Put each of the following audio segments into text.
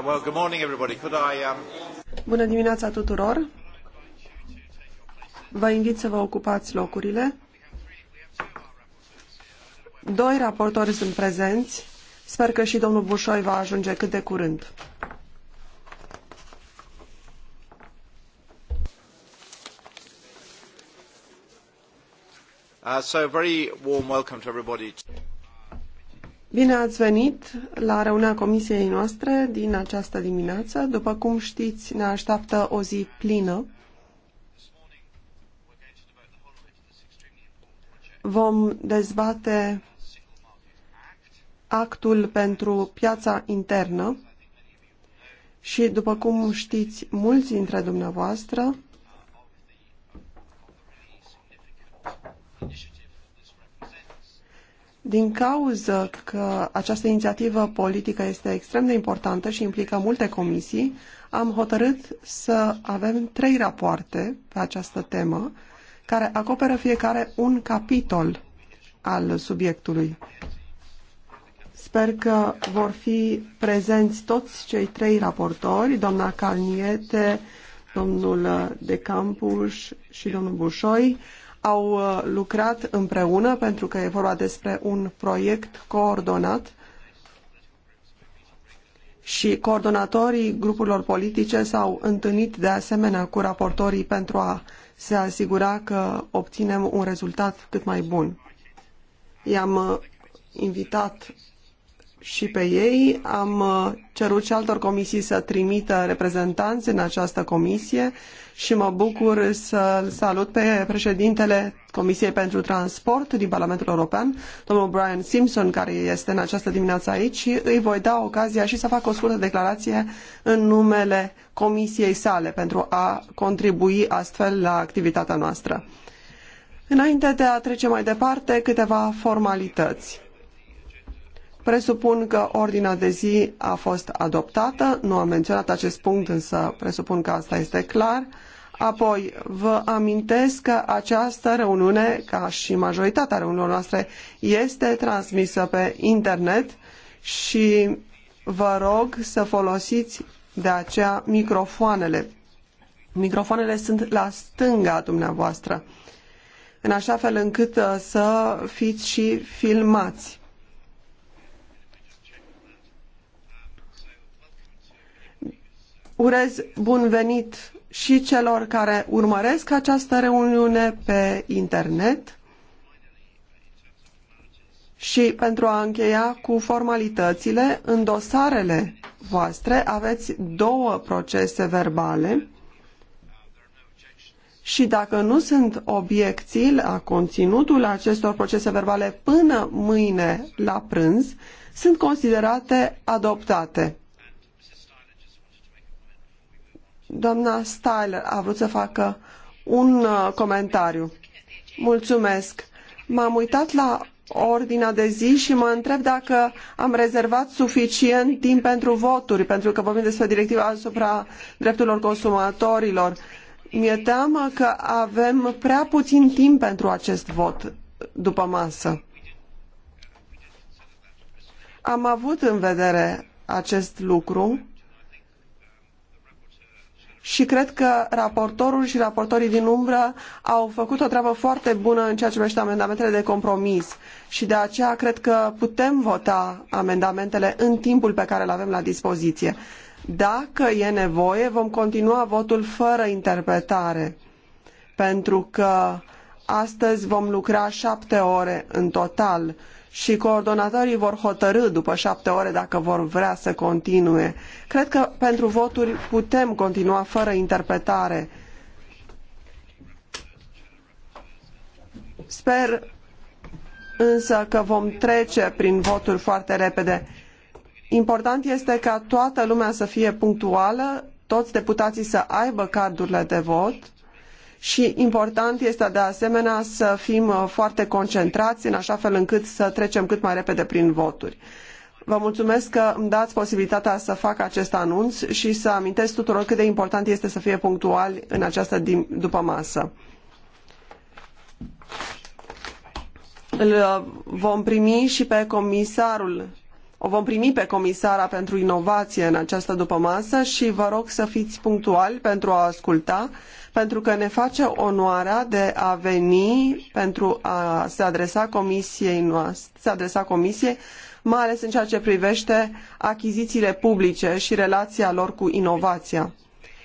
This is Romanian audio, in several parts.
Uh, um, Bună dimineața tuturor. Vă invit să vă ocupați locurile. Doi raportori sunt prezenți. Sper că și domnul Bușoi va ajunge cât de curând. Uh, so very warm welcome to everybody. Bine ați venit la reuniunea comisiei noastre din această dimineață. După cum știți, ne așteaptă o zi plină. Vom dezbate actul pentru piața internă și, după cum știți mulți dintre dumneavoastră, din cauză că această inițiativă politică este extrem de importantă și implică multe comisii, am hotărât să avem trei rapoarte pe această temă, care acoperă fiecare un capitol al subiectului. Sper că vor fi prezenți toți cei trei raportori, doamna Calniete, domnul De Campuș și domnul Bușoi au uh, lucrat împreună pentru că e vorba despre un proiect coordonat și coordonatorii grupurilor politice s-au întâlnit de asemenea cu raportorii pentru a se asigura că obținem un rezultat cât mai bun. I-am uh, invitat și pe ei. Am uh, cerut și altor comisii să trimită reprezentanți în această comisie și mă bucur să salut pe președintele Comisiei pentru Transport din Parlamentul European, domnul Brian Simpson, care este în această dimineață aici și îi voi da ocazia și să fac o scurtă declarație în numele comisiei sale pentru a contribui astfel la activitatea noastră. Înainte de a trece mai departe, câteva formalități. Presupun că ordinea de zi a fost adoptată, nu am menționat acest punct, însă presupun că asta este clar. Apoi, vă amintesc că această reuniune, ca și majoritatea reuniunilor noastre, este transmisă pe internet și vă rog să folosiți de aceea microfoanele. Microfoanele sunt la stânga dumneavoastră, în așa fel încât uh, să fiți și filmați. urez bun venit și celor care urmăresc această reuniune pe internet. Și pentru a încheia cu formalitățile, în dosarele voastre aveți două procese verbale și dacă nu sunt obiecții la conținutul acestor procese verbale până mâine la prânz, sunt considerate adoptate. Doamna Styler a vrut să facă un uh, comentariu. Mulțumesc. M-am uitat la ordinea de zi și mă întreb dacă am rezervat suficient timp pentru voturi, pentru că vorbim despre directiva asupra drepturilor consumatorilor. Mi-e teamă că avem prea puțin timp pentru acest vot după masă. Am avut în vedere acest lucru și cred că raportorul și raportorii din umbră au făcut o treabă foarte bună în ceea ce privește amendamentele de compromis și de aceea cred că putem vota amendamentele în timpul pe care îl avem la dispoziție. Dacă e nevoie, vom continua votul fără interpretare, pentru că astăzi vom lucra șapte ore în total și coordonatorii vor hotărî după șapte ore dacă vor vrea să continue. Cred că pentru voturi putem continua fără interpretare. Sper însă că vom trece prin voturi foarte repede. Important este ca toată lumea să fie punctuală, toți deputații să aibă cardurile de vot și important este de asemenea să fim uh, foarte concentrați în așa fel încât să trecem cât mai repede prin voturi. Vă mulțumesc că îmi dați posibilitatea să fac acest anunț și să amintesc tuturor cât de important este să fie punctuali în această după masă. Îl uh, vom primi și pe comisarul o vom primi pe comisara pentru inovație în această dupămasă și vă rog să fiți punctuali pentru a asculta pentru că ne face onoarea de a veni pentru a se adresa comisiei noastre, se adresa comisiei, mai ales în ceea ce privește achizițiile publice și relația lor cu inovația.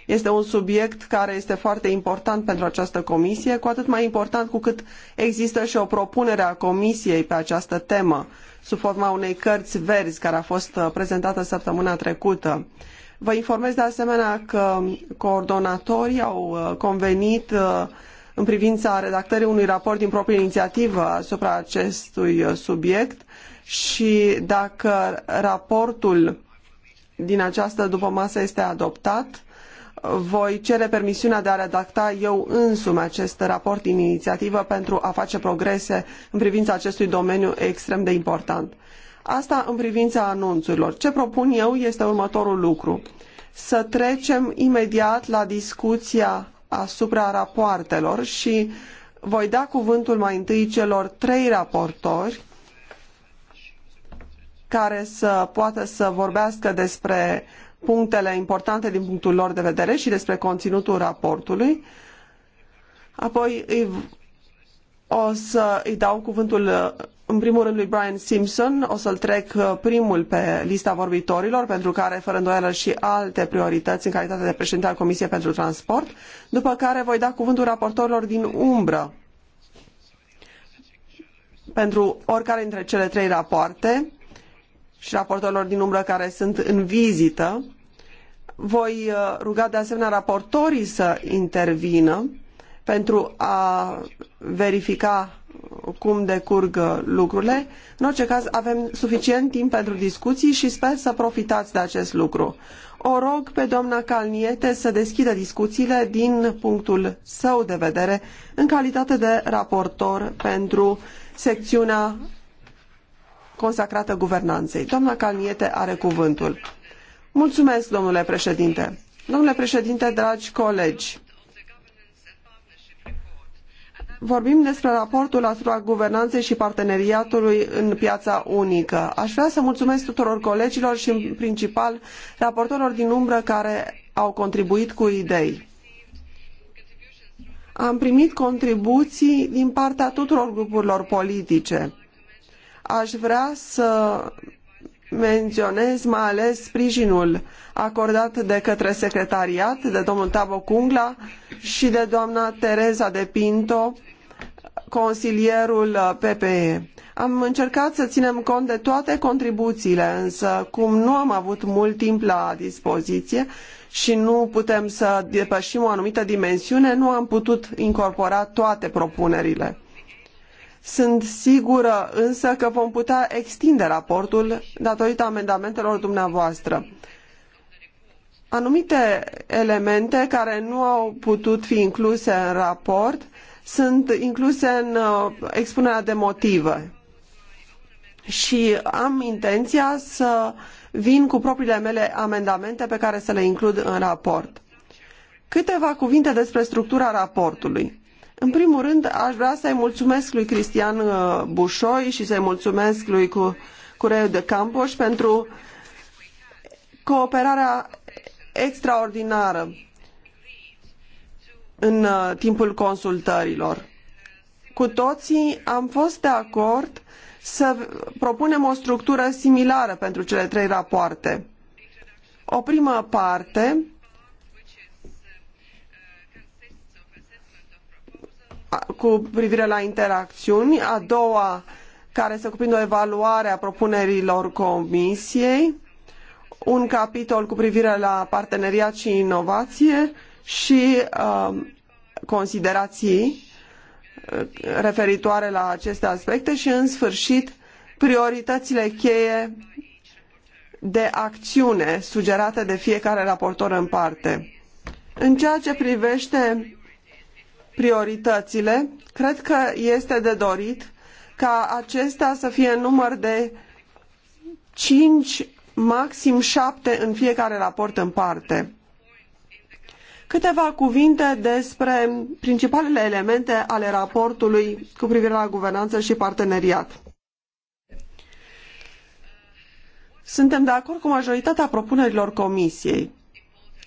Este un subiect care este foarte important pentru această comisie, cu atât mai important cu cât există și o propunere a comisiei pe această temă, sub forma unei cărți verzi care a fost uh, prezentată săptămâna trecută. Vă informez de asemenea că coordonatorii au uh, convenit uh, în privința redactării unui raport din proprie inițiativă asupra acestui uh, subiect și dacă raportul din această masă este adoptat, voi cere permisiunea de a redacta eu însumi acest raport din inițiativă pentru a face progrese în privința acestui domeniu extrem de important. Asta în privința anunțurilor. Ce propun eu este următorul lucru. Să trecem imediat la discuția asupra rapoartelor și voi da cuvântul mai întâi celor trei raportori care să poată să vorbească despre punctele importante din punctul lor de vedere și despre conținutul raportului. Apoi o să îi dau cuvântul în primul rând lui Brian Simpson, o să-l trec uh, primul pe lista vorbitorilor, pentru care, fără îndoială, și alte priorități în calitate de președinte al Comisiei pentru Transport, după care voi da cuvântul raportorilor din umbră pentru oricare dintre cele trei rapoarte și raportorilor din umbră care sunt în vizită. Voi uh, ruga de asemenea raportorii să intervină pentru a verifica cum decurg uh, lucrurile. În orice caz, avem suficient timp pentru discuții și sper să profitați de acest lucru. O rog pe doamna Calniete să deschidă discuțiile din punctul său de vedere în calitate de raportor pentru secțiunea consacrată guvernanței. Doamna Calniete are cuvântul. Mulțumesc, domnule președinte. Domnule președinte, dragi colegi, Vorbim despre raportul asupra guvernanței și parteneriatului în piața unică. Aș vrea să mulțumesc tuturor colegilor și, în principal, raportorilor din umbră care au contribuit cu idei. Am primit contribuții din partea tuturor grupurilor politice. Aș vrea să menționez mai ales sprijinul acordat de către secretariat, de domnul Tabo Cungla și de doamna Teresa de Pinto, consilierul uh, PPE. Am încercat să ținem cont de toate contribuțiile, însă cum nu am avut mult timp la dispoziție și nu putem să depășim o anumită dimensiune, nu am putut incorpora toate propunerile. Sunt sigură însă că vom putea extinde raportul datorită amendamentelor dumneavoastră. Anumite elemente care nu au putut fi incluse în raport sunt incluse în uh, expunerea de motive. Și am intenția să vin cu propriile mele amendamente pe care să le includ în raport. Câteva cuvinte despre structura raportului. În primul rând, aș vrea să-i mulțumesc lui Cristian uh, Bușoi și să-i mulțumesc lui Cureu de Campos pentru cooperarea extraordinară în uh, timpul consultărilor. Cu toții am fost de acord să propunem o structură similară pentru cele trei rapoarte. O primă parte cu privire la interacțiuni, a doua care se cuprinde o evaluare a propunerilor comisiei, un capitol cu privire la parteneriat și inovație și um, uh, considerații referitoare la aceste aspecte și, în sfârșit, prioritățile cheie de acțiune sugerate de fiecare raportor în parte. În ceea ce privește prioritățile, cred că este de dorit ca acestea să fie în număr de cinci maxim 7 în fiecare raport în parte. Câteva cuvinte despre principalele elemente ale raportului cu privire la guvernanță și parteneriat. Suntem de acord cu majoritatea propunerilor Comisiei.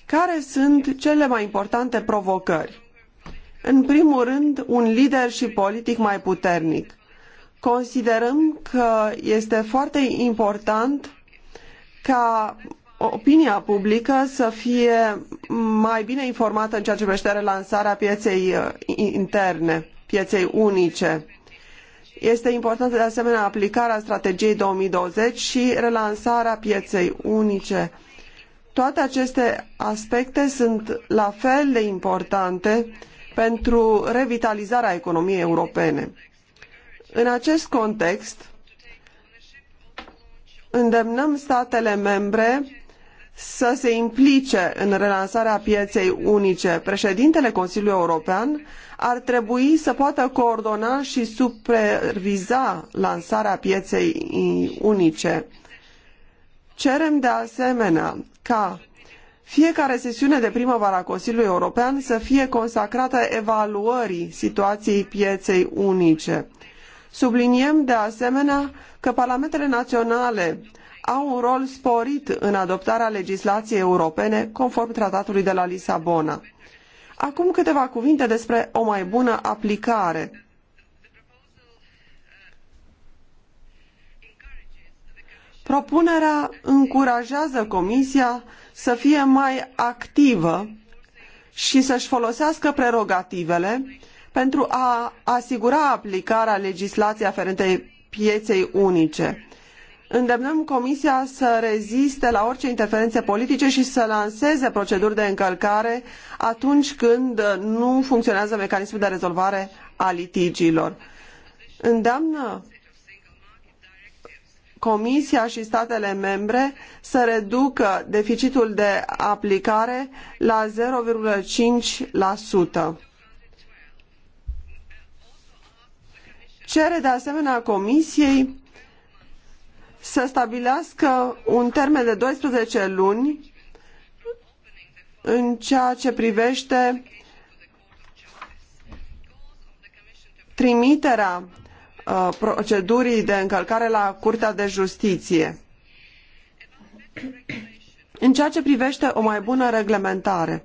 Care sunt cele mai importante provocări? În primul rând, un lider și politic mai puternic. Considerăm că este foarte important ca opinia publică să fie mai bine informată în ceea ce privește relansarea pieței uh, interne, pieței unice. Este importantă de asemenea aplicarea strategiei 2020 și relansarea pieței unice. Toate aceste aspecte sunt la fel de importante pentru revitalizarea economiei europene. În acest context, îndemnăm statele membre să se implice în relansarea pieței unice. Președintele Consiliului European ar trebui să poată coordona și superviza lansarea pieței unice. Cerem de asemenea ca fiecare sesiune de primăvară a Consiliului European să fie consacrată evaluării situației pieței unice. Subliniem de asemenea că parlamentele naționale au un rol sporit în adoptarea legislației europene conform tratatului de la Lisabona. Acum câteva cuvinte despre o mai bună aplicare. Propunerea încurajează Comisia să fie mai activă și să-și folosească prerogativele pentru a asigura aplicarea legislației aferente pieței unice îndemnăm Comisia să reziste la orice interferențe politice și să lanseze proceduri de încălcare atunci când nu funcționează mecanismul de rezolvare a litigiilor. Îndeamnă Comisia și statele membre să reducă deficitul de aplicare la 0,5%. Cere de asemenea Comisiei să stabilească un termen de 12 luni în ceea ce privește trimiterea uh, procedurii de încălcare la Curtea de Justiție. În ceea ce privește o mai bună reglementare,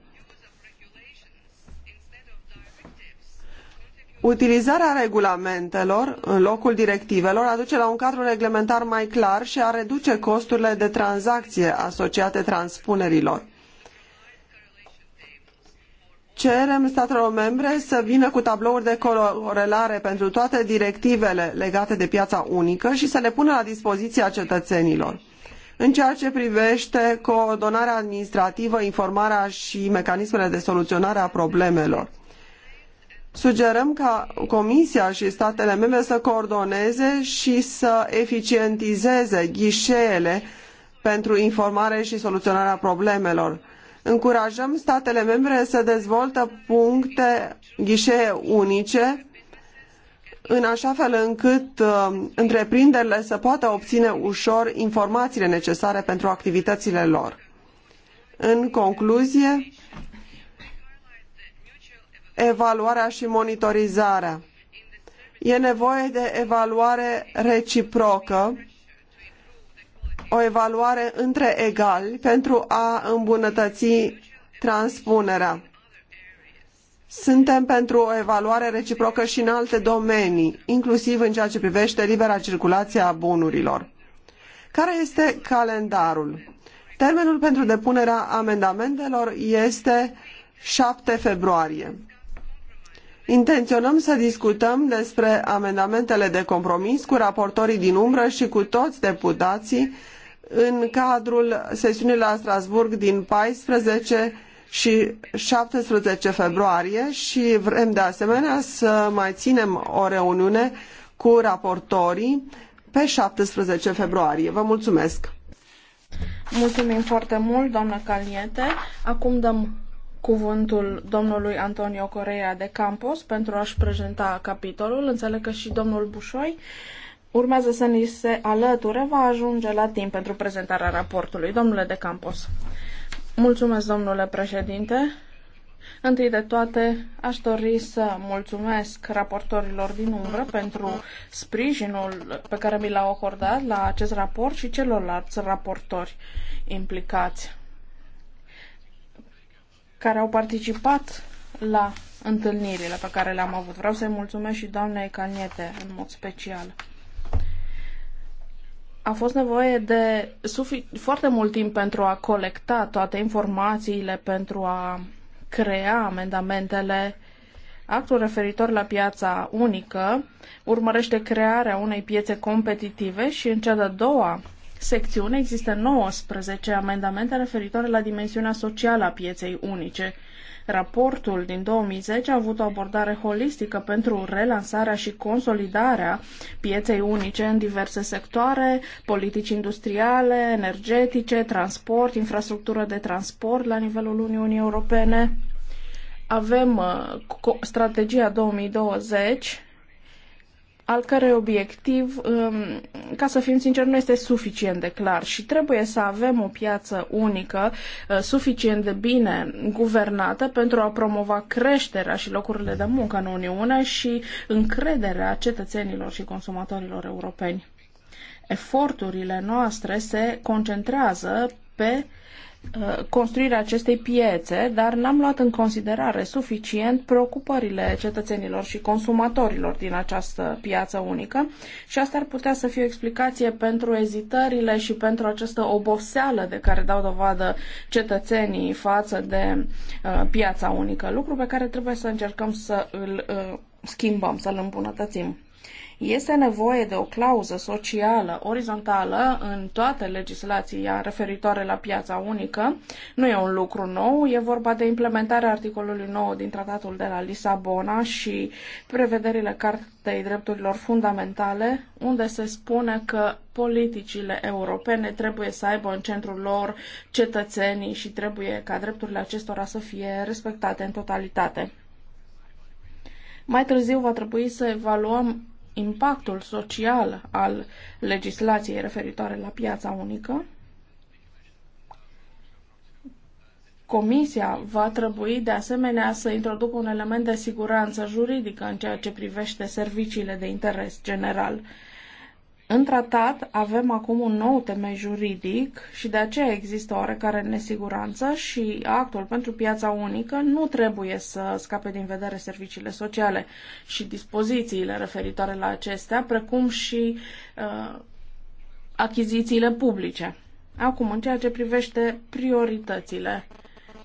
Utilizarea regulamentelor în locul directivelor aduce la un cadru reglementar mai clar și a reduce costurile de tranzacție asociate transpunerilor. Cerem statelor membre să vină cu tablouri de corelare pentru toate directivele legate de piața unică și să le pună la dispoziția cetățenilor. În ceea ce privește coordonarea administrativă, informarea și mecanismele de soluționare a problemelor Sugerăm ca Comisia și statele membre să coordoneze și să eficientizeze ghișeele pentru informare și soluționarea problemelor. Încurajăm statele membre să dezvolte puncte ghișee unice în așa fel încât uh, întreprinderile să poată obține ușor informațiile necesare pentru activitățile lor. În concluzie, evaluarea și monitorizarea. E nevoie de evaluare reciprocă, o evaluare între egali pentru a îmbunătăți transpunerea. Suntem pentru o evaluare reciprocă și în alte domenii, inclusiv în ceea ce privește libera circulație a bunurilor. Care este calendarul? Termenul pentru depunerea amendamentelor este 7 februarie. Intenționăm să discutăm despre amendamentele de compromis cu raportorii din umbră și cu toți deputații în cadrul sesiunii la Strasbourg din 14 și 17 februarie și vrem de asemenea să mai ținem o reuniune cu raportorii pe 17 februarie. Vă mulțumesc! Mulțumim foarte mult, doamnă Caliente. Acum dăm cuvântul domnului Antonio Correa de Campos pentru a-și prezenta capitolul. Înțeleg că și domnul Bușoi urmează să ni se alăture, va ajunge la timp pentru prezentarea raportului. Domnule de Campos, mulțumesc, domnule președinte. Întâi de toate, aș dori să mulțumesc raportorilor din umbră pentru sprijinul pe care mi l-au acordat la acest raport și celorlalți raportori implicați care au participat la întâlnirile pe care le-am avut. Vreau să-i mulțumesc și doamnei Caniete în mod special. A fost nevoie de foarte mult timp pentru a colecta toate informațiile, pentru a crea amendamentele. Actul referitor la piața unică urmărește crearea unei piețe competitive și în cea de-a doua secțiune există 19 amendamente referitoare la dimensiunea socială a pieței unice. Raportul din 2010 a avut o abordare holistică pentru relansarea și consolidarea pieței unice în diverse sectoare, politici industriale, energetice, transport, infrastructură de transport la nivelul Uniunii Europene. Avem uh, strategia 2020 al cărei obiectiv, um, ca să fim sinceri, nu este suficient de clar și trebuie să avem o piață unică uh, suficient de bine guvernată pentru a promova creșterea și locurile de muncă în Uniune și încrederea cetățenilor și consumatorilor europeni. Eforturile noastre se concentrează pe uh, Uh, construirea acestei piețe, dar n-am luat în considerare suficient preocupările cetățenilor și consumatorilor din această piață unică și asta ar putea să fie o explicație pentru ezitările și pentru această oboseală de care dau dovadă cetățenii față de uh, piața unică, lucru pe care trebuie să încercăm să îl uh, schimbăm, să-l îmbunătățim. Este nevoie de o clauză socială orizontală în toată legislația referitoare la piața unică. Nu e un lucru nou, e vorba de implementarea articolului 9 din Tratatul de la Lisabona și prevederile Cartei Drepturilor Fundamentale, unde se spune că politicile europene trebuie să aibă în centrul lor cetățenii și trebuie ca drepturile acestora să fie respectate în totalitate. Mai târziu va trebui să evaluăm impactul social al legislației referitoare la piața unică, Comisia va trebui de asemenea să introducă un element de siguranță juridică în ceea ce privește serviciile de interes general. În tratat avem acum un nou temei juridic și de aceea există oarecare nesiguranță și actul pentru piața unică nu trebuie să scape din vedere serviciile sociale și dispozițiile referitoare la acestea, precum și uh, achizițiile publice. Acum, în ceea ce privește prioritățile,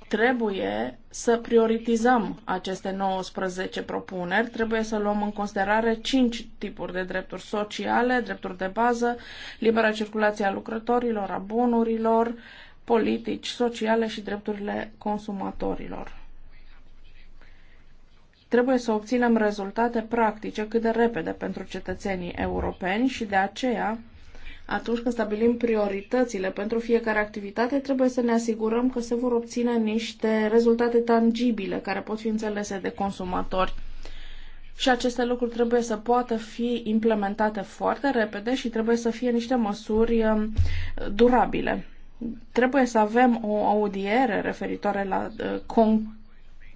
trebuie să prioritizăm aceste 19 propuneri, trebuie să luăm în considerare 5 tipuri de drepturi sociale, drepturi de bază, libera circulație a lucrătorilor, a bunurilor, politici sociale și drepturile consumatorilor. Trebuie să obținem rezultate practice cât de repede pentru cetățenii europeni și de aceea atunci când stabilim prioritățile pentru fiecare activitate, trebuie să ne asigurăm că se vor obține niște rezultate tangibile care pot fi înțelese de consumatori. Și aceste lucruri trebuie să poată fi implementate foarte repede și trebuie să fie niște măsuri um, durabile. Trebuie să avem o audiere referitoare la uh, con-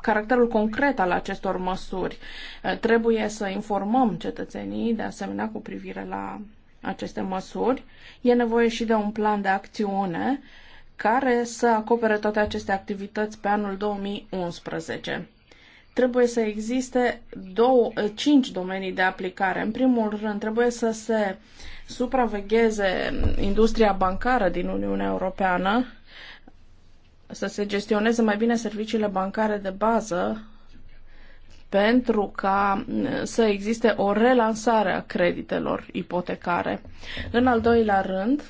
caracterul concret al acestor măsuri. Uh, trebuie să informăm cetățenii, de asemenea, cu privire la aceste măsuri, e nevoie și de un plan de acțiune care să acopere toate aceste activități pe anul 2011 trebuie să existe două, cinci domenii de aplicare. În primul rând, trebuie să se supravegheze industria bancară din Uniunea Europeană, să se gestioneze mai bine serviciile bancare de bază pentru ca mm, să existe o relansare a creditelor ipotecare. În al doilea rând,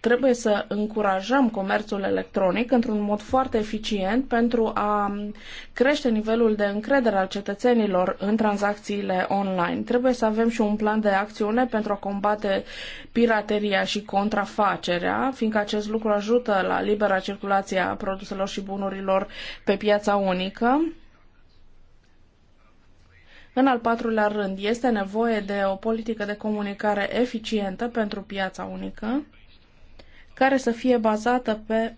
trebuie să încurajăm comerțul electronic într-un mod foarte eficient pentru a mm, crește nivelul de încredere al cetățenilor în tranzacțiile online. Trebuie să avem și un plan de acțiune pentru a combate pirateria și contrafacerea, fiindcă acest lucru ajută la libera circulație a produselor și bunurilor pe piața unică în al patrulea rând, este nevoie de o politică de comunicare eficientă pentru piața unică, care să fie bazată pe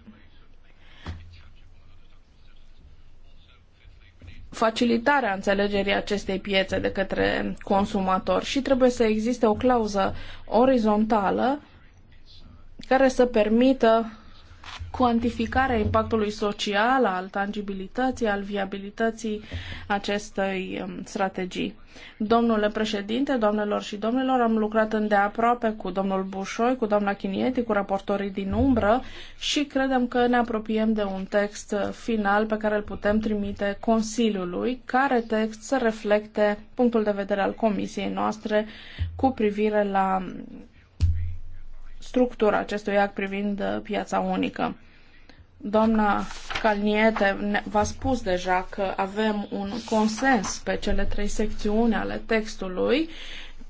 facilitarea înțelegerii acestei piețe de către consumator și trebuie să existe o clauză orizontală care să permită cuantificarea impactului social, al tangibilității, al viabilității acestei um, strategii. Domnule președinte, doamnelor și domnilor, am lucrat îndeaproape cu domnul Bușoi, cu doamna Chinieti, cu raportorii din umbră și credem că ne apropiem de un text final pe care îl putem trimite Consiliului, care text să reflecte punctul de vedere al comisiei noastre cu privire la structura acestui act privind uh, piața unică. Doamna Calniete v-a spus deja că avem un consens pe cele trei secțiuni ale textului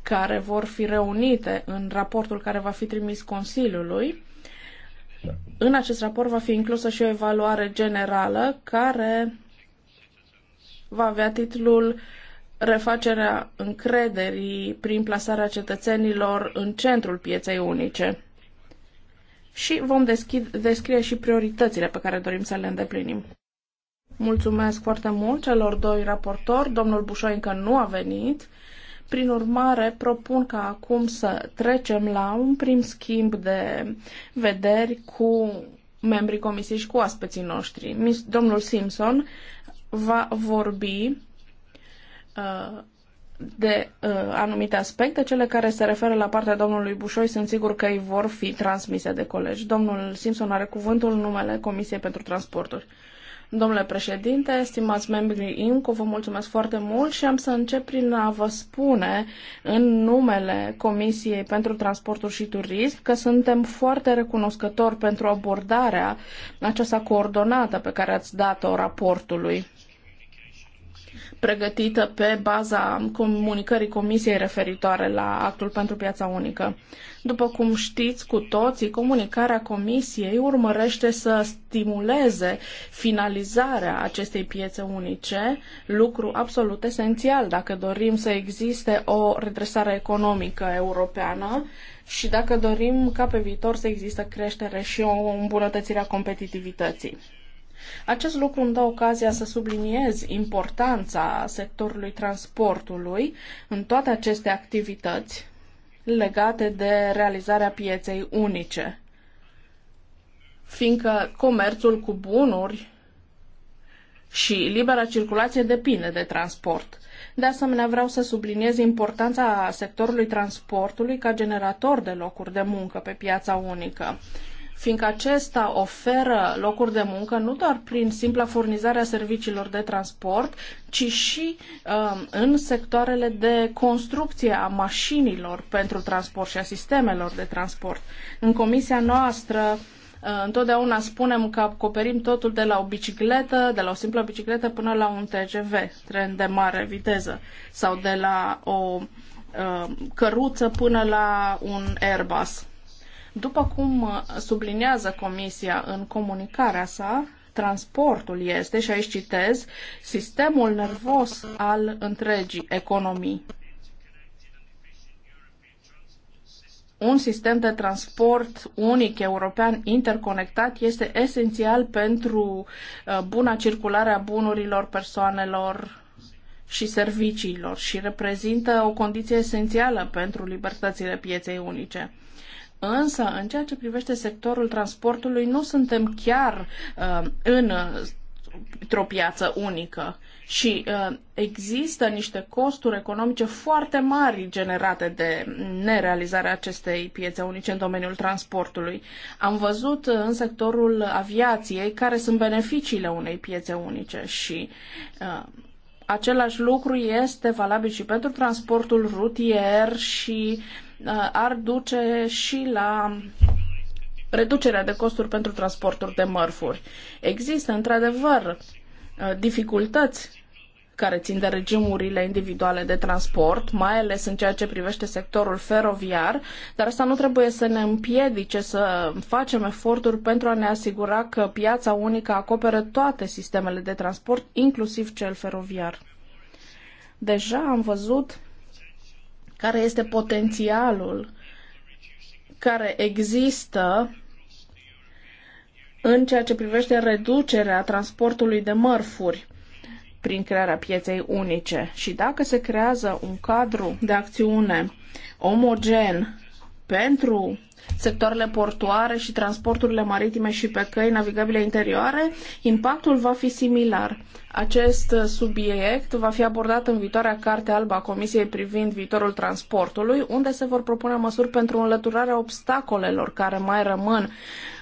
care vor fi reunite în raportul care va fi trimis Consiliului. În acest raport va fi inclusă și o evaluare generală care va avea titlul uh, refacerea încrederii prin plasarea cetățenilor în centrul pieței unice. Și vom deschid, descrie și prioritățile pe care dorim să le îndeplinim. Mulțumesc foarte mult celor doi raportori. Domnul Bușoi încă nu a venit. Prin urmare, propun ca acum să trecem la un prim schimb de vederi cu membrii comisiei și cu aspeții noștri. Domnul Simpson va vorbi Uh, de uh, anumite aspecte, cele care se referă la partea domnului Bușoi, sunt sigur că îi vor fi transmise de colegi. Domnul Simpson are cuvântul numele Comisiei pentru Transporturi. Domnule președinte, stimați membrii IMCO, vă mulțumesc foarte mult și am să încep prin a vă spune în numele Comisiei pentru Transporturi și Turism că suntem foarte recunoscători pentru abordarea aceasta coordonată pe care ați dat-o raportului pregătită pe baza comunicării Comisiei referitoare la actul pentru piața unică. După cum știți cu toții, comunicarea Comisiei urmărește să stimuleze finalizarea acestei piețe unice, lucru absolut esențial dacă dorim să existe o redresare economică europeană și dacă dorim ca pe viitor să există creștere și o îmbunătățire a competitivității. Acest lucru îmi dă ocazia să subliniez importanța sectorului transportului în toate aceste activități legate de realizarea pieței unice, fiindcă comerțul cu bunuri și libera circulație depinde de transport. De asemenea, vreau să subliniez importanța sectorului transportului ca generator de locuri de muncă pe piața unică fiindcă acesta oferă locuri de muncă nu doar prin simpla furnizare a serviciilor de transport, ci și uh, în sectoarele de construcție a mașinilor pentru transport și a sistemelor de transport. În comisia noastră uh, Întotdeauna spunem că acoperim totul de la o bicicletă, de la o simplă bicicletă până la un TGV, tren de mare viteză, sau de la o uh, căruță până la un Airbus după cum uh, sublinează Comisia în comunicarea sa, transportul este, și aici citez, sistemul nervos al întregii economii. Un sistem de transport unic european interconectat este esențial pentru uh, buna circulare a bunurilor, persoanelor și serviciilor și reprezintă o condiție esențială pentru libertățile pieței unice. Însă, în ceea ce privește sectorul transportului, nu suntem chiar uh, în o piață unică și uh, există niște costuri economice foarte mari generate de nerealizarea acestei piețe unice în domeniul transportului. Am văzut uh, în sectorul aviației care sunt beneficiile unei piețe unice și uh, Același lucru este valabil și pentru transportul rutier și uh, ar duce și la reducerea de costuri pentru transportul de mărfuri. Există, într-adevăr, uh, dificultăți care țin de regimurile individuale de transport, mai ales în ceea ce privește sectorul feroviar, dar asta nu trebuie să ne împiedice să facem eforturi pentru a ne asigura că piața unică acoperă toate sistemele de transport, inclusiv cel feroviar. Deja am văzut care este potențialul care există în ceea ce privește reducerea transportului de mărfuri prin crearea pieței unice. Și dacă se creează un cadru de acțiune omogen pentru sectoarele portoare și transporturile maritime și pe căi navigabile interioare, impactul va fi similar. Acest subiect va fi abordat în viitoarea carte albă a Comisiei privind viitorul transportului, unde se vor propune măsuri pentru înlăturarea obstacolelor care mai rămân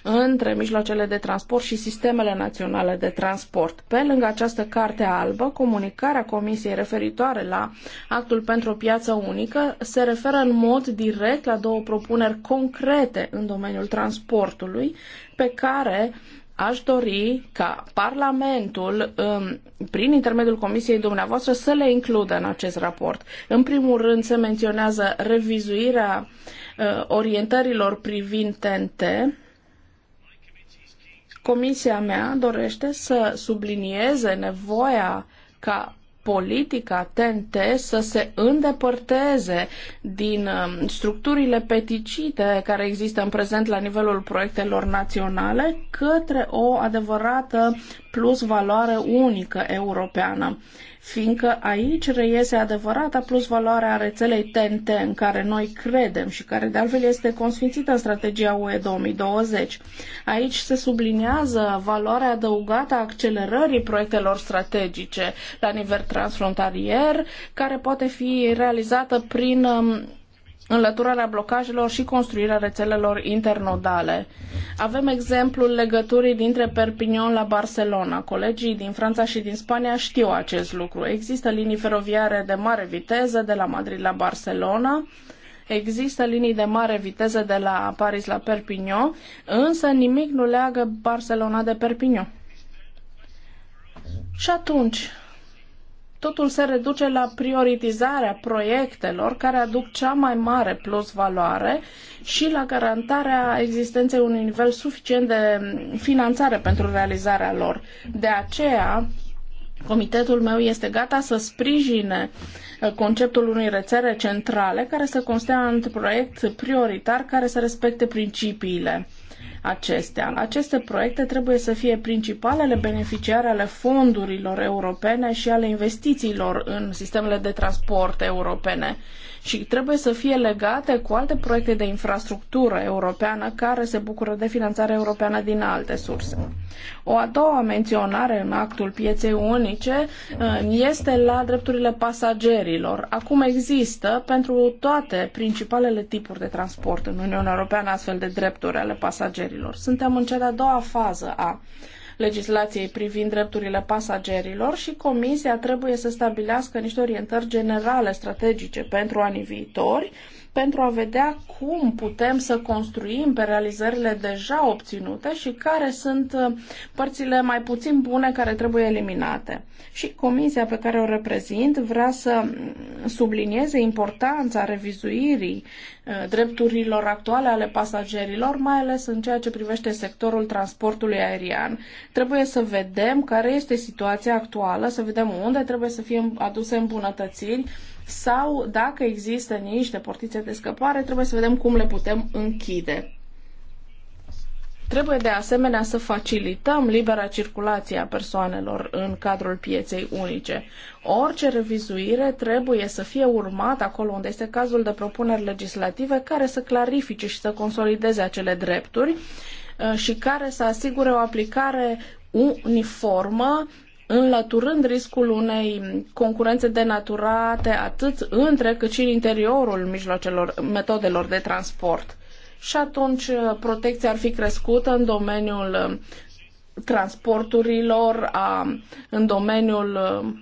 între mijloacele de transport și sistemele naționale de transport. Pe lângă această carte albă, comunicarea Comisiei referitoare la actul pentru o piață unică se referă în mod direct la două propuneri concrete concrete în domeniul transportului pe care aș dori ca Parlamentul, um, prin intermediul Comisiei dumneavoastră, să le includă în acest raport. În primul rând se menționează revizuirea uh, orientărilor privind TNT. Comisia mea dorește să sublinieze nevoia ca politica TNT să se îndepărteze din um, structurile peticite care există în prezent la nivelul proiectelor naționale către o adevărată plus valoare unică europeană fiindcă aici reiese adevărata plus valoarea rețelei TNT în care noi credem și care de altfel este consfințită în strategia UE 2020. Aici se subliniază valoarea adăugată a accelerării proiectelor strategice la nivel transfrontalier, care poate fi realizată prin um, înlăturarea blocajelor și construirea rețelelor internodale. Avem exemplul legăturii dintre Perpignan la Barcelona. Colegii din Franța și din Spania știu acest lucru. Există linii feroviare de mare viteză de la Madrid la Barcelona, există linii de mare viteză de la Paris la Perpignan, însă nimic nu leagă Barcelona de Perpignan. Și atunci, totul se reduce la prioritizarea proiectelor care aduc cea mai mare plus valoare și la garantarea existenței unui nivel suficient de finanțare pentru realizarea lor. De aceea, Comitetul meu este gata să sprijine conceptul unei rețele centrale care să constea într proiect prioritar care să respecte principiile acestea. Aceste proiecte trebuie să fie principalele beneficiare ale fondurilor europene și ale investițiilor în sistemele de transport europene și trebuie să fie legate cu alte proiecte de infrastructură europeană care se bucură de finanțare europeană din alte surse. O a doua menționare în actul pieței unice uh, este la drepturile pasagerilor. Acum există pentru toate principalele tipuri de transport în Uniunea Europeană astfel de drepturi ale pasagerilor. Suntem în cea de-a doua fază a legislației privind drepturile pasagerilor și Comisia trebuie să stabilească niște orientări generale strategice pentru anii viitori pentru a vedea cum putem să construim pe realizările deja obținute și care sunt uh, părțile mai puțin bune care trebuie eliminate. Și comisia pe care o reprezint vrea să mm, sublinieze importanța revizuirii uh, drepturilor actuale ale pasagerilor, mai ales în ceea ce privește sectorul transportului aerian. Trebuie să vedem care este situația actuală, să vedem unde trebuie să fie aduse îmbunătățiri sau dacă există niște portițe de scăpare, trebuie să vedem cum le putem închide. Trebuie de asemenea să facilităm libera circulație a persoanelor în cadrul pieței unice. Orice revizuire trebuie să fie urmată acolo unde este cazul de propuneri legislative care să clarifice și să consolideze acele drepturi uh, și care să asigure o aplicare uniformă înlăturând riscul unei concurențe denaturate atât între cât și în interiorul mijloacelor, metodelor de transport. Și atunci uh, protecția ar fi crescută în domeniul uh, transporturilor, a, în domeniul uh,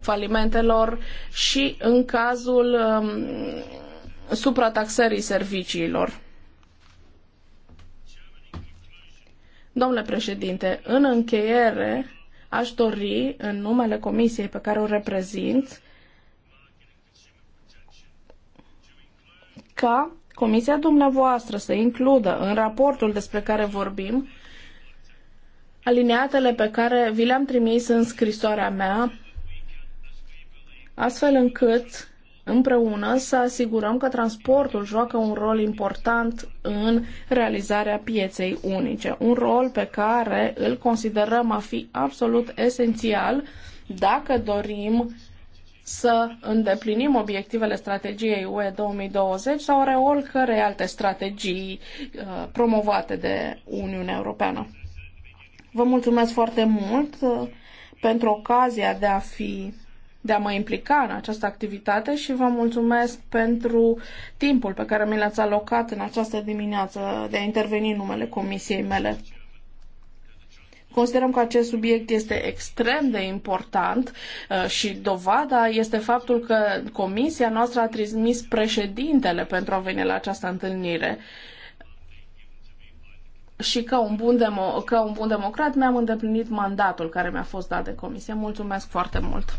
falimentelor și în cazul um, suprataxării serviciilor. Domnule președinte, în încheiere aș dori, în numele comisiei pe care o reprezint, ca comisia dumneavoastră să includă în raportul despre care vorbim alineatele pe care vi le-am trimis în scrisoarea mea, astfel încât împreună să asigurăm că transportul joacă un rol important în realizarea pieței unice, un rol pe care îl considerăm a fi absolut esențial dacă dorim să îndeplinim obiectivele strategiei UE 2020 sau oricărei alte strategii uh, promovate de Uniunea Europeană. Vă mulțumesc foarte mult uh, pentru ocazia de a fi de a mă implica în această activitate și vă mulțumesc pentru timpul pe care mi l-ați alocat în această dimineață de a interveni în numele comisiei mele. Considerăm că acest subiect este extrem de important uh, și dovada este faptul că comisia noastră a trimis președintele pentru a veni la această întâlnire și ca un bun, demo, ca un bun democrat mi-am îndeplinit mandatul care mi-a fost dat de comisie. Mulțumesc foarte mult!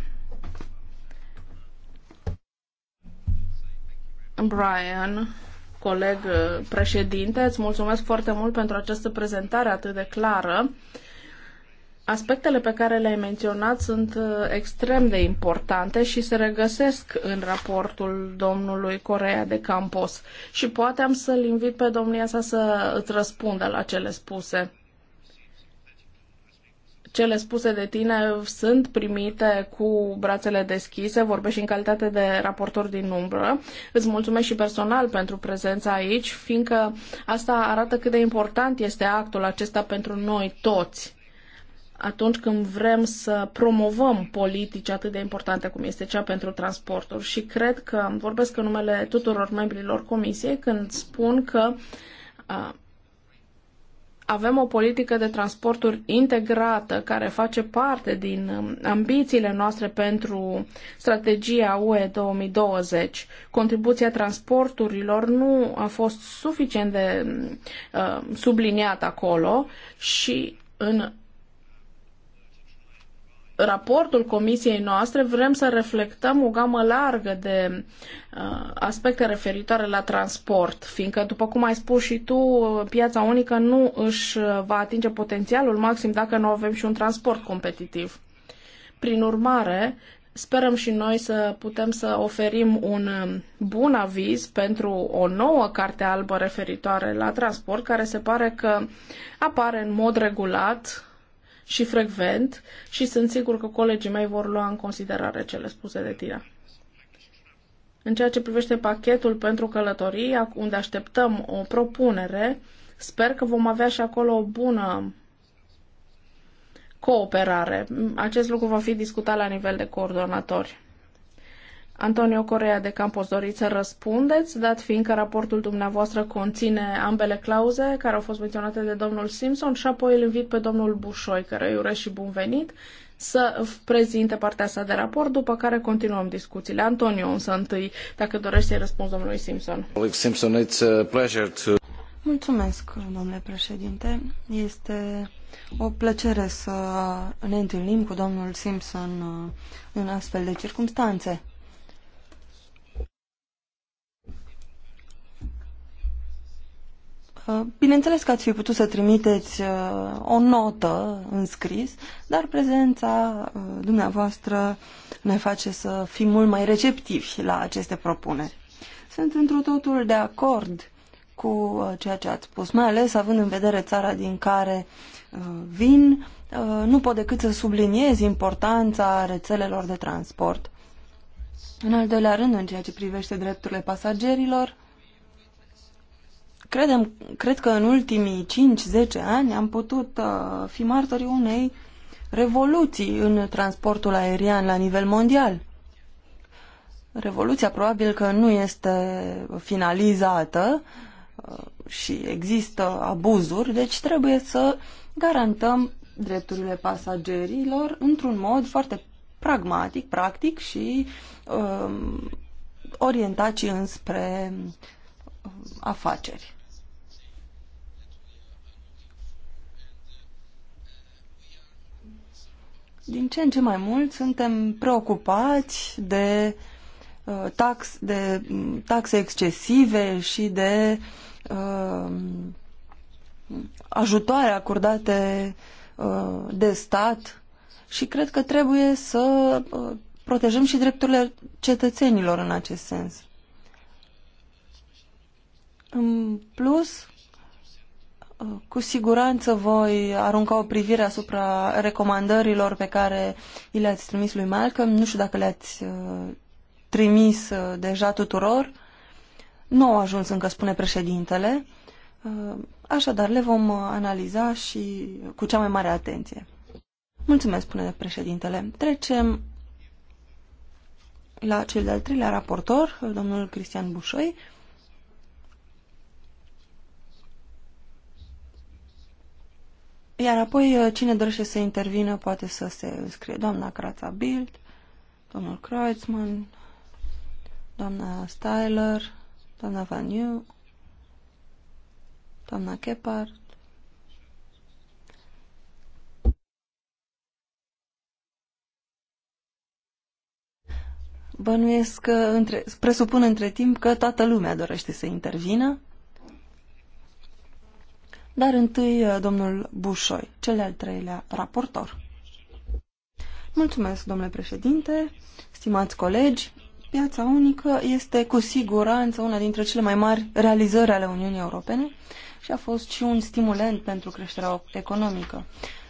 Brian, coleg uh, președinte, îți mulțumesc foarte mult pentru această prezentare atât de clară. Aspectele pe care le-ai menționat sunt uh, extrem de importante și se regăsesc în raportul domnului Corea de Campos și poate am să-l invit pe domnia sa să îți răspundă la cele spuse cele spuse de tine sunt primite cu brațele deschise, și în calitate de raportor din umbră. Îți mulțumesc și personal pentru prezența aici, fiindcă asta arată cât de important este actul acesta pentru noi toți atunci când vrem să promovăm politici atât de importante cum este cea pentru transporturi. Și cred că vorbesc în numele tuturor membrilor comisiei când spun că avem o politică de transporturi integrată care face parte din um, ambițiile noastre pentru strategia UE 2020. Contribuția transporturilor nu a fost suficient de uh, subliniată acolo și în raportul comisiei noastre vrem să reflectăm o gamă largă de uh, aspecte referitoare la transport, fiindcă, după cum ai spus și tu, piața unică nu își uh, va atinge potențialul maxim dacă nu avem și un transport competitiv. Prin urmare, sperăm și noi să putem să oferim un um, bun aviz pentru o nouă carte albă referitoare la transport, care se pare că apare în mod regulat și frecvent și sunt sigur că colegii mei vor lua în considerare cele spuse de tine. În ceea ce privește pachetul pentru călătorii, unde așteptăm o propunere, sper că vom avea și acolo o bună cooperare. Acest lucru va fi discutat la nivel de coordonatori. Antonio Corea de Campos, doriți să răspundeți, dat fiindcă raportul dumneavoastră conține ambele clauze care au fost menționate de domnul Simpson și apoi îl invit pe domnul Bușoi, care îi urez și bun venit, să prezinte partea sa de raport, după care continuăm discuțiile. Antonio, însă întâi, dacă dorești să-i răspunzi domnului Simpson. Simpson, it's a pleasure to... Mulțumesc, domnule președinte. Este o plăcere să ne întâlnim cu domnul Simpson uh, în astfel de circunstanțe. Uh, bineînțeles că ați fi putut să trimiteți uh, o notă în scris, dar prezența uh, dumneavoastră ne face să fim mult mai receptivi la aceste propuneri. Sunt într totul de acord cu ceea ce ați spus, mai ales având în vedere țara din care vin, nu pot decât să subliniez importanța rețelelor de transport. În al doilea rând, în ceea ce privește drepturile pasagerilor, Credem, cred că în ultimii 5-10 ani am putut uh, fi martorii unei revoluții în transportul aerian la nivel mondial. Revoluția probabil că nu este finalizată uh, și există abuzuri, deci trebuie să garantăm drepturile pasagerilor într-un mod foarte pragmatic, practic și uh, orientat și înspre um, afaceri. din ce în ce mai mult suntem preocupați de, uh, tax, de mm, taxe excesive și de uh, ajutoare acordate uh, de stat și cred că trebuie să uh, protejăm și drepturile cetățenilor în acest sens. În plus, cu siguranță voi arunca o privire asupra recomandărilor pe care i le-ați trimis lui Malcolm. Nu știu dacă le-ați uh, trimis uh, deja tuturor. Nu au ajuns încă, spune președintele. Uh, așadar, le vom analiza și cu cea mai mare atenție. Mulțumesc, spune președintele. Trecem la cel de-al treilea raportor, domnul Cristian Bușoi. Iar apoi, uh, cine dorește să intervină, poate să se înscrie. Doamna Crața Bild, domnul Kreutzmann, doamna Styler, doamna Vaniu, doamna Kepard. Bănuiesc că, între, presupun între timp că toată lumea dorește să intervină dar întâi uh, domnul Bușoi, cel al treilea raportor. Mulțumesc, domnule președinte, stimați colegi. Piața unică este cu siguranță una dintre cele mai mari realizări ale Uniunii Europene și a fost și un stimulent pentru creșterea economică.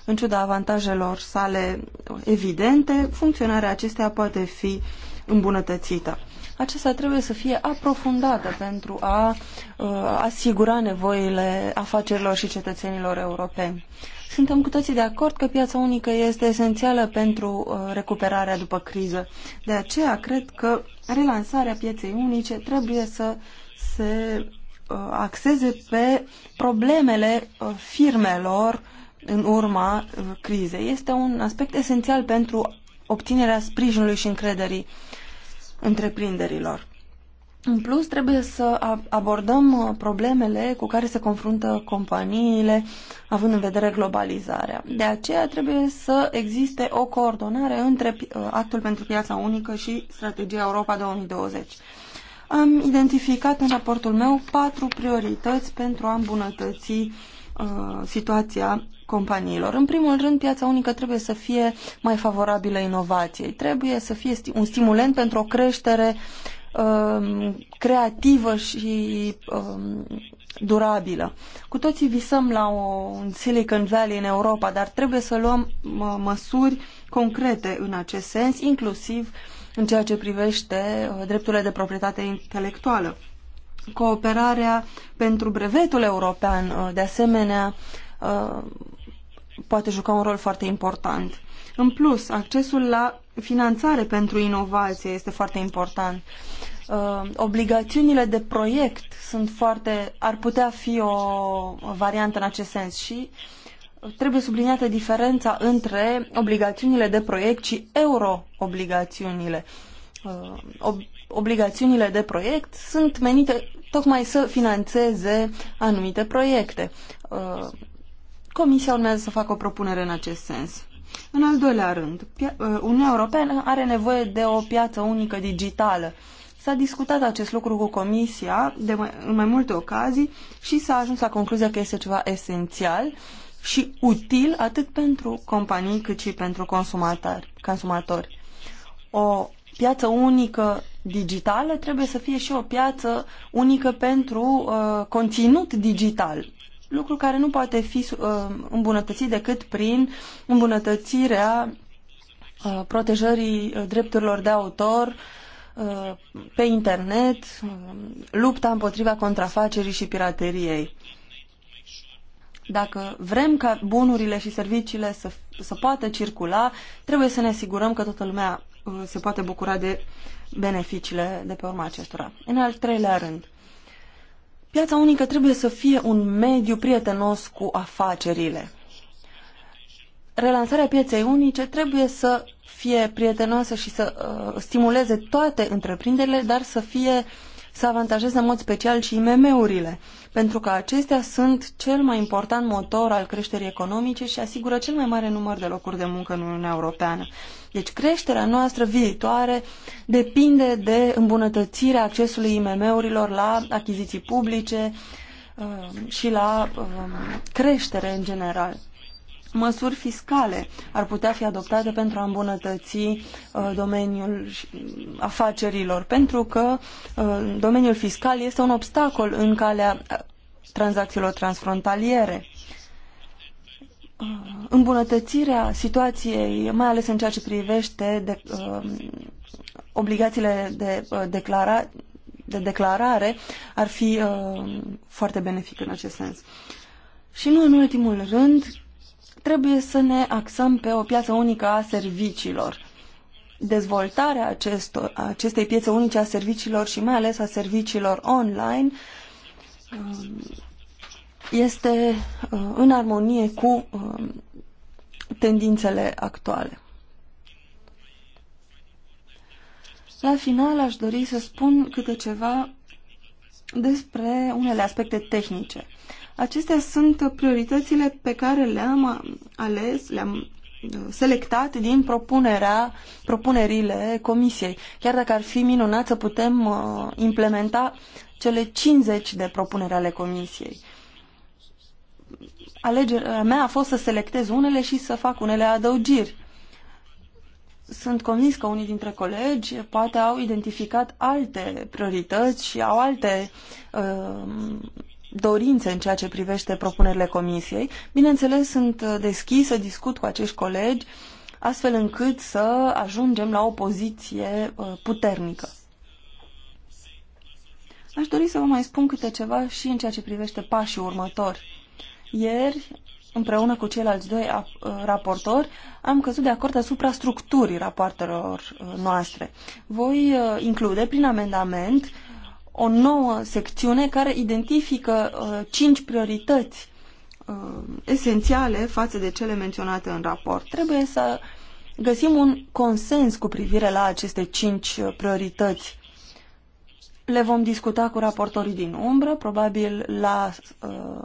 În ciuda avantajelor sale evidente, funcționarea acesteia poate fi uh, îmbunătățită. Aceasta trebuie să fie aprofundată pentru a uh, asigura nevoile afacerilor și cetățenilor europeni. Suntem cu toții de acord că piața unică este esențială pentru uh, recuperarea după criză. De aceea cred că relansarea pieței unice trebuie să se uh, axeze pe problemele uh, firmelor în urma uh, crizei. Este un aspect esențial pentru obținerea sprijinului și încrederii întreprinderilor. În plus, trebuie să abordăm uh, problemele cu care se confruntă companiile, având în vedere globalizarea. De aceea trebuie să existe o coordonare între uh, Actul pentru Piața Unică și Strategia Europa 2020. Am identificat în raportul meu patru priorități pentru a îmbunătăți uh, situația companiilor. În primul rând, piața unică trebuie să fie mai favorabilă inovației, trebuie să fie un stimulent pentru o creștere um, creativă și um, durabilă. Cu toții visăm la un Silicon Valley în Europa, dar trebuie să luăm măsuri concrete în acest sens, inclusiv în ceea ce privește uh, drepturile de proprietate intelectuală. Cooperarea pentru brevetul european, uh, de asemenea, uh, poate juca un rol foarte important. În plus, accesul la finanțare pentru inovație este foarte important. Uh, obligațiunile de proiect sunt foarte, ar putea fi o, o variantă în acest sens și trebuie subliniată diferența între obligațiunile de proiect și euroobligațiunile. Uh, ob obligațiunile de proiect sunt menite tocmai să financeze anumite proiecte. Uh, Comisia urmează să facă o propunere în acest sens. În al doilea rând, uh, Uniunea Europeană are nevoie de o piață unică digitală. S-a discutat acest lucru cu Comisia de mai, în mai multe ocazii și s-a ajuns la concluzia că este ceva esențial și util atât pentru companii cât și pentru consumatori. consumatori. O piață unică digitală trebuie să fie și o piață unică pentru uh, conținut digital lucru care nu poate fi uh, îmbunătățit decât prin îmbunătățirea uh, protejării uh, drepturilor de autor pe internet, lupta împotriva contrafacerii și pirateriei. Dacă vrem ca bunurile și serviciile să, să poată circula, trebuie să ne asigurăm că toată lumea se poate bucura de beneficiile de pe urma acestora. În al treilea rând, Piața unică trebuie să fie un mediu prietenos cu afacerile. Relansarea pieței unice trebuie să fie prietenoasă și să uh, stimuleze toate întreprinderile, dar să fie uh, să avantajeze în mod special și IMM-urile, pentru că acestea sunt cel mai important motor al creșterii economice și asigură cel mai mare număr de locuri de muncă în Uniunea Europeană. Deci creșterea noastră viitoare depinde de îmbunătățirea accesului IMM-urilor la achiziții publice uh, și la um, creștere în general măsuri fiscale ar putea fi adoptate pentru a îmbunătăți uh, domeniul afacerilor, pentru că uh, domeniul fiscal este un obstacol în calea uh, tranzacțiilor transfrontaliere. îmbunătățirea situației, mai ales în ceea ce privește de, obligațiile de, declara, de declarare, ar fi foarte benefic în acest sens. Și nu în ultimul rând, trebuie să ne axăm pe o piață unică a serviciilor. Dezvoltarea acestor, acestei piețe unice a serviciilor și mai ales a serviciilor online um, este uh, în armonie cu um, tendințele actuale. La final aș dori să spun câte ceva despre unele aspecte tehnice. Acestea sunt prioritățile pe care le-am ales, le-am uh, selectat din propunerea, propunerile comisiei. Chiar dacă ar fi minunat să putem uh, implementa cele 50 de propuneri ale comisiei. Alegerea mea a fost să selectez unele și să fac unele adăugiri. Sunt convins că unii dintre colegi poate au identificat alte priorități și au alte uh, dorințe în ceea ce privește propunerile comisiei. Bineînțeles, sunt uh, deschis să discut cu acești colegi astfel încât să ajungem la o poziție uh, puternică. Aș dori să vă mai spun câte ceva și în ceea ce privește pașii următori. Ieri, împreună cu ceilalți doi uh, raportori, am căzut de acord asupra structurii rapoartelor noastre. Voi include prin amendament o nouă secțiune care identifică uh, cinci priorități uh, esențiale față de cele menționate în raport. Trebuie să găsim un consens cu privire la aceste cinci uh, priorități. Le vom discuta cu raportorii din umbră, probabil la, uh,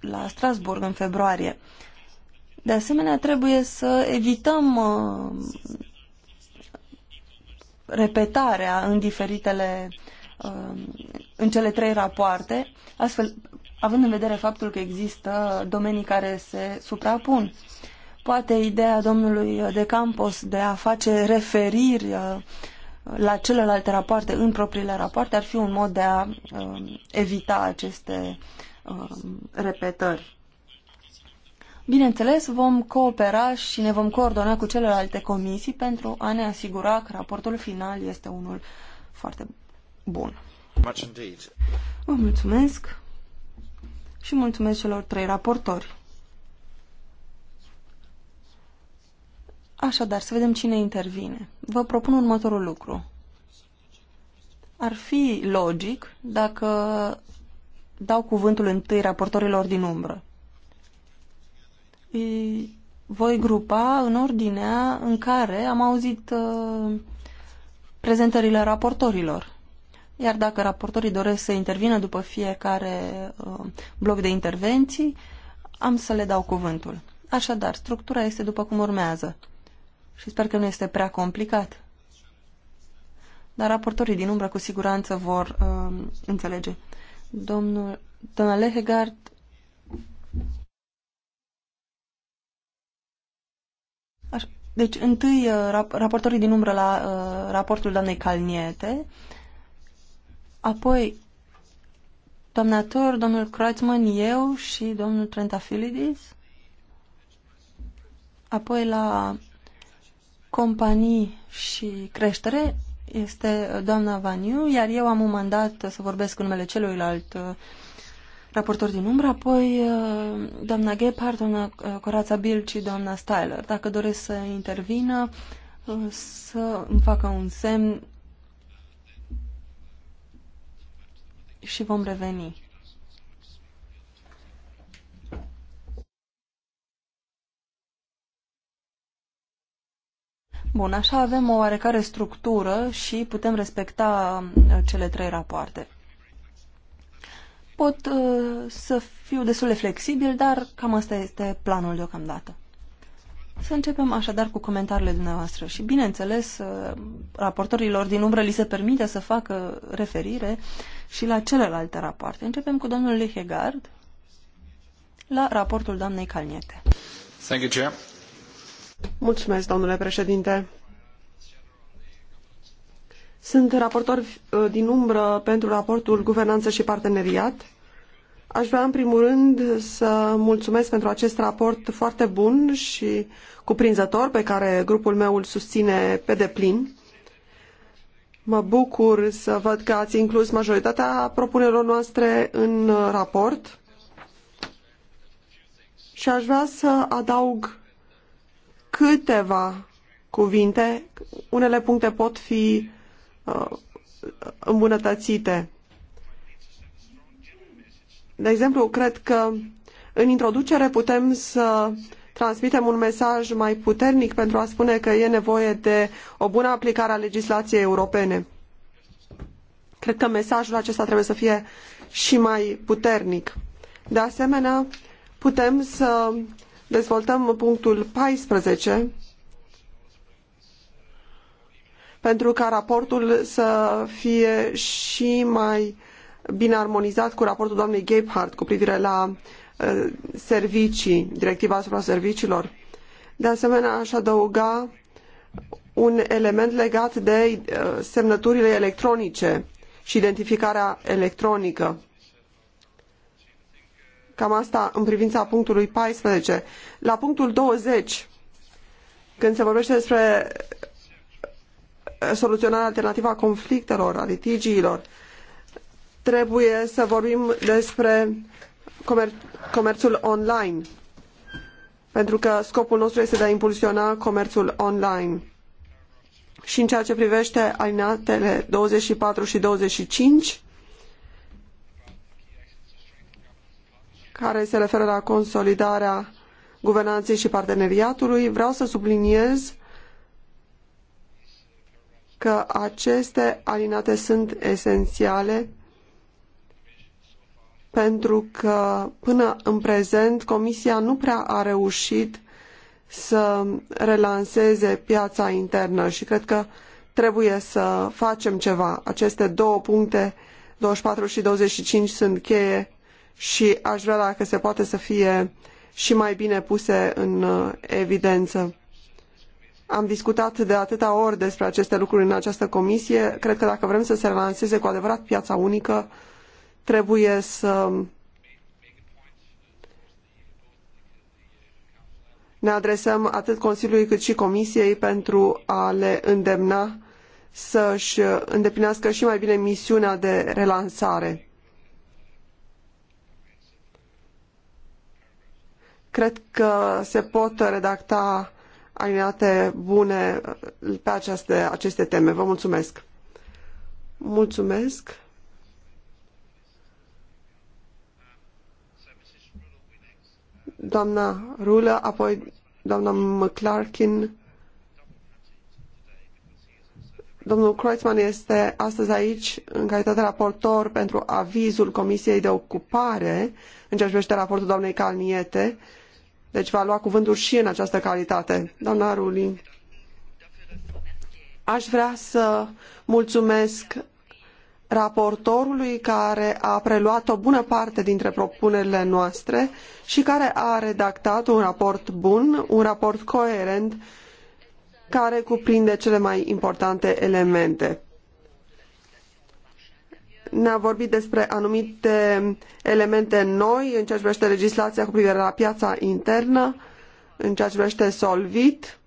la Strasburg în februarie. De asemenea, trebuie să evităm uh, repetarea în diferitele Um, în cele trei rapoarte, astfel, având în vedere faptul că există domenii care se suprapun. Poate ideea domnului De Campos de a face referiri uh, la celelalte rapoarte în propriile rapoarte ar fi un mod de a um, evita aceste um, repetări. Bineînțeles, vom coopera și ne vom coordona cu celelalte comisii pentru a ne asigura că raportul final este unul foarte bun bun. Vă mulțumesc și mulțumesc celor trei raportori. Așadar, să vedem cine intervine. Vă propun următorul lucru. Ar fi logic dacă dau cuvântul întâi raportorilor din umbră. Îi voi grupa în ordinea în care am auzit uh, prezentările raportorilor. Iar dacă raportorii doresc să intervină după fiecare uh, bloc de intervenții, am să le dau cuvântul. Așadar, structura este după cum urmează. Și sper că nu este prea complicat. Dar raportorii din umbră cu siguranță vor uh, înțelege. Domnul, doamna Lehegard, Deci, întâi, uh, rap raportorii din umbră la uh, raportul doamnei Calniete, Apoi, doamna Tur, domnul Kreutzmann, eu și domnul Trentafilidis. Apoi la companii și creștere este doamna Vaniu, iar eu am un mandat să vorbesc în numele celuilalt uh, raportor din umbră, apoi uh, doamna Gephardt, doamna uh, Corața Bill și doamna Styler. Dacă doresc să intervină, să îmi facă un semn și vom reveni. Bun, așa avem o oarecare structură și putem respecta uh, cele trei rapoarte. Pot uh, să fiu destul de flexibil, dar cam asta este planul deocamdată. Să începem așadar cu comentariile dumneavoastră și, bineînțeles, uh, raportorilor din umbră li se permite să facă referire și la celelalte rapoarte. Începem cu domnul Lehegard la raportul doamnei Calniete. Thank you, Chair. Mulțumesc, domnule președinte. Sunt raportor uh, din umbră pentru raportul Guvernanță și Parteneriat Aș vrea, în primul rând, să mulțumesc pentru acest raport foarte bun și cuprinzător pe care grupul meu îl susține pe deplin. Mă bucur să văd că ați inclus majoritatea propunerilor noastre în raport și aș vrea să adaug câteva cuvinte. Unele puncte pot fi uh, îmbunătățite. De exemplu, cred că în introducere putem să transmitem un mesaj mai puternic pentru a spune că e nevoie de o bună aplicare a legislației europene. Cred că mesajul acesta trebuie să fie și mai puternic. De asemenea, putem să dezvoltăm punctul 14 pentru ca raportul să fie și mai bine armonizat cu raportul doamnei Gephardt cu privire la uh, servicii, directiva asupra serviciilor. De asemenea, aș adăuga un element legat de uh, semnăturile electronice și identificarea electronică. Cam asta în privința punctului 14. La punctul 20, când se vorbește despre uh, soluționarea alternativă a conflictelor, a litigiilor, uh, trebuie să vorbim despre comer- comerțul online, pentru că scopul nostru este de a impulsiona comerțul online. Și în ceea ce privește alinatele 24 și 25, care se referă la consolidarea guvernanței și parteneriatului, vreau să subliniez că aceste alinate sunt esențiale pentru că până în prezent Comisia nu prea a reușit să relanseze piața internă și cred că trebuie să facem ceva. Aceste două puncte, 24 și 25, sunt cheie și aș vrea dacă se poate să fie și mai bine puse în uh, evidență. Am discutat de atâtea ori despre aceste lucruri în această comisie. Cred că dacă vrem să se relanseze cu adevărat piața unică, Trebuie să ne adresăm atât Consiliului cât și Comisiei pentru a le îndemna să-și îndeplinească și mai bine misiunea de relansare. Cred că se pot redacta alineate bune pe aceste, aceste teme. Vă mulțumesc! Mulțumesc! doamna Rulă, apoi doamna McClarkin. Domnul Kreutzmann este astăzi aici în calitate raportor pentru avizul Comisiei de Ocupare în ceea ce privește raportul doamnei Calniete. Deci va lua cuvântul și în această calitate. Doamna Ruli, aș vrea să mulțumesc raportorului care a preluat o bună parte dintre propunerile noastre și care a redactat un raport bun, un raport coerent care cuprinde cele mai importante elemente. Ne-a vorbit despre anumite elemente noi în ceea ce privește legislația cu privire la piața internă, în ceea ce privește Solvit.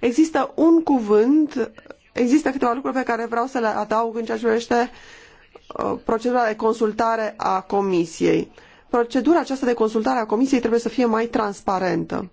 Există un cuvânt Există câteva lucruri pe care vreau să le adaug în ceea ce privește uh, procedura de consultare a Comisiei. Procedura aceasta de consultare a Comisiei trebuie să fie mai transparentă.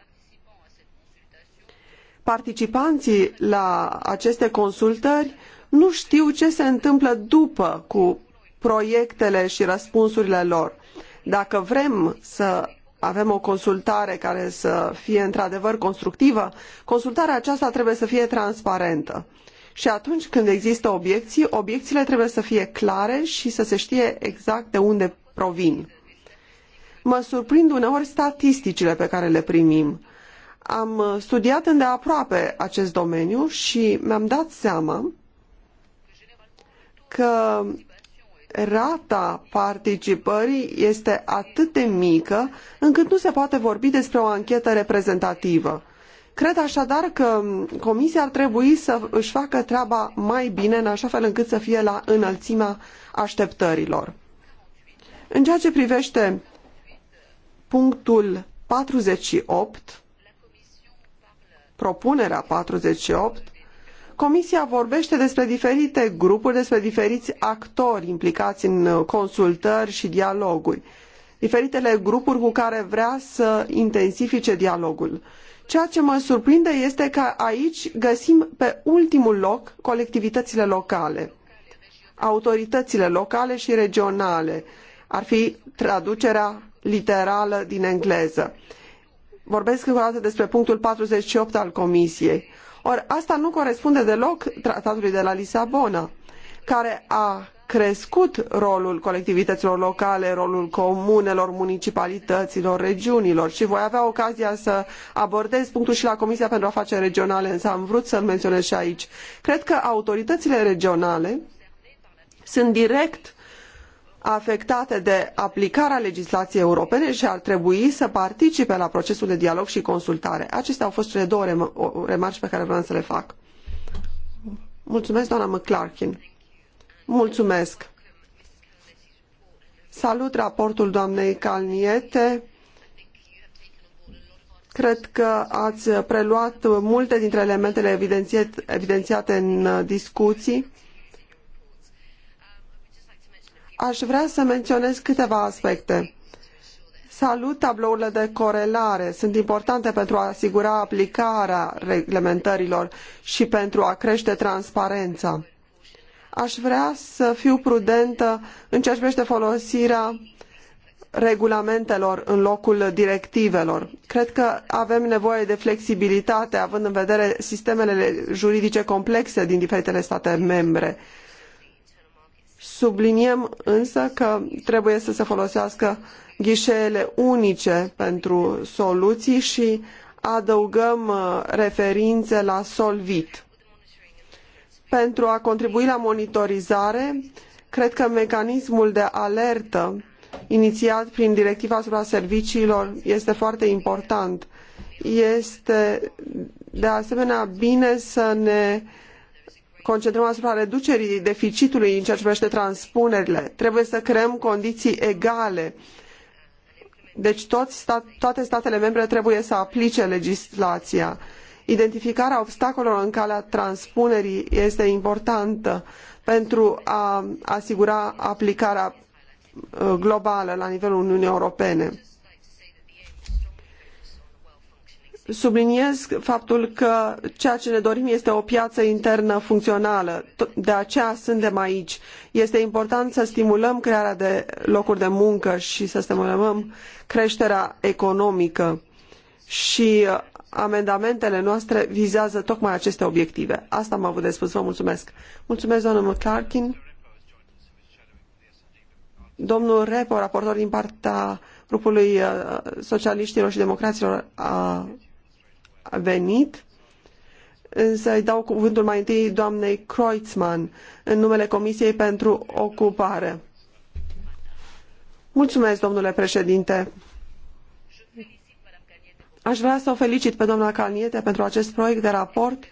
Participanții la aceste consultări nu știu ce se întâmplă după cu proiectele și răspunsurile lor. Dacă vrem să avem o consultare care să fie într-adevăr constructivă, consultarea aceasta trebuie să fie transparentă. Și atunci când există obiecții, obiecțiile trebuie să fie clare și să se știe exact de unde provin. Mă surprind uneori statisticile pe care le primim. Am studiat îndeaproape acest domeniu și mi-am dat seama că rata participării este atât de mică încât nu se poate vorbi despre o anchetă reprezentativă. Cred așadar că Comisia ar trebui să își facă treaba mai bine, în așa fel încât să fie la înălțimea așteptărilor. În ceea ce privește punctul 48, propunerea 48, Comisia vorbește despre diferite grupuri, despre diferiți actori implicați în consultări și dialoguri, diferitele grupuri cu care vrea să intensifice dialogul. Ceea ce mă surprinde este că aici găsim pe ultimul loc colectivitățile locale, autoritățile locale și regionale. Ar fi traducerea literală din engleză. Vorbesc încă o dată despre punctul 48 al Comisiei. Or, asta nu corespunde deloc tratatului de la Lisabona, care a crescut rolul colectivităților locale, rolul comunelor, municipalităților, regiunilor și voi avea ocazia să abordez punctul și la Comisia pentru Afaceri Regionale, însă am vrut să-l menționez și aici. Cred că autoritățile regionale sunt direct afectate de aplicarea legislației europene și ar trebui să participe la procesul de dialog și consultare. Acestea au fost cele două remarci pe care vreau să le fac. Mulțumesc, doamna McClarkin. Mulțumesc! Salut raportul doamnei Calniete. Cred că ați preluat multe dintre elementele evidențiate în discuții. Aș vrea să menționez câteva aspecte. Salut tablourile de corelare. Sunt importante pentru a asigura aplicarea reglementărilor și pentru a crește transparența aș vrea să fiu prudentă în ceea ce privește folosirea regulamentelor în locul directivelor. Cred că avem nevoie de flexibilitate, având în vedere sistemele juridice complexe din diferitele state membre. Subliniem însă că trebuie să se folosească ghișeele unice pentru soluții și adăugăm uh, referințe la Solvit pentru a contribui la monitorizare, cred că mecanismul de alertă inițiat prin directiva asupra serviciilor este foarte important. Este de asemenea bine să ne concentrăm asupra reducerii deficitului în ceea ce privește transpunerile. Trebuie să creăm condiții egale. Deci toate statele membre trebuie să aplice legislația identificarea obstacolelor în calea transpunerii este importantă pentru a asigura aplicarea uh, globală la nivelul Uniunii Europene. Subliniez faptul că ceea ce ne dorim este o piață internă funcțională. De aceea suntem aici. Este important să stimulăm crearea de locuri de muncă și să stimulăm creșterea economică și uh, amendamentele noastre vizează tocmai aceste obiective. Asta am avut de spus. Vă mulțumesc. Mulțumesc, doamnă McClarkin. Domnul Repo, raportor din partea grupului uh, socialiștilor și democraților, a venit. Însă îi dau cuvântul mai întâi doamnei Kreutzmann în numele Comisiei pentru Ocupare. Mulțumesc, domnule președinte. Aș vrea să o felicit pe doamna Caniete pentru acest proiect de raport.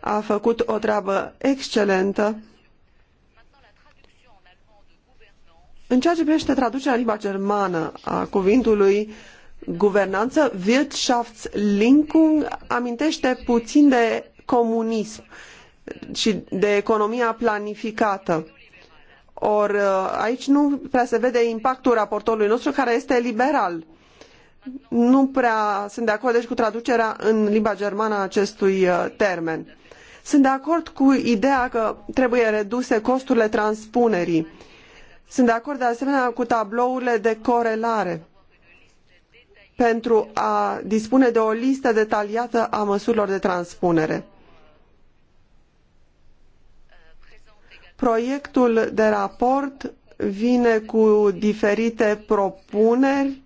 A făcut o treabă excelentă. În ceea ce privește traducerea în limba germană a cuvintului guvernanță, Wirtschaftslinkung amintește puțin de comunism și de economia planificată. Or, aici nu prea se vede impactul raportorului nostru, care este liberal nu prea sunt de acord deci, cu traducerea în limba germană a acestui uh, termen. Sunt de acord cu ideea că trebuie reduse costurile transpunerii. Sunt de acord de asemenea cu tablourile de corelare pentru a dispune de o listă detaliată a măsurilor de transpunere. Proiectul de raport vine cu diferite propuneri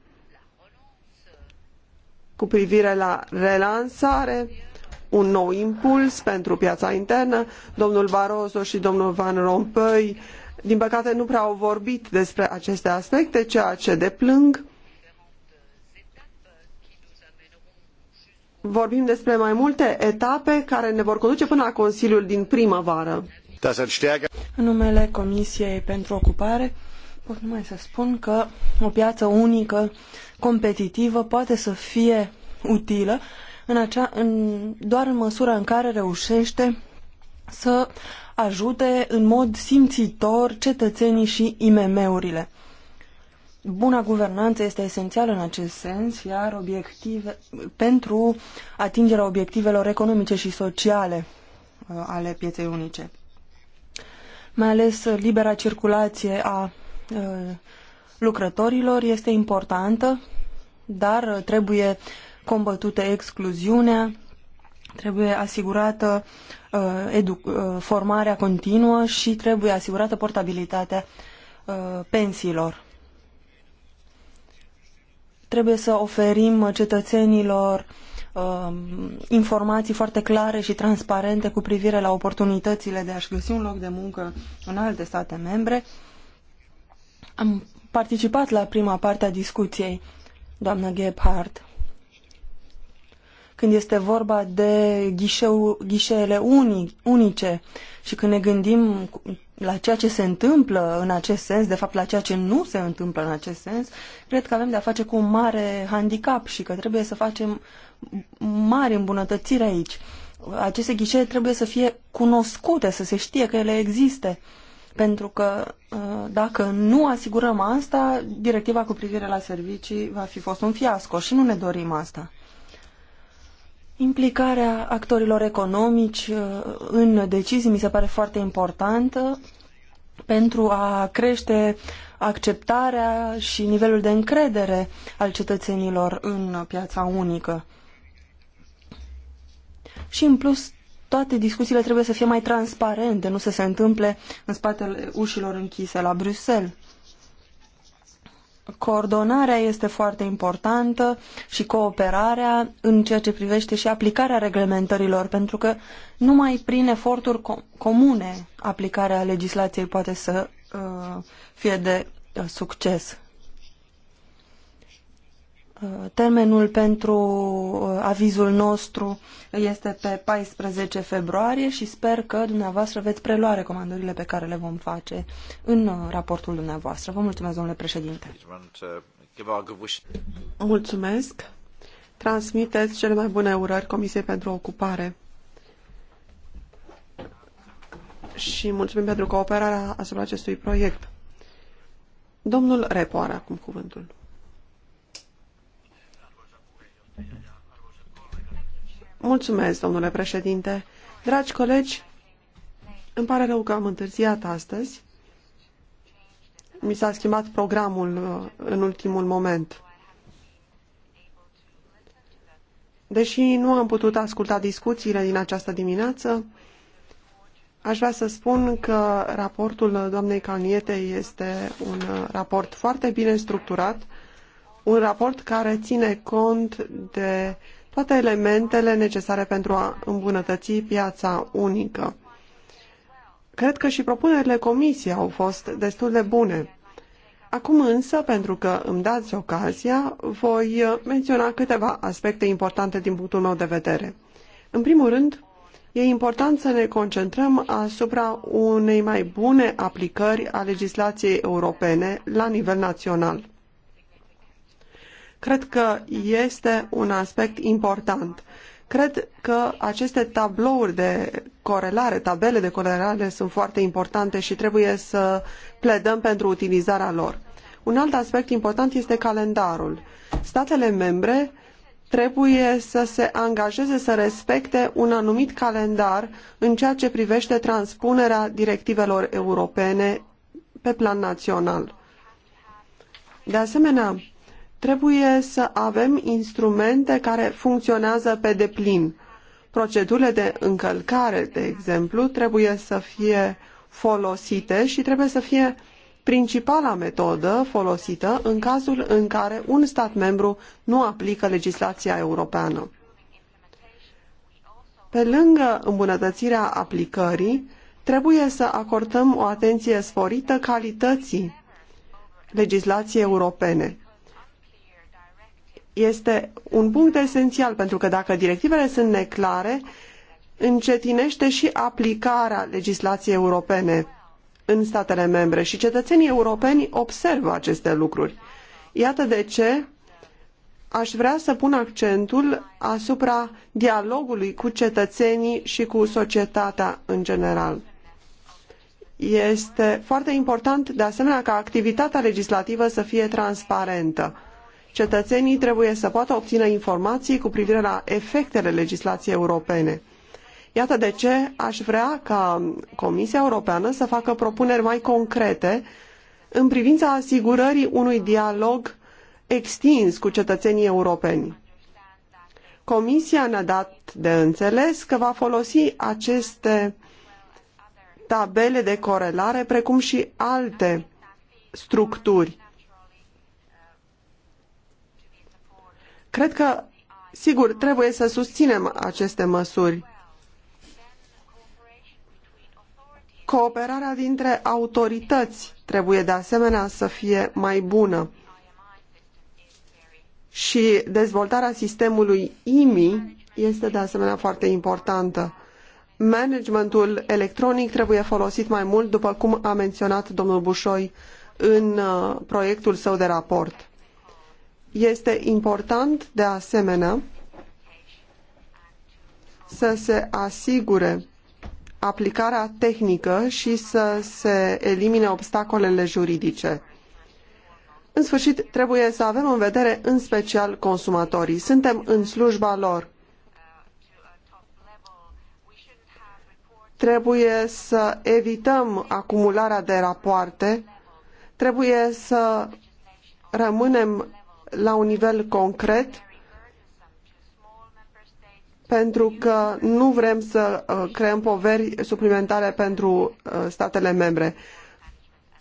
cu privire la relansare, un nou impuls pentru piața internă. Domnul Barroso și domnul Van Rompuy, din păcate, nu prea au vorbit despre aceste aspecte, ceea ce deplâng. Vorbim despre mai multe etape care ne vor conduce până la Consiliul din primăvară. În numele Comisiei pentru Ocupare, pot numai să spun că o piață unică competitivă poate să fie utilă în acea, în, doar în măsura în care reușește să ajute în mod simțitor cetățenii și IMM-urile. Buna guvernanță este esențială în acest sens, iar obiective, pentru atingerea obiectivelor economice și sociale uh, ale pieței unice. Mai ales libera circulație a uh, lucrătorilor este importantă dar uh, trebuie combătută excluziunea, trebuie asigurată uh, uh, formarea continuă și trebuie asigurată portabilitatea uh, pensiilor. Trebuie să oferim cetățenilor um, informații foarte clare și transparente cu privire la oportunitățile de a-și găsi un loc de muncă în alte state membre. Am participat la prima parte a discuției doamnă Gebhardt. Când este vorba de ghișeu, ghișeele unice și când ne gândim la ceea ce se întâmplă în acest sens, de fapt la ceea ce nu se întâmplă în acest sens, cred că avem de-a face cu un mare handicap și că trebuie să facem mari îmbunătățiri aici. Aceste ghișee trebuie să fie cunoscute, să se știe că ele există. Uh, pentru că uh, dacă nu asigurăm asta, directiva cu privire la servicii va fi fost un fiasco și nu ne dorim asta. Implicarea actorilor economici uh, în decizii mi se pare foarte importantă pentru a crește acceptarea și nivelul de încredere al cetățenilor în piața unică. Și în plus toate discuțiile trebuie să fie mai transparente, nu să se întâmple în spatele ușilor închise la Bruxelles. Coordonarea este foarte importantă și cooperarea în ceea ce privește și aplicarea reglementărilor, pentru că numai prin eforturi comune aplicarea legislației poate să uh, fie de uh, succes. Uh, termenul pentru uh, avizul nostru este pe 14 februarie și sper că dumneavoastră veți prelua recomandările pe care le vom face în uh, raportul dumneavoastră. Vă mulțumesc, domnule președinte. Mulțumesc. Transmiteți cele mai bune urări Comisiei pentru Ocupare. Și mulțumim pentru cooperarea asupra acestui proiect. Domnul Repo are acum cuvântul. Mulțumesc, domnule președinte. Dragi colegi, îmi pare rău că am întârziat astăzi. Mi s-a schimbat programul uh, în ultimul moment. Deși nu am putut asculta discuțiile din această dimineață, aș vrea să spun că raportul doamnei Calniete este un uh, raport foarte bine structurat, un raport care ține cont de toate elementele necesare pentru a îmbunătăți piața unică. Cred că și propunerile comisiei au fost destul de bune. Acum însă, pentru că îmi dați ocazia, voi menționa câteva aspecte importante din punctul meu de vedere. În primul rând, e important să ne concentrăm asupra unei mai bune aplicări a legislației europene la nivel național. Cred că este un aspect important. Cred că aceste tablouri de corelare, tabele de corelare sunt foarte importante și trebuie să pledăm pentru utilizarea lor. Un alt aspect important este calendarul. Statele membre trebuie să se angajeze să respecte un anumit calendar în ceea ce privește transpunerea directivelor europene pe plan național. De asemenea, Trebuie să avem instrumente care funcționează pe deplin. Procedurile de încălcare, de exemplu, trebuie să fie folosite și trebuie să fie principala metodă folosită în cazul în care un stat membru nu aplică legislația europeană. Pe lângă îmbunătățirea aplicării, trebuie să acordăm o atenție sporită calității legislației europene este un punct esențial, pentru că dacă directivele sunt neclare, încetinește și aplicarea legislației europene în statele membre și cetățenii europeni observă aceste lucruri. Iată de ce aș vrea să pun accentul asupra dialogului cu cetățenii și cu societatea în general. Este foarte important, de asemenea, ca activitatea legislativă să fie transparentă. Cetățenii trebuie să poată obține informații cu privire la efectele legislației europene. Iată de ce aș vrea ca Comisia Europeană să facă propuneri mai concrete în privința asigurării unui dialog extins cu cetățenii europeni. Comisia ne-a dat de înțeles că va folosi aceste tabele de corelare, precum și alte structuri. Cred că, sigur, trebuie să susținem aceste măsuri. Cooperarea dintre autorități trebuie de asemenea să fie mai bună și dezvoltarea sistemului IMI este de asemenea foarte importantă. Managementul electronic trebuie folosit mai mult, după cum a menționat domnul Bușoi în uh, proiectul său de raport. Este important, de asemenea, să se asigure aplicarea tehnică și să se elimine obstacolele juridice. În sfârșit, trebuie să avem în vedere în special consumatorii. Suntem în slujba lor. Trebuie să evităm acumularea de rapoarte. Trebuie să rămânem la un nivel concret pentru că nu vrem să uh, creăm poveri suplimentare pentru uh, statele membre.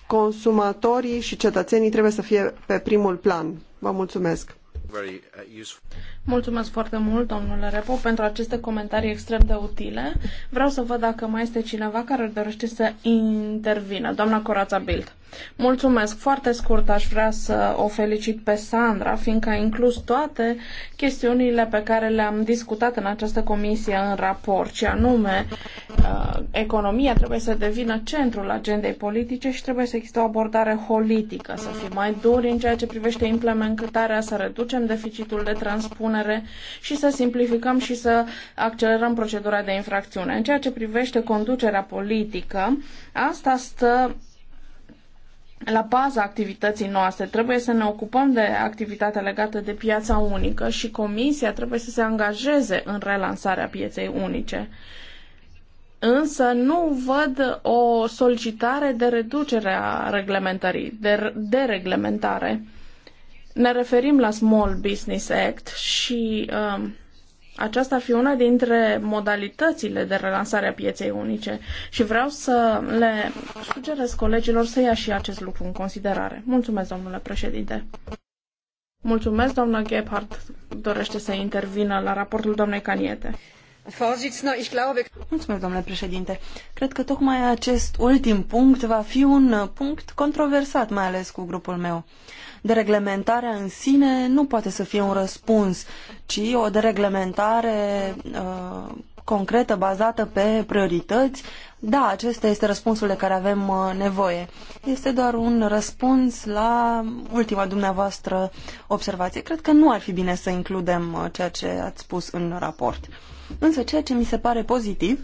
Consumatorii și cetățenii trebuie să fie pe primul plan. Vă mulțumesc! Uh, Mulțumesc foarte mult, domnule Repo, pentru aceste comentarii extrem de utile. Vreau să văd dacă mai este cineva care dorește să intervină. Doamna Corața Bild. Mulțumesc. Foarte scurt aș vrea să o felicit pe Sandra, fiindcă a inclus toate chestiunile pe care le-am discutat în această comisie în raport, și anume uh, economia trebuie să devină centrul agendei politice și trebuie să existe o abordare holitică, să fim mai duri în ceea ce privește implementarea, să reducem deficitul de transpunere propunere și să simplificăm și să accelerăm procedura de infracțiune. În ceea ce privește conducerea politică, asta stă la baza activității noastre. Trebuie să ne ocupăm de activitatea legată de piața unică și Comisia trebuie să se angajeze în relansarea pieței unice. Însă nu văd o solicitare de reducere a reglementării, de dereglementare ne referim la Small Business Act și um, aceasta ar fi una dintre modalitățile de relansare a pieței unice și vreau să le sugerez colegilor să ia și acest lucru în considerare. Mulțumesc, domnule președinte. Mulțumesc, doamna Gebhardt dorește să intervină la raportul doamnei Caniete domnule președinte. Cred că tocmai acest ultim punct va fi un uh, punct controversat, mai ales cu grupul meu. Dereglementarea în sine nu poate să fie un răspuns, ci o dereglementare uh, concretă, bazată pe priorități. Da, acesta este răspunsul de care avem uh, nevoie. Este doar un răspuns la ultima dumneavoastră observație. Cred că nu ar fi bine să includem uh, ceea ce ați spus în raport. Însă ceea ce mi se pare pozitiv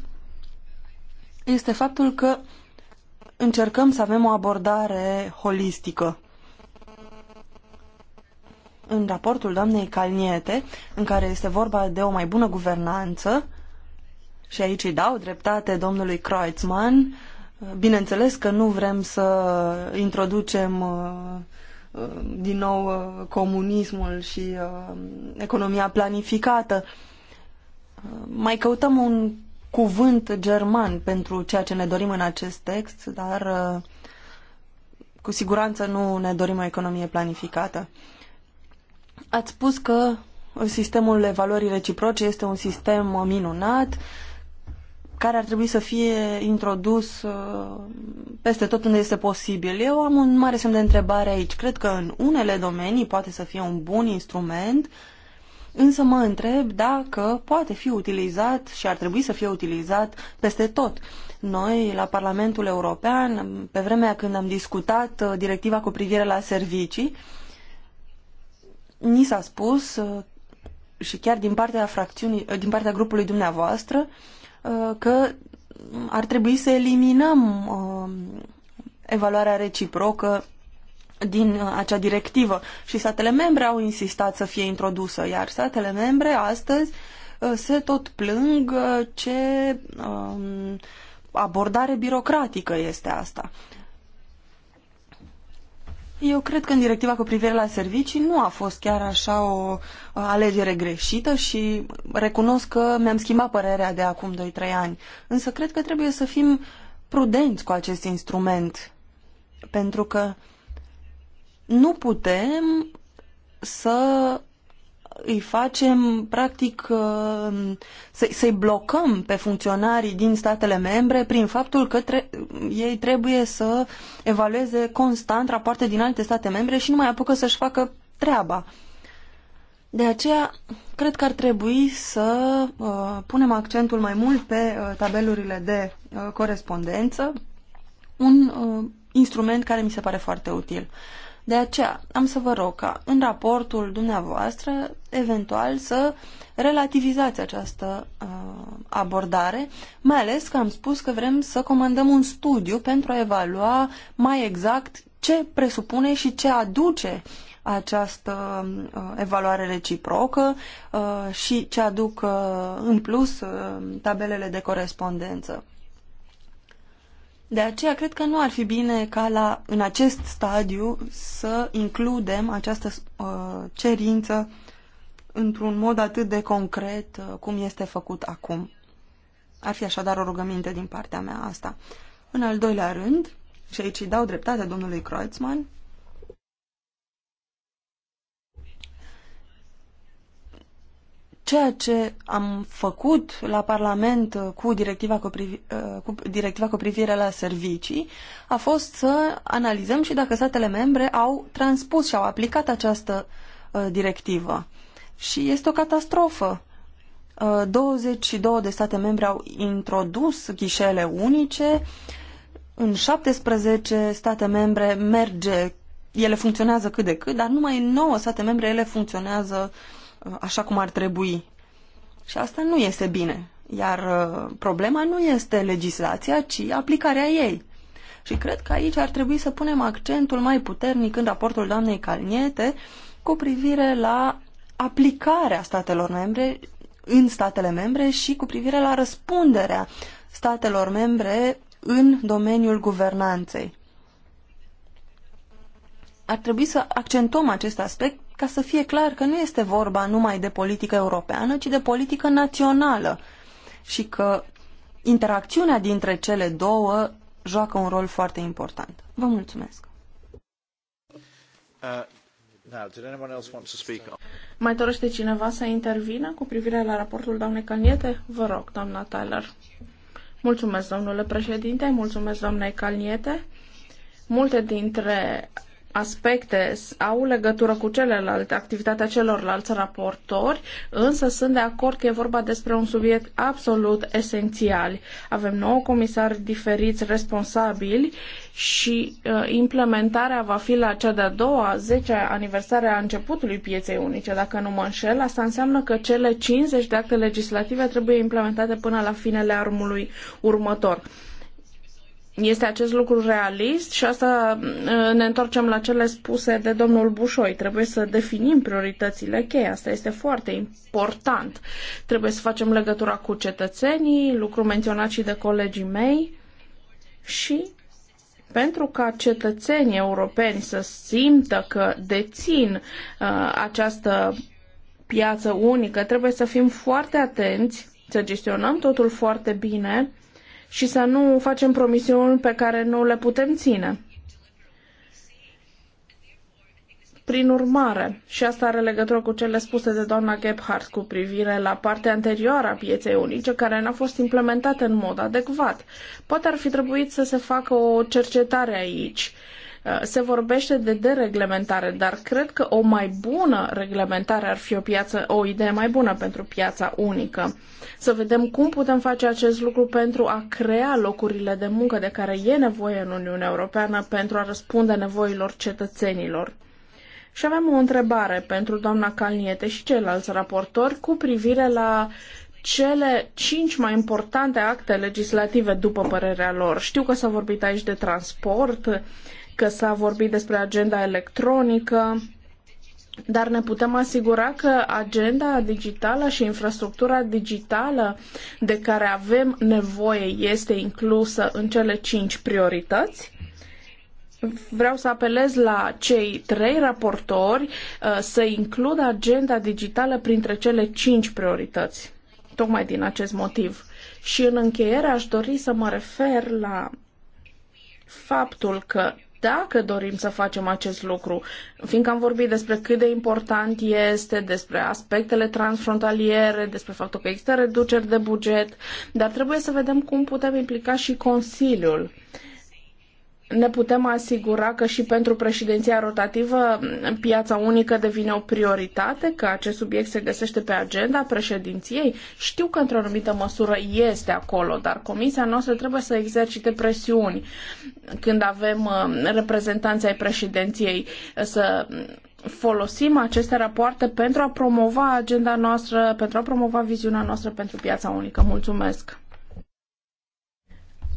este faptul că încercăm să avem o abordare holistică. În raportul doamnei Calniete, în care este vorba de o mai bună guvernanță, și aici îi dau dreptate domnului Kreutzmann, bineînțeles că nu vrem să introducem uh, uh, din nou uh, comunismul și economia planificată, mai căutăm un cuvânt german pentru ceea ce ne dorim în acest text, dar uh, cu siguranță nu ne dorim o economie planificată. Ați spus că sistemul evaluării reciproce este un sistem minunat care ar trebui să fie introdus uh, peste tot unde este posibil. Eu am un mare semn de întrebare aici. Cred că în unele domenii poate să fie un bun instrument însă mă întreb dacă poate fi utilizat și ar trebui să fie utilizat peste tot. Noi, la Parlamentul European, pe vremea când am discutat uh, directiva cu privire la servicii, ni s-a spus uh, și chiar din partea, fracțiunii, uh, din partea grupului dumneavoastră că ar trebui să eliminăm evaluarea reciprocă din uh, acea directivă și statele membre au insistat să fie introdusă, iar statele membre astăzi uh, se tot plâng uh, ce um, abordare birocratică este asta. Eu cred că în directiva cu privire la servicii nu a fost chiar așa o alegere greșită și recunosc că mi-am schimbat părerea de acum 2-3 ani. Însă cred că trebuie să fim prudenți cu acest instrument pentru că nu putem să îi facem, practic, uh, să-i blocăm pe funcționarii din statele membre prin faptul că tre ei trebuie să evalueze constant rapoarte din alte state membre și nu mai apucă să-și facă treaba. De aceea, cred că ar trebui să uh, punem accentul mai mult pe uh, tabelurile de uh, corespondență, un uh, instrument care mi se pare foarte util. Uh, de aceea am să vă rog ca în raportul dumneavoastră eventual să relativizați această uh, abordare, mai ales că am spus că vrem să comandăm un studiu pentru a evalua mai exact ce presupune și ce aduce această uh, evaluare reciprocă uh, și ce aduc uh, în plus uh, tabelele de corespondență. De aceea cred că nu ar fi bine ca la, în acest stadiu să includem această uh, cerință într-un mod atât de concret uh, cum este făcut acum. Ar fi așadar o rugăminte din partea mea asta. În al doilea rând, și aici îi dau dreptate domnului Kreutzmann, Ceea ce am făcut la Parlament uh, cu directiva cu, privi, uh, cu directiva cu privire la servicii a fost să analizăm și dacă statele membre au transpus și au aplicat această uh, directivă. Și este o catastrofă 22 de state membre au introdus ghișele unice, în 17 state membre merge, ele funcționează cât de cât, dar numai în 9 state membre ele funcționează Uh, așa cum ar trebui. Și asta nu este bine. Iar uh, problema nu este legislația, ci aplicarea ei. Și cred că aici ar trebui să punem accentul mai puternic în raportul doamnei Calniete cu privire la aplicarea statelor membre în statele membre și cu privire la răspunderea statelor membre în domeniul guvernanței. Ar trebui să accentuăm acest aspect ca să fie clar că nu este vorba numai de politică europeană, ci de politică națională și că interacțiunea dintre cele două joacă un rol foarte important. Vă mulțumesc! Uh, Mai dorește cineva să intervină cu privire la raportul doamnei Calniete? Vă rog, doamna Tyler. Mulțumesc, domnule președinte, mulțumesc, doamnei Calniete. Multe dintre aspecte au legătură cu celelalte, activitatea celorlalți raportori, însă sunt de acord că e vorba despre un subiect absolut esențial. Avem nouă comisari diferiți responsabili și uh, implementarea va fi la cea de-a doua, 10 aniversare a începutului pieței unice. Dacă nu mă înșel, asta înseamnă că cele 50 de acte legislative trebuie implementate până la finele armului următor. Este acest lucru realist? Și asta mm, ă, ne întoarcem la cele spuse de domnul Bușoi. Trebuie să definim prioritățile cheie. Asta este foarte important. Trebuie să facem legătura cu cetățenii, lucru menționat și de colegii mei. Și pentru ca cetățenii europeni să simtă că dețin uh, această piață unică, trebuie să fim foarte atenți, să gestionăm totul foarte bine și să nu facem promisiuni pe care nu le putem ține. Prin urmare, și asta are legătură cu cele spuse de doamna Gebhardt cu privire la partea anterioară a pieței unice, care n-a fost implementată în mod adecvat. Poate ar fi trebuit să se facă o cercetare aici Uh, se vorbește de dereglementare, dar cred că o mai bună reglementare ar fi o, piață, o idee mai bună pentru piața unică. Să vedem cum putem face acest lucru pentru a crea locurile de muncă de care e nevoie în Uniunea Europeană pentru a răspunde nevoilor cetățenilor. Și avem o întrebare pentru doamna Calniete și ceilalți raportori cu privire la cele cinci mai importante acte legislative, după părerea lor. Știu că s-a vorbit aici de transport, că s-a vorbit despre agenda electronică, dar ne putem asigura că agenda digitală și infrastructura digitală de care avem nevoie este inclusă în cele cinci priorități? Vreau să apelez la cei trei raportori uh, să includă agenda digitală printre cele cinci priorități, tocmai din acest motiv. Și în încheiere aș dori să mă refer la faptul că dacă dorim să facem acest lucru, fiindcă am vorbit despre cât de important este, despre aspectele transfrontaliere, despre faptul că există reduceri de buget, dar trebuie să vedem cum putem implica și Consiliul. Uh, ne putem asigura că și pentru președinția rotativă piața unică devine o prioritate, că acest subiect se găsește pe agenda președinției? Știu că într-o anumită măsură este acolo, dar comisia noastră trebuie să exercite presiuni când avem reprezentanții ai președinției să folosim aceste rapoarte pentru a promova agenda noastră, pentru a promova viziunea noastră pentru piața unică. Mulțumesc!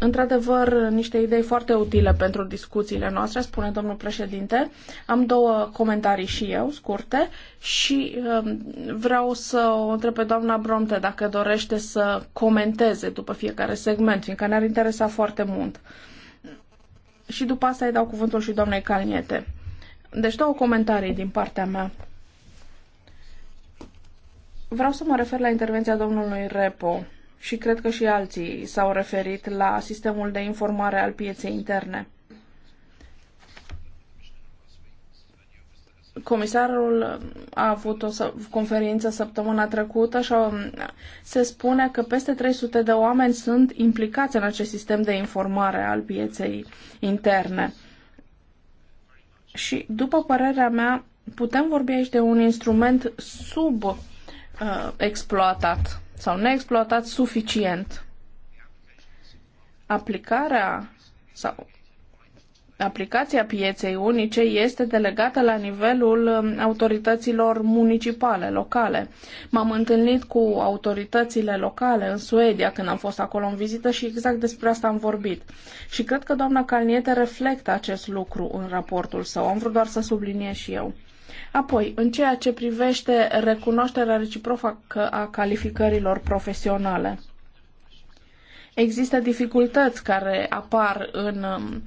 Într-adevăr, niște idei foarte utile pentru discuțiile noastre, spune domnul președinte. Am două comentarii și eu, scurte, și um, vreau să o întreb pe doamna Bromte dacă dorește să comenteze după fiecare segment, fiindcă ne-ar interesa foarte mult. Și după asta îi dau cuvântul și doamnei Calniete. Deci două comentarii din partea mea. Vreau să mă refer la intervenția domnului Repo și cred că și alții s-au referit la sistemul de informare al pieței interne. Comisarul a avut o conferință săptămâna trecută și um, se spune că peste 300 de oameni sunt implicați în acest sistem de informare al pieței interne. Și, după părerea mea, putem vorbi aici de un instrument sub uh, sau neexploatat suficient. Aplicarea sau aplicația pieței unice este delegată la nivelul um, autorităților municipale, locale. M-am întâlnit cu autoritățile locale în Suedia când am fost acolo în vizită și exact despre asta am vorbit. Și cred că doamna Calniete reflectă acest lucru în raportul său. Am vrut doar să subliniez și eu. Apoi, în ceea ce privește recunoașterea reciprocă a calificărilor profesionale, există dificultăți care apar în um,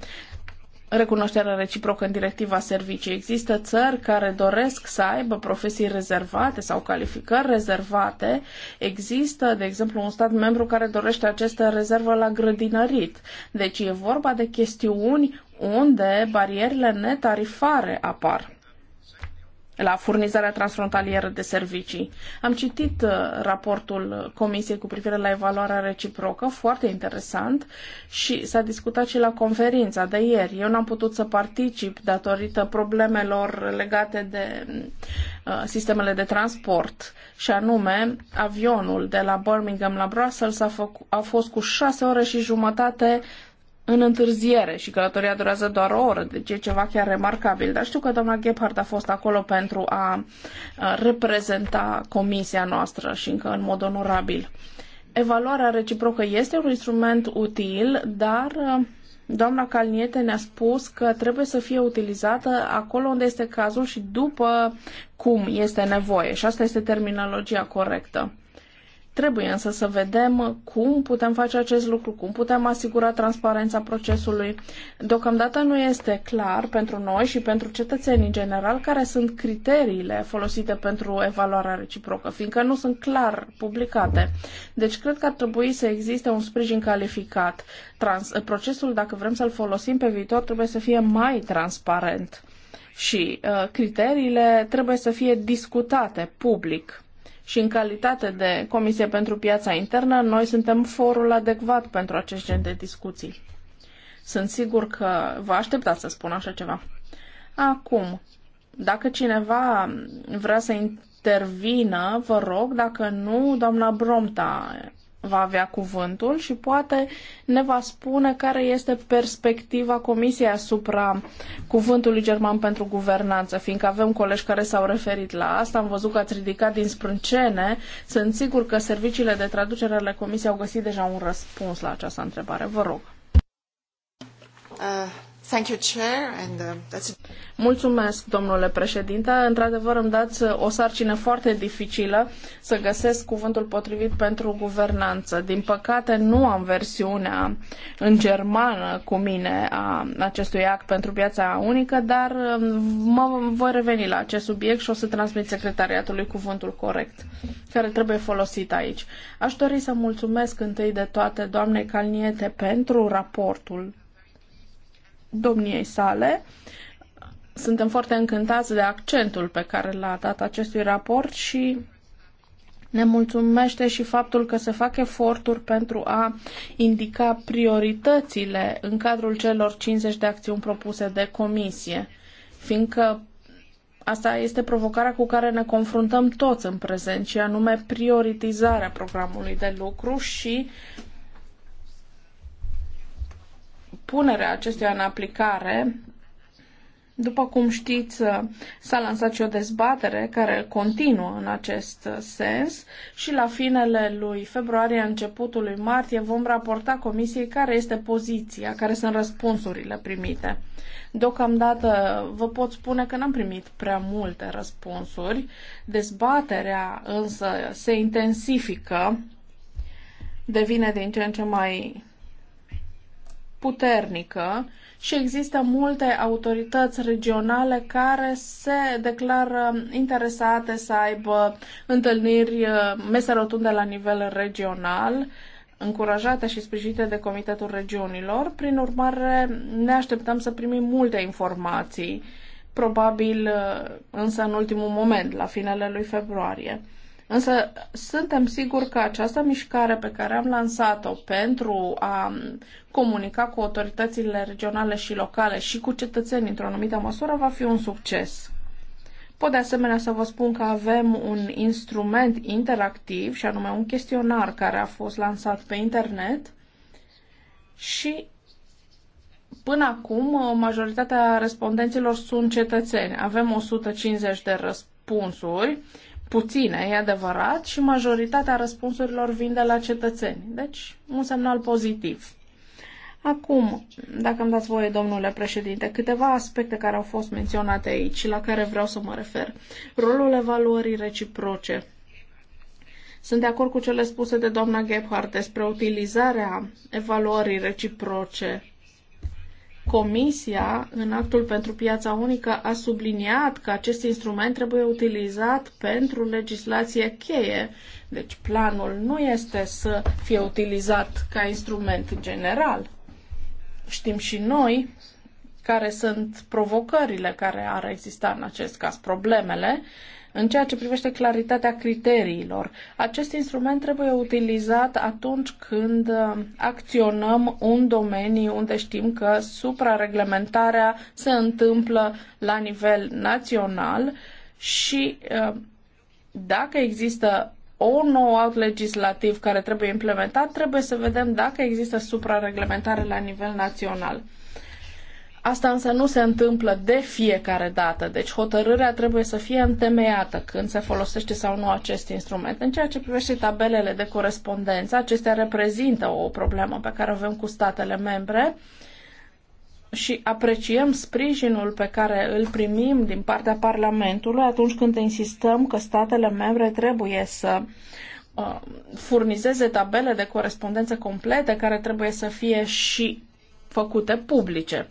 recunoașterea reciprocă în directiva servicii. Există țări care doresc să aibă profesii rezervate sau calificări rezervate. Există, de exemplu, un stat membru care dorește această rezervă la grădinărit. Deci e vorba de chestiuni unde barierele netarifare apar la furnizarea transfrontalieră de servicii. Am citit uh, raportul Comisiei cu privire la evaluarea reciprocă, foarte interesant, și s-a discutat și la conferința de ieri. Eu n-am putut să particip datorită problemelor legate de uh, sistemele de transport și anume avionul de la Birmingham la Brussels a, a fost cu șase ore și jumătate în întârziere și călătoria durează doar o oră, deci e ceva chiar remarcabil. Dar știu că doamna Gebhardt a fost acolo pentru a reprezenta comisia noastră și încă în mod onorabil. Evaluarea reciprocă este un instrument util, dar doamna Calniete ne-a spus că trebuie să fie utilizată acolo unde este cazul și după cum este nevoie. Și asta este terminologia corectă. Trebuie însă să vedem cum putem face acest lucru, cum putem asigura transparența procesului. Deocamdată nu este clar pentru noi și pentru cetățenii în general care sunt criteriile folosite pentru evaluarea reciprocă, fiindcă nu sunt clar publicate. Deci cred că ar trebui să existe un sprijin calificat. Trans- procesul, dacă vrem să-l folosim pe viitor, trebuie să fie mai transparent și uh, criteriile trebuie să fie discutate public și în calitate de Comisie pentru Piața Internă, noi suntem forul adecvat pentru acest gen de discuții. Sunt sigur că vă așteptați să spun așa ceva. Acum, dacă cineva vrea să intervină, vă rog, dacă nu, doamna Bromta va avea cuvântul și poate ne va spune care este perspectiva Comisiei asupra cuvântului german pentru guvernanță, fiindcă avem colegi care s-au referit la asta, am văzut că ați ridicat din sprâncene, sunt sigur că serviciile de traducere ale Comisiei au găsit deja un răspuns la această întrebare. Vă rog. Uh, Thank you, Chair, and, uh, that's... Mulțumesc, domnule președinte. Într-adevăr, îmi dați uh, o sarcină foarte dificilă să găsesc cuvântul potrivit pentru guvernanță. Din păcate, nu am versiunea în germană cu mine a acestui act pentru piața unică, dar um, mă voi reveni la acest subiect și o să transmit secretariatului cuvântul corect, care trebuie folosit aici. Aș dori să mulțumesc întâi de toate doamnei Calniete pentru raportul domniei sale. Suntem foarte încântați de accentul pe care l-a dat acestui raport și ne mulțumește și faptul că se fac eforturi pentru a indica prioritățile în cadrul celor 50 de acțiuni propuse de comisie, fiindcă asta este provocarea cu care ne confruntăm toți în prezent, și anume prioritizarea programului de lucru și punerea acestuia în aplicare, după cum știți, s-a lansat și o dezbatere care continuă în acest sens și la finele lui februarie, începutul lui martie, vom raporta comisiei care este poziția, care sunt răspunsurile primite. Deocamdată vă pot spune că n-am primit prea multe răspunsuri, dezbaterea însă se intensifică, devine din ce în ce mai puternică și există multe autorități regionale care se declară interesate să aibă întâlniri uh, mese rotunde la nivel regional încurajate și sprijinite de Comitetul Regiunilor. Prin urmare, ne așteptăm să primim multe informații, probabil uh, însă în ultimul moment, la finele lui februarie. Însă suntem siguri că această mișcare pe care am lansat-o pentru a comunica cu autoritățile regionale și locale și cu cetățenii într-o anumită măsură va fi un succes. Pot de asemenea să vă spun că avem un instrument interactiv și anume un chestionar care a fost lansat pe internet și Până acum, uh, majoritatea respondenților sunt cetățeni. Avem 150 de răspunsuri puține, e adevărat, și majoritatea răspunsurilor vin de la cetățeni. Deci, un semnal pozitiv. Acum, dacă îmi dați voie, domnule președinte, câteva aspecte care au fost menționate aici și la care vreau să mă refer. Rolul evaluării reciproce. Sunt de acord cu cele spuse de doamna Gebhardt despre utilizarea evaluării reciproce Comisia, în actul pentru piața unică, a subliniat că acest instrument trebuie utilizat pentru legislație cheie. Deci planul nu este să fie utilizat ca instrument general. Știm și noi care sunt provocările care ar exista în acest caz, problemele, uh, în ceea ce privește claritatea criteriilor, acest instrument trebuie utilizat atunci când uh, acționăm un domeniu unde știm că suprareglementarea se întâmplă la nivel național și uh, dacă există o nou act legislativ care trebuie implementat, trebuie să vedem dacă există suprareglementare la nivel național. Asta însă nu se întâmplă de fiecare dată, deci hotărârea trebuie să fie întemeiată când se folosește sau nu acest instrument. În ceea ce privește tabelele de corespondență, acestea reprezintă o problemă pe care o avem cu statele membre și apreciem sprijinul pe care îl primim din partea Parlamentului atunci când insistăm că statele membre trebuie să uh, furnizeze tabele de corespondență complete care trebuie să fie și făcute publice.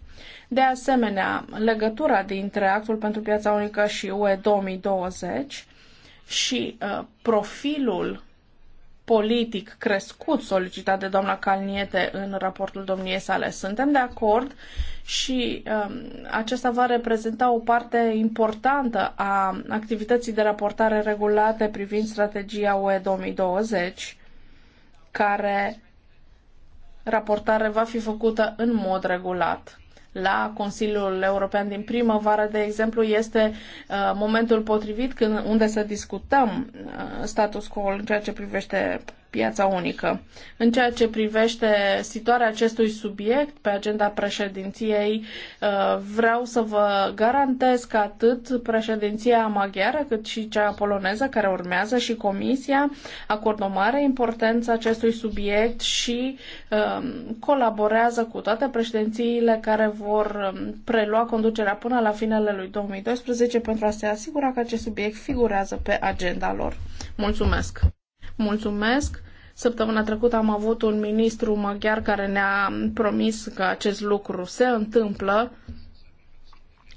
De asemenea, legătura dintre Actul pentru Piața Unică și UE 2020 și uh, profilul politic crescut solicitat de doamna Calniete în raportul domniei sale. Suntem de acord și um, acesta va reprezenta o parte importantă a activității de raportare regulate privind strategia UE 2020, care raportare va fi făcută în mod regulat la Consiliul European din primăvară, de exemplu, este uh, momentul potrivit când, unde să discutăm uh, status quo în ceea ce privește piața unică. În ceea ce privește situarea acestui subiect pe agenda președinției, uh, vreau să vă garantez că atât președinția maghiară cât și cea poloneză care urmează și Comisia acordă o mare importanță acestui subiect și um, colaborează cu toate președințiile care vor um, prelua conducerea până la finele lui 2012 pentru a se asigura că acest subiect figurează pe agenda lor. Mulțumesc! Mulțumesc! Săptămâna trecută am avut un ministru maghiar care ne-a promis că acest lucru se întâmplă.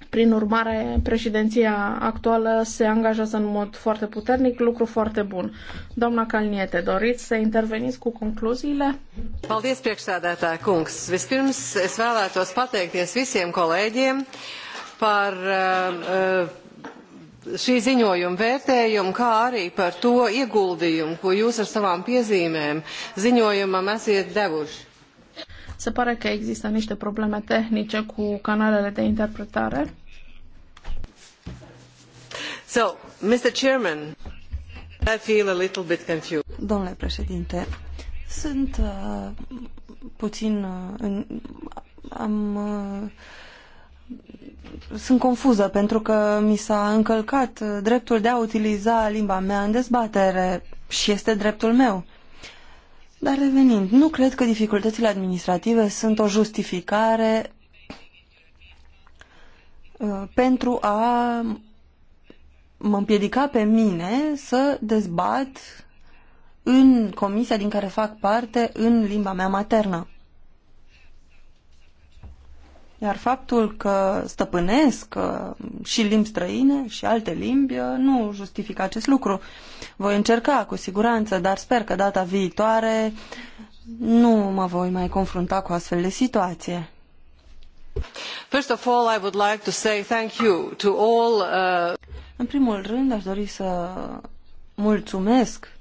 Prin urmare, președinția actuală se angajează în mod foarte puternic, lucru foarte bun. Doamna Calniete, doriți să interveniți cu concluziile? Paldies, priekšsēdētāja kungs. Vispirms es vēlētos pateikties visiem kolēģiem par uh, uh, šī ziņojuma vērtējumu, kā arī par to ieguldījumu, ko jūs ar savām piezīmēm ziņojumam esiet devuši. Se pare că există niște probleme tehnice cu canalele de interpretare. So, Mr. Chairman, I feel a little bit confused. Domnule președinte, sunt uh, puțin uh, am uh, sunt confuză pentru că mi s-a încălcat dreptul de a utiliza limba mea în dezbatere și este dreptul meu. Dar revenind, nu cred că dificultățile administrative sunt o justificare uh, pentru a mă împiedica pe mine să dezbat în comisia din care fac parte în limba mea maternă. Iar faptul că stăpânesc uh, și limbi străine și alte limbi uh, nu justifică acest lucru. Voi încerca cu siguranță, dar sper că data viitoare nu mă voi mai confrunta cu astfel de situație. First of all, I would like to say thank you to all. Uh... În primul rând, aș dori să mulțumesc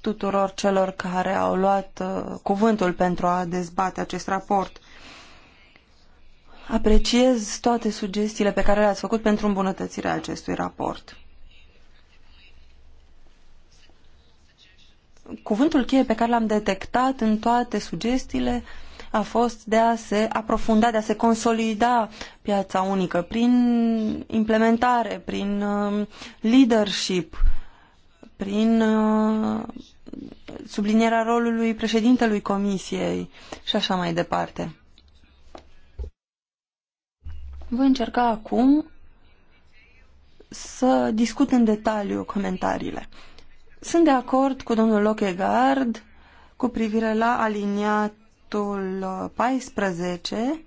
tuturor celor care au luat uh, cuvântul pentru a dezbate acest raport apreciez toate sugestiile pe care le-ați făcut pentru îmbunătățirea acestui raport. Cuvântul cheie pe care l-am detectat în toate sugestiile a fost de a se aprofunda, de a se consolida piața unică prin implementare, prin um, leadership, prin uh, sublinierea rolului președintelui Comisiei și așa mai departe. Voi încerca acum să discut în detaliu comentariile. Sunt de acord cu domnul Lochegard cu privire la aliniatul 14, uh,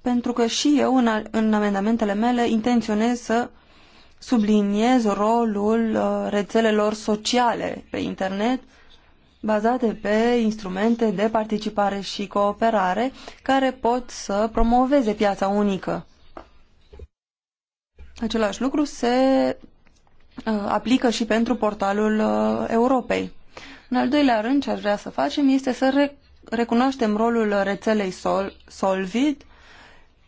pentru că și eu în, în amendamentele mele intenționez să subliniez rolul uh, rețelelor sociale pe internet bazate pe instrumente de participare și cooperare care pot să promoveze piața unică. Același lucru se uh, aplică și pentru portalul uh, Europei. În al doilea rând, ce aș vrea să facem este să recunoaștem rolul rețelei Sol Solvit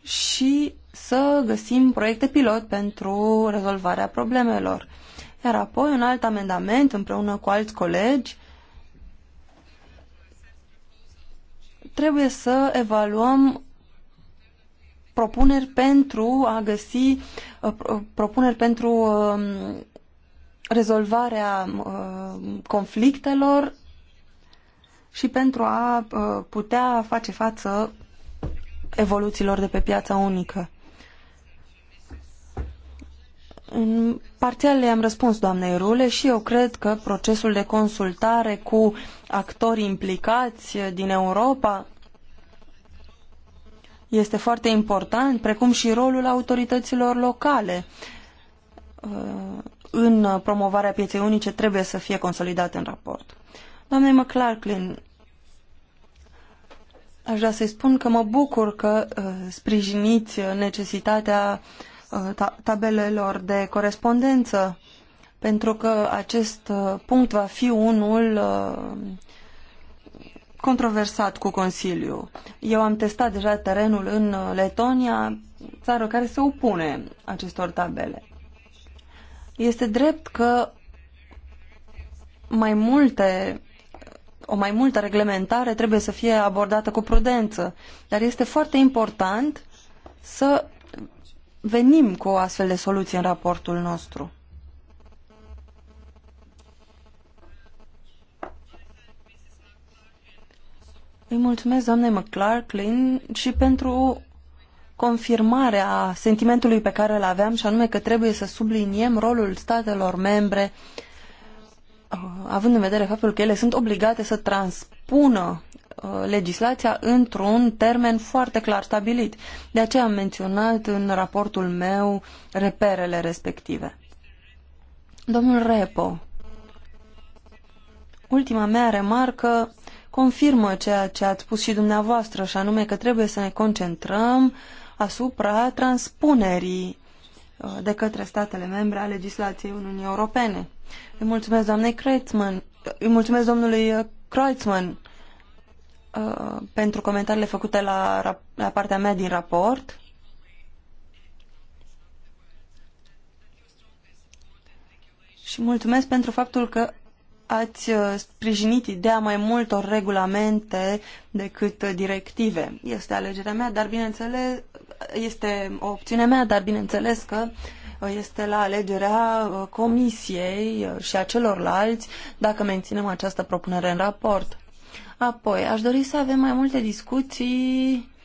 și să găsim proiecte pilot pentru rezolvarea problemelor. Iar apoi, un alt amendament, împreună cu alți colegi, trebuie să evaluăm propuneri pentru a găsi uh, propuneri pentru um, rezolvarea um, conflictelor și pentru a uh, putea face față evoluțiilor de pe piața unică. În parțial le-am răspuns doamnei Rule și eu cred că procesul de consultare cu actori implicați din Europa este foarte important, precum și rolul autorităților locale uh, în promovarea pieței unice trebuie să fie consolidat în raport. Doamne McClarklin, aș vrea să-i spun că mă bucur că uh, sprijiniți necesitatea uh, tabelelor de corespondență pentru că acest uh, punct va fi unul uh, controversat cu Consiliu. Eu am testat deja terenul în uh, Letonia, țară care se opune acestor tabele. Este drept că mai multe o mai multă reglementare trebuie să fie abordată cu prudență, dar este foarte important să venim cu o astfel de soluție în raportul nostru. Îi mulțumesc doamnei McClarklin și pentru confirmarea sentimentului pe care îl aveam și anume că trebuie să subliniem rolul statelor membre uh, având în vedere faptul că ele sunt obligate să transpună uh, legislația într-un termen foarte clar stabilit. De aceea am menționat în raportul meu reperele respective. Domnul Repo, ultima mea remarcă confirmă ceea ce ați spus și dumneavoastră, și anume că trebuie să ne concentrăm asupra transpunerii uh, de către statele membre a legislației Uniunii Europene. Îi mulțumesc doamnei Kreutzmann, uh, îi mulțumesc domnului uh, Kreutzmann pentru comentariile făcute la, la partea mea din raport. Și mulțumesc pentru faptul că ați uh, sprijinit ideea mai multor regulamente decât uh, directive. Este alegerea mea, dar bineînțeles, este opțiunea mea, dar bineînțeles că uh, este la alegerea comisiei și a celorlalți dacă menținem această propunere în raport. Apoi, aș dori să avem mai multe discuții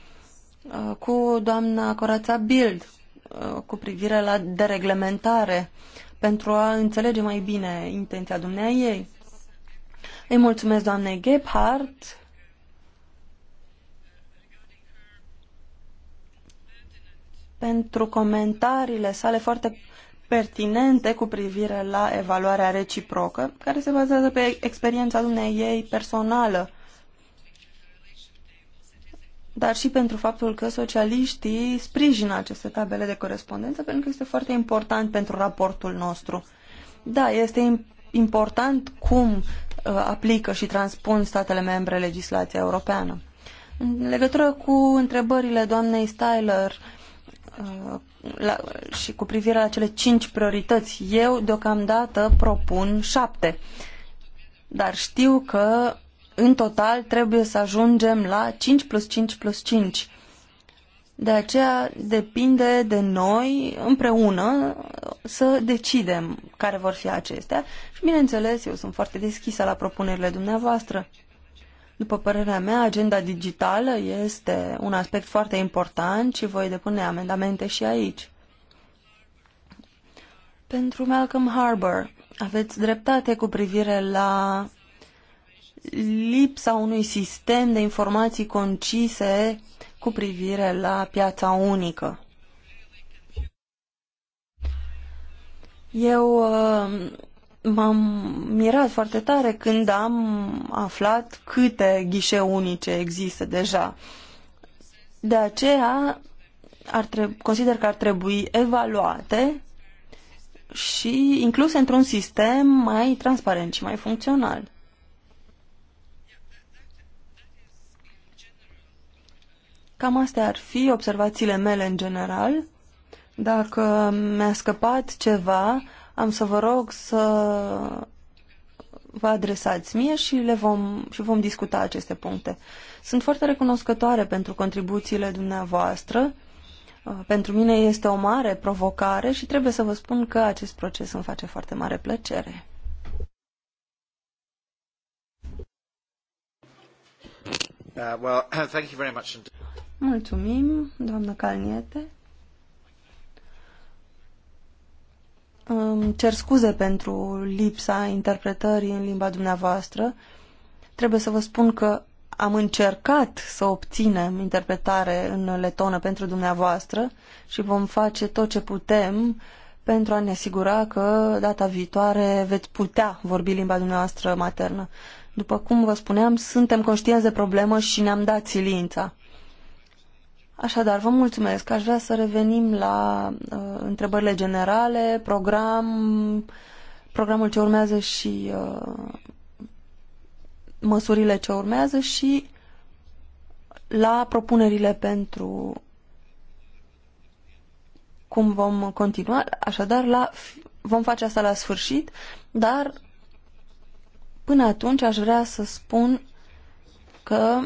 cu doamna Corața Bild cu privire la dereglementare pentru a înțelege mai bine intenția dumneai ei. Îi mulțumesc doamne Gebhardt. pentru comentariile sale foarte pertinente cu privire la evaluarea reciprocă, care se bazează pe experiența dumneai ei personală dar și pentru faptul că socialiștii sprijină aceste tabele de corespondență, pentru că este foarte important pentru raportul nostru. Da, este important cum uh, aplică și transpun statele membre legislația europeană. În legătură cu întrebările doamnei Styler uh, la, și cu privire la cele cinci priorități, eu deocamdată propun șapte. Dar știu că în total trebuie să ajungem la 5 plus 5 plus 5. De aceea depinde de noi împreună să decidem care vor fi acestea și bineînțeles eu sunt foarte deschisă la propunerile dumneavoastră. După părerea mea, agenda digitală este un aspect foarte important și voi depune amendamente și aici. Pentru Malcolm Harbour, aveți dreptate cu privire la lipsa unui sistem de informații concise cu privire la piața unică. Eu uh, m-am mirat foarte tare când am aflat câte ghișe unice există deja. De aceea ar consider că ar trebui evaluate și incluse într-un sistem mai transparent și mai funcțional. Cam astea ar fi observațiile mele în general. Dacă mi-a scăpat ceva, am să vă rog să vă adresați mie și, le vom, și vom discuta aceste puncte. Sunt foarte recunoscătoare pentru contribuțiile dumneavoastră. Uh, pentru mine este o mare provocare și trebuie să vă spun că acest proces îmi face foarte mare plăcere. Uh, well, thank you very much. Mulțumim, doamnă Calniete. Îmi cer scuze pentru lipsa interpretării în limba dumneavoastră. Trebuie să vă spun că am încercat să obținem interpretare în letonă pentru dumneavoastră și vom face tot ce putem pentru a ne asigura că data viitoare veți putea vorbi limba dumneavoastră maternă. După cum vă spuneam, suntem conștienți de problemă și ne-am dat silința. Așadar, vă mulțumesc. Aș vrea să revenim la uh, întrebările generale, program, programul ce urmează și uh, măsurile ce urmează și la propunerile pentru cum vom continua. Așadar, la, vom face asta la sfârșit, dar până atunci aș vrea să spun că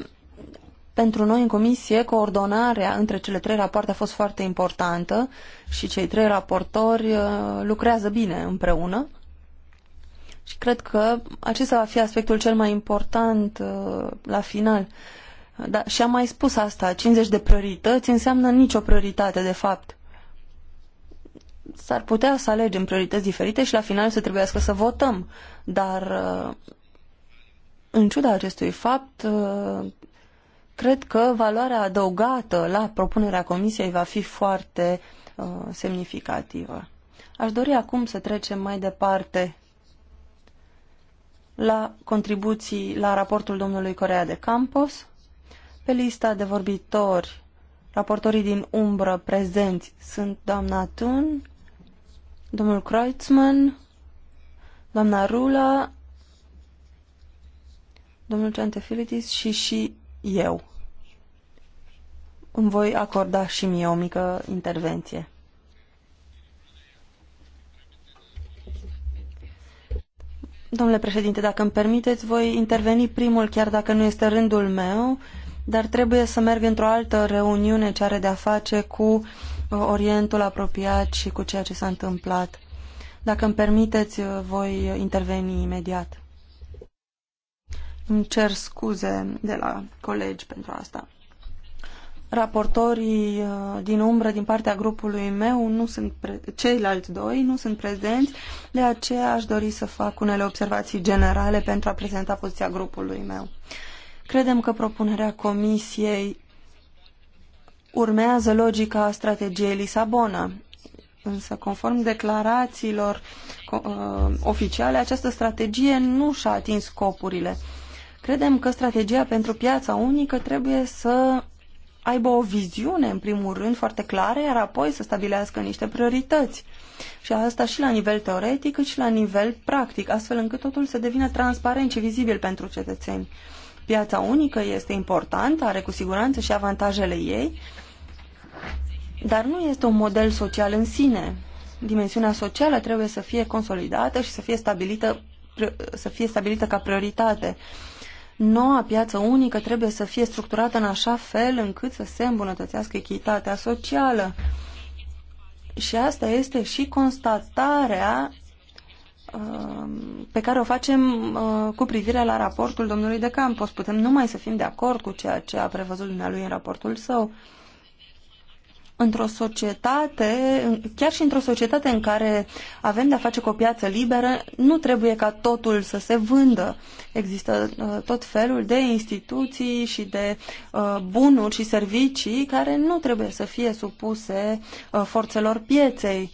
pentru noi în comisie, coordonarea între cele trei rapoarte a fost foarte importantă și cei trei raportori uh, lucrează bine împreună. Și cred că acesta va fi aspectul cel mai important uh, la final. Da, și am mai spus asta, 50 de priorități înseamnă nicio prioritate, de fapt. S-ar putea să alegem priorități diferite și la final să trebuiască să votăm, dar uh, în ciuda acestui fapt, Cred că valoarea adăugată la propunerea Comisiei va fi foarte uh, semnificativă. Aș dori acum să trecem mai departe la contribuții la raportul domnului Corea de Campos. Pe lista de vorbitori, raportorii din umbră prezenți sunt doamna Tun, domnul Kreutzmann, doamna Rula, domnul Centefilitis și și eu. Îmi voi acorda și mie o mică intervenție. Domnule președinte, dacă îmi permiteți, voi interveni primul, chiar dacă nu este rândul meu, dar trebuie să merg într-o altă reuniune ce are de-a face cu uh, Orientul apropiat și cu ceea ce s-a întâmplat. Dacă îmi permiteți, uh, voi interveni imediat. Îmi cer scuze de la colegi pentru asta. Raportorii uh, din umbră din partea grupului meu, nu sunt pre... ceilalți doi, nu sunt prezenți, de aceea aș dori să fac unele observații generale pentru a prezenta poziția grupului meu. Credem că propunerea Comisiei urmează logica strategiei Lisabona, însă conform declarațiilor uh, oficiale, această strategie nu și-a atins scopurile. Uh, Credem că strategia pentru piața unică trebuie să aibă o viziune, în primul rând, foarte clară, iar apoi să stabilească niște priorități. Și asta și la nivel teoretic, cât și la nivel practic, astfel încât totul să devină transparent și vizibil pentru cetățeni. Piața unică este importantă, are cu siguranță și avantajele ei, dar nu este un model social în sine. Dimensiunea socială trebuie să fie consolidată și să fie stabilită, să fie stabilită ca prioritate Noua piață unică trebuie să fie structurată în așa fel încât să se îmbunătățească echitatea socială. Și asta este și constatarea um, pe care o facem uh, cu privire la raportul domnului de Campos. Putem numai să fim de acord cu ceea ce a prevăzut dumnealui în raportul său într-o societate, chiar și într-o societate în care avem de-a face cu o piață liberă, nu trebuie ca totul să se vândă. Există uh, tot felul de instituții și de uh, bunuri și servicii care nu trebuie să fie supuse uh, forțelor pieței,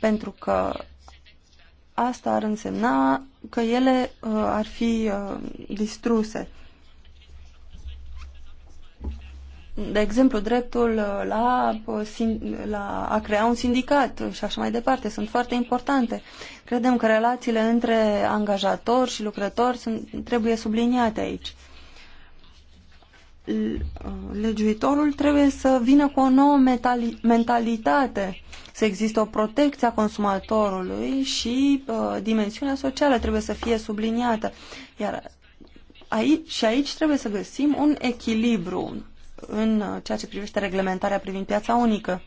pentru că asta ar însemna că ele uh, ar fi uh, distruse. de exemplu, dreptul la, la a crea un sindicat și așa mai departe, sunt foarte importante. Credem că relațiile între angajator și lucrător sunt, trebuie subliniate aici. Uh, legiuitorul trebuie să vină cu o nouă mentalitate, să existe o protecție a consumatorului și uh, dimensiunea socială trebuie să fie subliniată. Iar aici, și aici trebuie să găsim un echilibru în ceea ce privește reglementarea privind piața unică.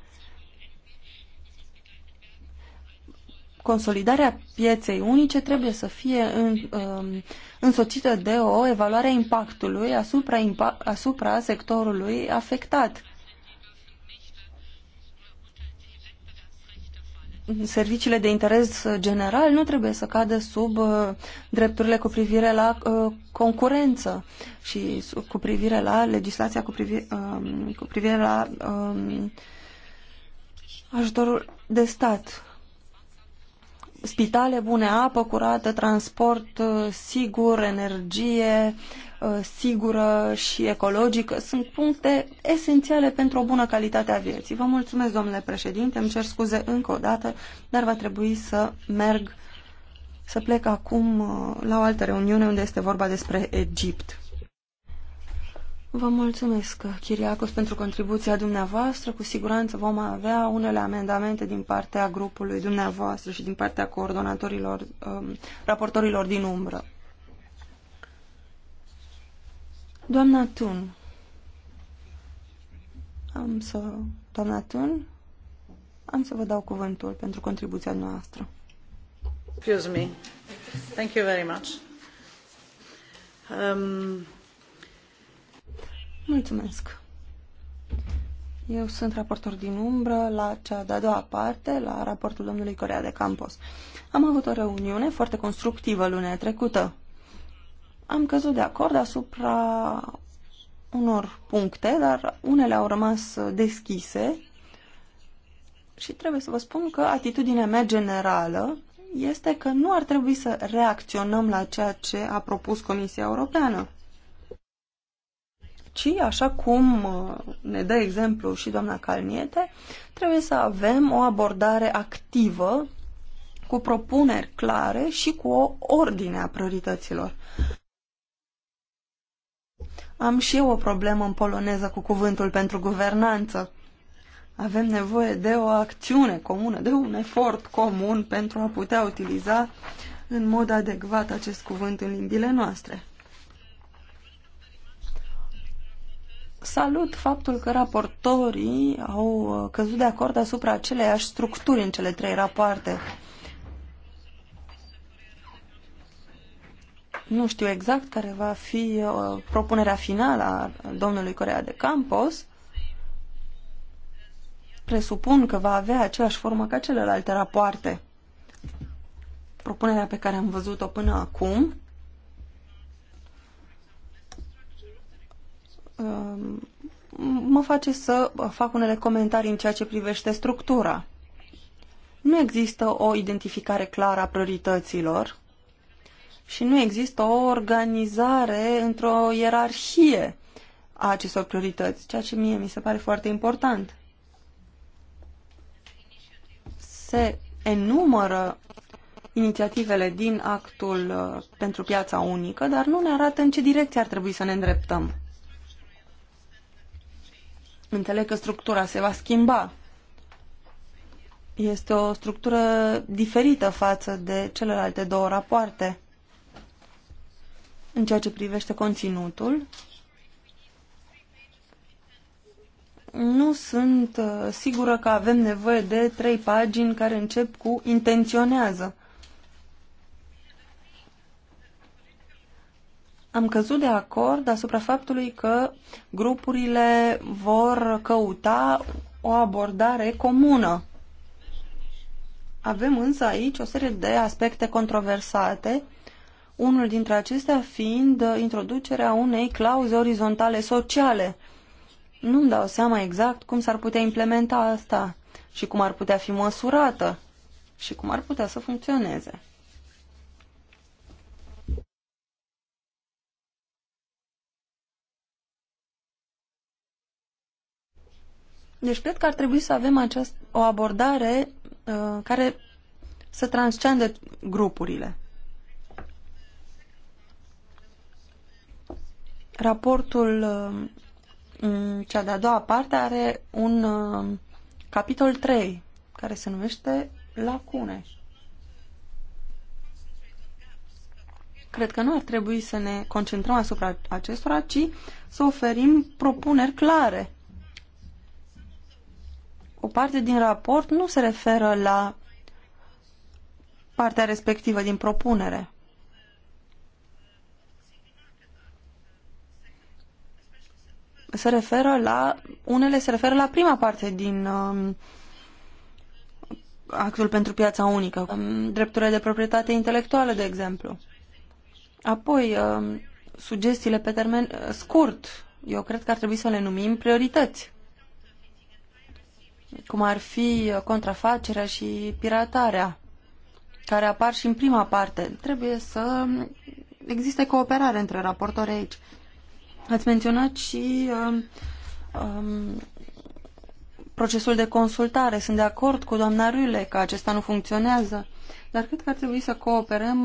Consolidarea pieței unice trebuie să fie în, um, însoțită de o evaluare a impactului asupra, asupra sectorului afectat serviciile de interes general nu trebuie să cadă sub uh, drepturile cu privire la uh, concurență și cu privire la legislația cu privire, um, cu privire la um, ajutorul de stat spitale bune, apă curată, transport uh, sigur, energie uh, sigură și ecologică sunt puncte esențiale pentru o bună calitate a vieții. Vă mulțumesc, domnule președinte, îmi cer scuze încă o dată, dar va trebui să merg, să plec acum uh, la o altă reuniune unde este vorba despre Egipt. Vă mulțumesc, Chiriacos, pentru contribuția dumneavoastră. Cu siguranță vom avea unele amendamente din partea grupului dumneavoastră și din partea coordonatorilor, um, raportorilor din umbră. Doamna Tun. Am să... Doamna Tun? Am să vă dau cuvântul pentru contribuția noastră. Excuse me. Thank you very much. Um, Mulțumesc. Eu sunt raportor din umbră la cea de-a doua parte, la raportul domnului Corea de Campos. Am avut o reuniune foarte constructivă lunea trecută. Am căzut de acord asupra unor puncte, dar unele au rămas deschise și trebuie să vă spun că atitudinea mea generală este că nu ar trebui să reacționăm la ceea ce a propus Comisia Europeană ci, așa cum uh, ne dă exemplu și doamna Calniete, trebuie să avem o abordare activă, cu propuneri clare și cu o ordine a priorităților. Am și eu o problemă în poloneză cu cuvântul pentru guvernanță. Avem nevoie de o acțiune comună, de un efort comun pentru a putea utiliza în mod adecvat acest cuvânt în limbile noastre. salut faptul că raportorii au uh, căzut de acord asupra aceleiași structuri în cele trei rapoarte. Nu știu exact care va fi uh, propunerea finală a domnului Corea de Campos. Presupun că va avea aceeași formă ca celelalte rapoarte. Propunerea pe care am văzut-o până acum Ehm, mă face să fac unele comentarii în ceea ce privește structura. Nu există o identificare clară a priorităților și nu există o organizare într-o ierarhie a acestor priorități, ceea ce mie mi se pare foarte important. Se enumără inițiativele din actul uh, pentru piața unică, dar nu ne arată în ce direcție ar trebui să ne îndreptăm. Înțeleg că structura se va schimba. Este o structură diferită față de celelalte două rapoarte. În ceea ce privește conținutul, nu sunt uh, sigură că avem nevoie de trei pagini care încep cu intenționează. am căzut de acord asupra faptului că grupurile vor căuta o abordare comună. Avem însă aici o serie de aspecte controversate, unul dintre acestea fiind introducerea unei clauze orizontale sociale. Nu-mi dau seama exact cum s-ar putea implementa asta și cum ar putea fi măsurată și cum ar putea să funcționeze. Deci cred că ar trebui să avem aceast, o abordare uh, care să transcende grupurile. Raportul, uh, cea de-a doua parte, are un uh, capitol 3, care se numește Lacune. Cred că nu ar trebui să ne concentrăm asupra acestora, ci să oferim propuneri clare o parte din raport nu se referă la partea respectivă din propunere. Se referă la, unele se referă la prima parte din um, actul pentru piața unică, um, drepturile de proprietate intelectuală, de exemplu. Apoi, um, sugestiile pe termen scurt, eu cred că ar trebui să le numim priorități cum ar fi contrafacerea și piratarea, care apar și în prima parte. Trebuie să existe cooperare între raportori aici. Ați menționat și um, um, procesul de consultare. Sunt de acord cu doamna Rule că acesta nu funcționează, dar cred că ar trebui să cooperăm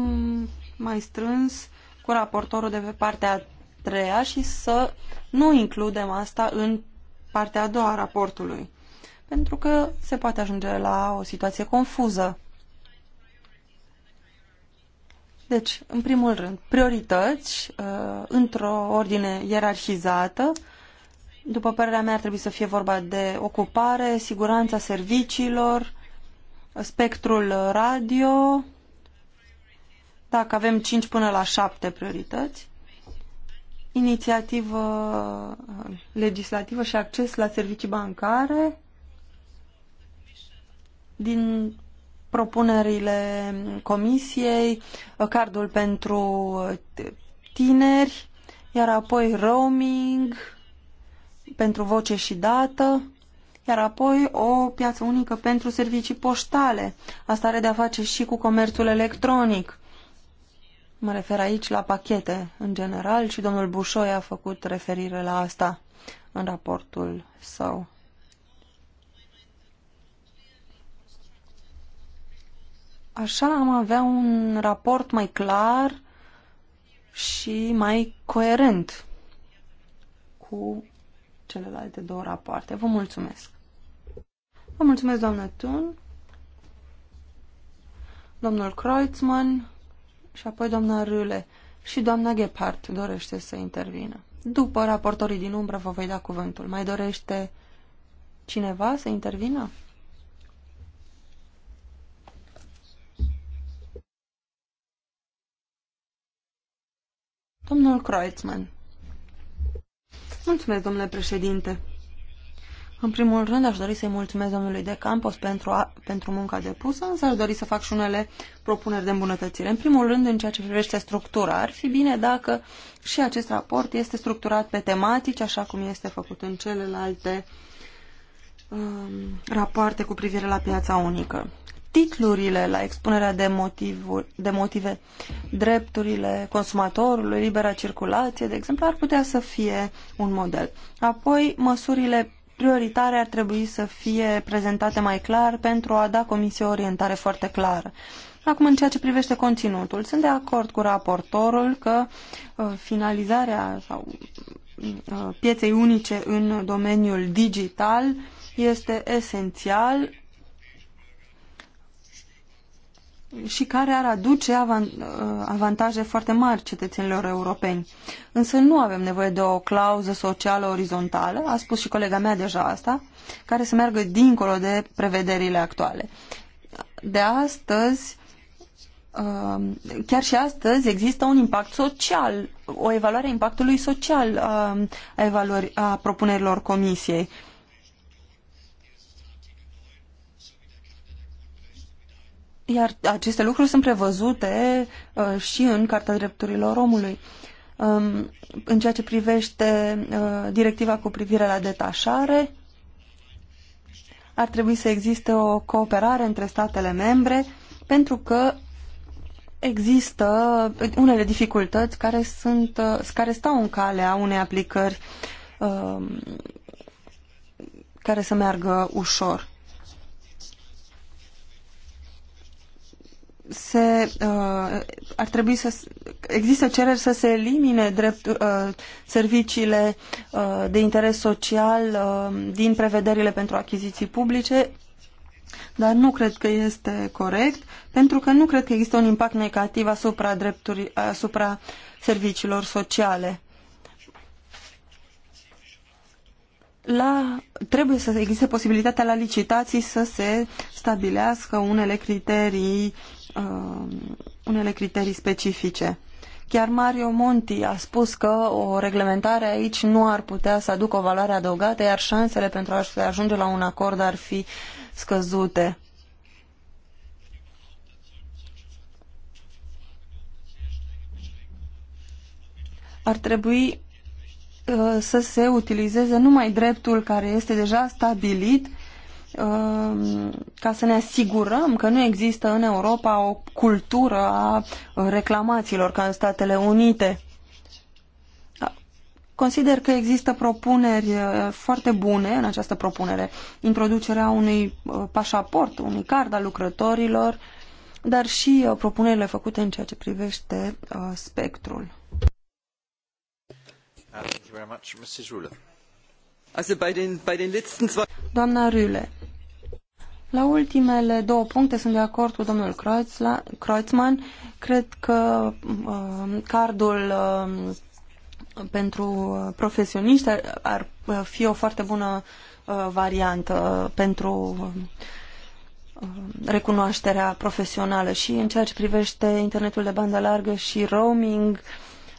mai strâns cu raportorul de pe partea a treia și să nu includem asta în partea a doua a raportului pentru că se poate ajunge la o situație confuză. Deci, în primul rând, priorități uh, într-o ordine ierarhizată. După părerea mea, ar trebui să fie vorba de ocupare, siguranța serviciilor, spectrul radio, dacă avem 5 până la 7 priorități, inițiativă uh, legislativă și acces la servicii bancare, din propunerile comisiei, cardul pentru tineri, iar apoi roaming pentru voce și dată, iar apoi o piață unică pentru servicii poștale. Asta are de-a face și cu comerțul electronic. Mă refer aici la pachete, în general, și domnul Bușoi a făcut referire la asta în raportul său. Așa am avea un raport mai clar și mai coerent cu celelalte două rapoarte. Vă mulțumesc! Vă mulțumesc, doamnă Tun, domnul Kreutzmann și apoi doamna Râle și doamna Gephardt dorește să intervină. După raportorii din umbră vă voi da cuvântul. Mai dorește cineva să intervină? Domnul Kreutzmann. Mulțumesc, domnule președinte. În primul rând, aș dori să-i mulțumesc domnului de Campos pentru, a, pentru munca depusă, însă aș dori să fac și unele propuneri de îmbunătățire. În primul rând, în ceea ce privește structura, ar fi bine dacă și acest raport este structurat pe tematici, așa cum este făcut în celelalte um, rapoarte cu privire la piața unică titlurile la expunerea de, motivuri, de motive, drepturile consumatorului, libera circulație, de exemplu, ar putea să fie un model. Apoi, măsurile prioritare ar trebui să fie prezentate mai clar pentru a da Comisiei o orientare foarte clară. Acum, în ceea ce privește conținutul, sunt de acord cu raportorul că uh, finalizarea sau uh, pieței unice în domeniul digital este esențial și care ar aduce uh, avantaje foarte mari cetățenilor europeni. Însă nu avem nevoie de o clauză socială orizontală, a spus și colega mea deja asta, care să meargă dincolo de prevederile actuale. De astăzi, uh, chiar și astăzi, există un impact social, o evaluare a impactului social uh, a, evaluări, a propunerilor comisiei. Iar aceste lucruri sunt prevăzute uh, și în Carta Drepturilor Omului. Um, în ceea ce privește uh, directiva cu privire la detașare, ar trebui să existe o cooperare între statele membre pentru că există unele dificultăți care, sunt, uh, care stau în calea unei aplicări uh, care să meargă ușor. se, uh, ar trebui să există cereri să se elimine drept, uh, serviciile uh, de interes social uh, din prevederile pentru achiziții publice, dar nu cred că este corect, pentru că nu cred că există un impact negativ asupra, drepturi, asupra serviciilor sociale. la, trebuie să existe posibilitatea la licitații să se stabilească unele criterii, uh, unele criterii specifice. Chiar Mario Monti a spus că o reglementare aici nu ar putea să aducă o valoare adăugată, iar șansele pentru a se ajunge la un acord ar fi scăzute. Ar trebui Uh, să se utilizeze numai dreptul care este deja stabilit uh, ca să ne asigurăm că nu există în Europa o cultură a reclamațiilor ca în Statele Unite. Consider că există propuneri uh, foarte bune în această propunere. Introducerea unui pașaport, unui card al lucrătorilor, dar și propunerile făcute în ceea ce privește spectrul. Uh, Doamna Rühle, la ultimele două puncte sunt de acord cu domnul Kreutzmann. Cred că um, cardul um, pentru profesioniști ar uh, fi o foarte bună uh, variantă pentru um, recunoașterea profesională și în ceea ce privește internetul de bandă largă și roaming,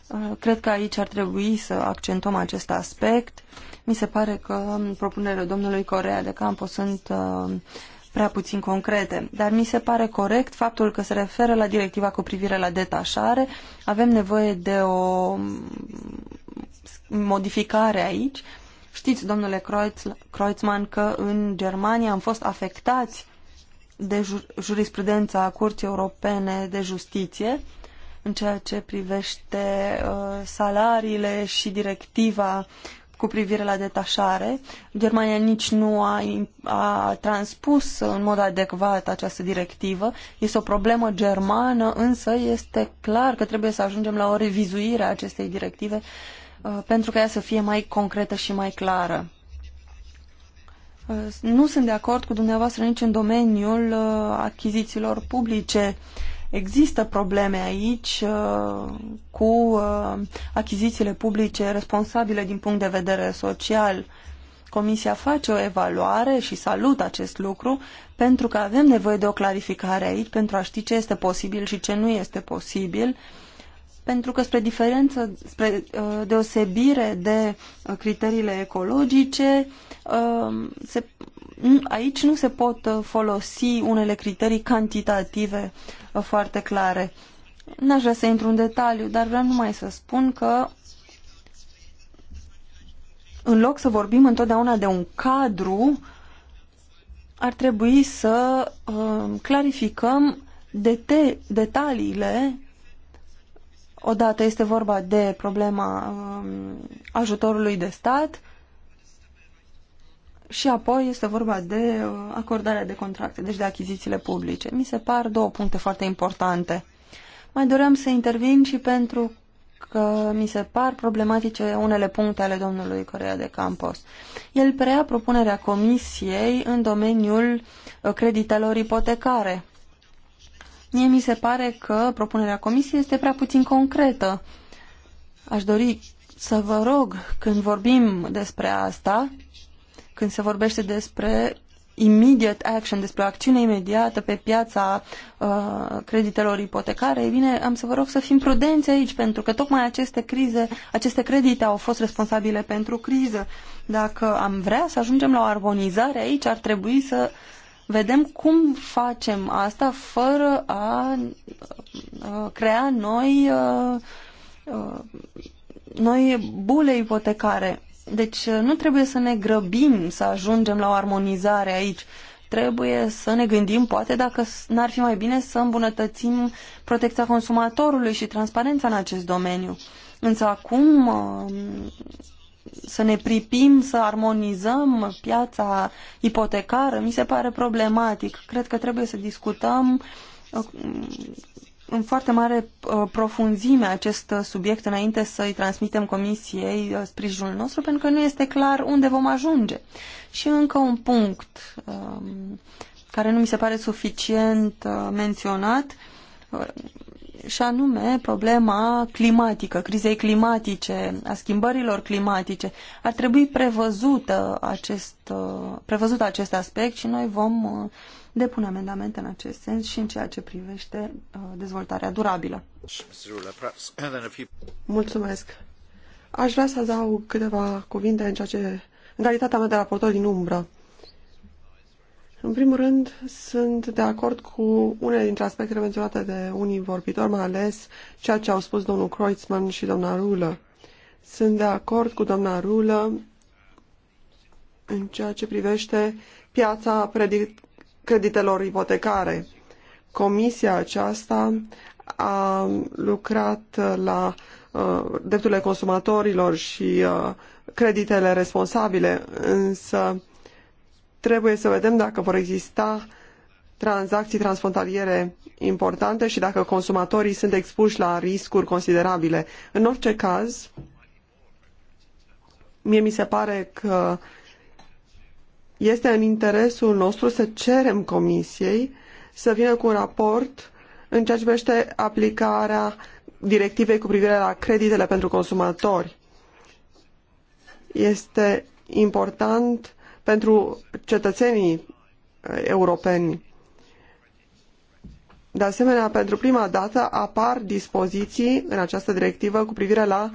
Uh, cred că aici ar trebui să accentuăm acest aspect. Mi se pare că propunerile domnului Corea de Campo sunt uh, prea puțin concrete, dar mi se pare corect faptul că se referă la directiva cu privire la detașare. Avem nevoie de o modificare aici. Știți, domnule Kreutzmann, că în Germania am fost afectați de jurisprudența Curții Europene de Justiție în ceea ce privește uh, salariile și directiva cu privire la detașare. Germania nici nu a, a transpus în mod adecvat această directivă. Este o problemă germană, însă este clar că trebuie să ajungem la o revizuire a acestei directive uh, pentru ca ea să fie mai concretă și mai clară. Uh, nu sunt de acord cu dumneavoastră nici în domeniul achizițiilor publice. Există probleme aici uh, cu uh, achizițiile publice responsabile din punct de vedere social. Comisia face o evaluare și salut acest lucru pentru că avem nevoie de o clarificare aici pentru a ști ce este posibil și ce nu este posibil pentru că spre diferență, spre uh, deosebire de criteriile ecologice, se aici nu se pot uh, folosi unele criterii cantitative uh, foarte clare. N-aș vrea să intru în detaliu, dar vreau numai să spun că în loc să vorbim întotdeauna de un cadru, ar trebui să uh, clarificăm dete detaliile. Odată este vorba de problema uh, ajutorului de stat, și apoi este vorba de uh, acordarea de contracte, deci de achizițiile publice. Mi se par două puncte foarte importante. Mai doream să intervin și pentru că mi se par problematice unele puncte ale domnului Corea de Campos. El preia propunerea comisiei în domeniul uh, creditelor ipotecare. Mie mi se pare că propunerea comisiei este prea puțin concretă. Aș dori să vă rog, când vorbim despre asta, când se vorbește despre immediate action, despre o acțiune imediată pe piața uh, creditelor ipotecare, e bine, am să vă rog să fim prudenți aici, pentru că tocmai aceste crize, aceste credite au fost responsabile pentru criză. Dacă am vrea să ajungem la o armonizare aici, ar trebui să vedem cum facem asta fără a uh, crea noi, uh, uh, noi bule ipotecare deci uh, nu trebuie să ne grăbim să ajungem la o armonizare aici. Trebuie să ne gândim, poate, dacă n-ar fi mai bine să îmbunătățim protecția consumatorului și transparența în acest domeniu. Însă acum um, să ne pripim, să armonizăm piața ipotecară, mi se pare problematic. Cred că trebuie să discutăm uh, în foarte mare uh, profunzime acest uh, subiect înainte să-i transmitem comisiei uh, sprijinul nostru, pentru că nu este clar unde vom ajunge. Și încă un punct um, care nu mi se pare suficient menționat, și anume problema climatică, crizei climatice, a schimbărilor climatice. Ar trebui prevăzută acest, prevăzut acest aspect și noi vom depun amendamente în acest sens și în ceea ce privește uh, dezvoltarea durabilă. Mulțumesc. Aș vrea să dau câteva cuvinte în ceea ce în calitatea mea de raportor din umbră. În primul rând, sunt de acord cu unele dintre aspectele menționate de unii vorbitori, mai ales ceea ce au spus domnul Kreutzmann și doamna Rulă. Sunt de acord cu doamna Rulă în ceea ce privește piața predic creditelor ipotecare. Comisia aceasta a lucrat la uh, drepturile consumatorilor și uh, creditele responsabile, însă trebuie să vedem dacă vor exista tranzacții transfrontaliere importante și dacă consumatorii sunt expuși la riscuri considerabile. În orice caz, mie mi se pare că uh, este în interesul nostru să cerem Comisiei să vină cu un raport în ceea ce privește aplicarea directivei cu privire la creditele pentru consumatori. Este important pentru cetățenii eh, europeni. De asemenea, pentru prima dată apar dispoziții în această directivă cu privire la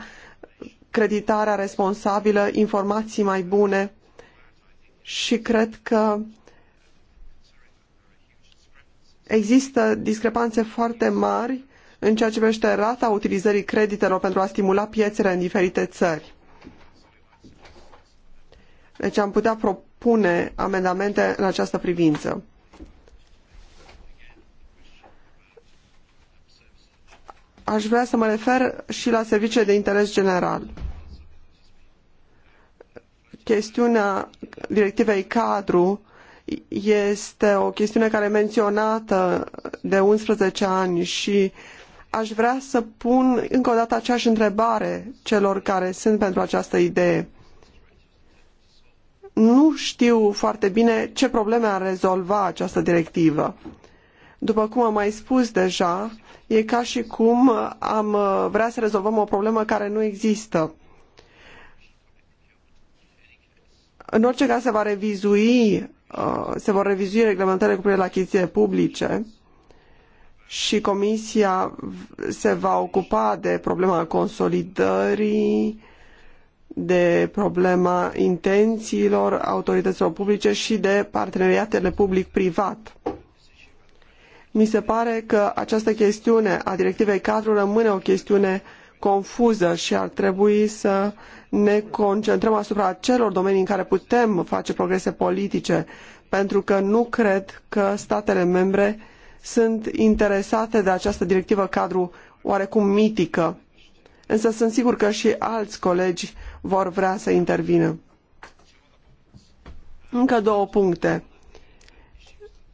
creditarea responsabilă, informații mai bune și cred că există discrepanțe foarte mari în ceea ce privește rata utilizării creditelor pentru a stimula piețele în diferite țări. Deci am putea propune amendamente în această privință. Aș vrea să mă refer și la serviciile de interes general chestiunea directivei cadru este o chestiune care e menționată de 11 ani și aș vrea să pun încă o dată aceeași întrebare celor care sunt pentru această idee. Nu știu foarte bine ce probleme ar rezolva această directivă. După cum am mai spus deja, e ca și cum am uh, vrea să rezolvăm o problemă care nu există. În orice caz se, va revizui, uh, se vor revizui reglementările cu privire la achiziții publice și Comisia se va ocupa de problema consolidării, de problema intențiilor autorităților publice și de parteneriatele public-privat. Mi se pare că această chestiune a directivei cadru rămâne o chestiune confuză și ar trebui să ne concentrăm asupra celor domenii în care putem face progrese politice, pentru că nu cred că statele membre sunt interesate de această directivă cadru oarecum mitică. Însă sunt sigur că și alți colegi vor vrea să intervină. Încă două puncte.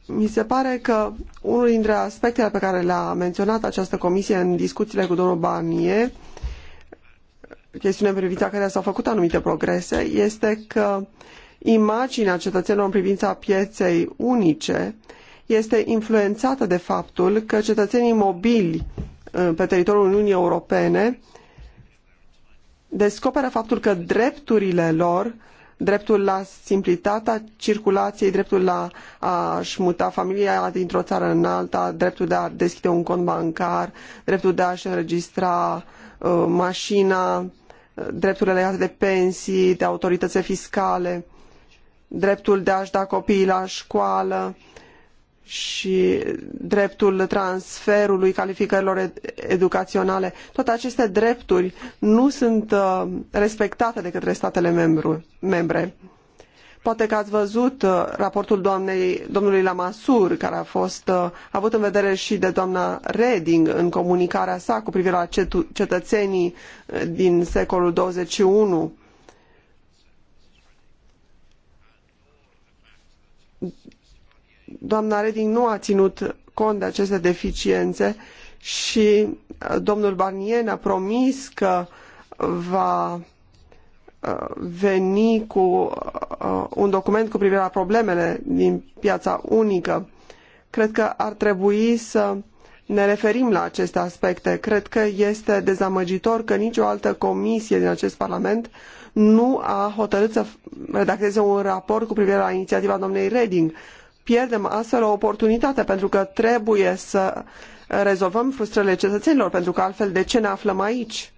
Mi se pare că unul dintre aspectele pe care le-a menționat această comisie în discuțiile cu domnul Barnier, chestiune privită care s-au făcut anumite progrese, este că imaginea cetățenilor în privința pieței unice este influențată de faptul că cetățenii mobili uh, pe teritoriul Uniunii Europene descoperă faptul că drepturile lor dreptul la simplitatea circulației, dreptul la a-și muta familia dintr-o țară în alta, dreptul de a deschide un cont bancar, dreptul de a-și înregistra uh, mașina, uh, drepturile legate de pensii, de autorități fiscale, dreptul de a-și da copiii la școală, și dreptul transferului calificărilor educaționale, toate aceste drepturi nu sunt uh, respectate de către statele membru, membre. Poate că ați văzut uh, raportul doamnei, domnului Lamassoure, care a fost uh, avut în vedere și de doamna Reding în comunicarea sa cu privire la cetu, cetățenii din secolul 21 doamna Reding nu a ținut cont de aceste deficiențe și uh, domnul Barnier ne-a promis că va uh, veni cu uh, un document cu privire la problemele din piața unică. Cred că ar trebui să ne referim la aceste aspecte. Cred că este dezamăgitor că nicio altă comisie din acest Parlament nu a hotărât să redacteze un raport cu privire la inițiativa doamnei Reding pierdem astfel o oportunitate pentru că trebuie să rezolvăm frustrările cetățenilor, pentru că altfel de ce ne aflăm aici?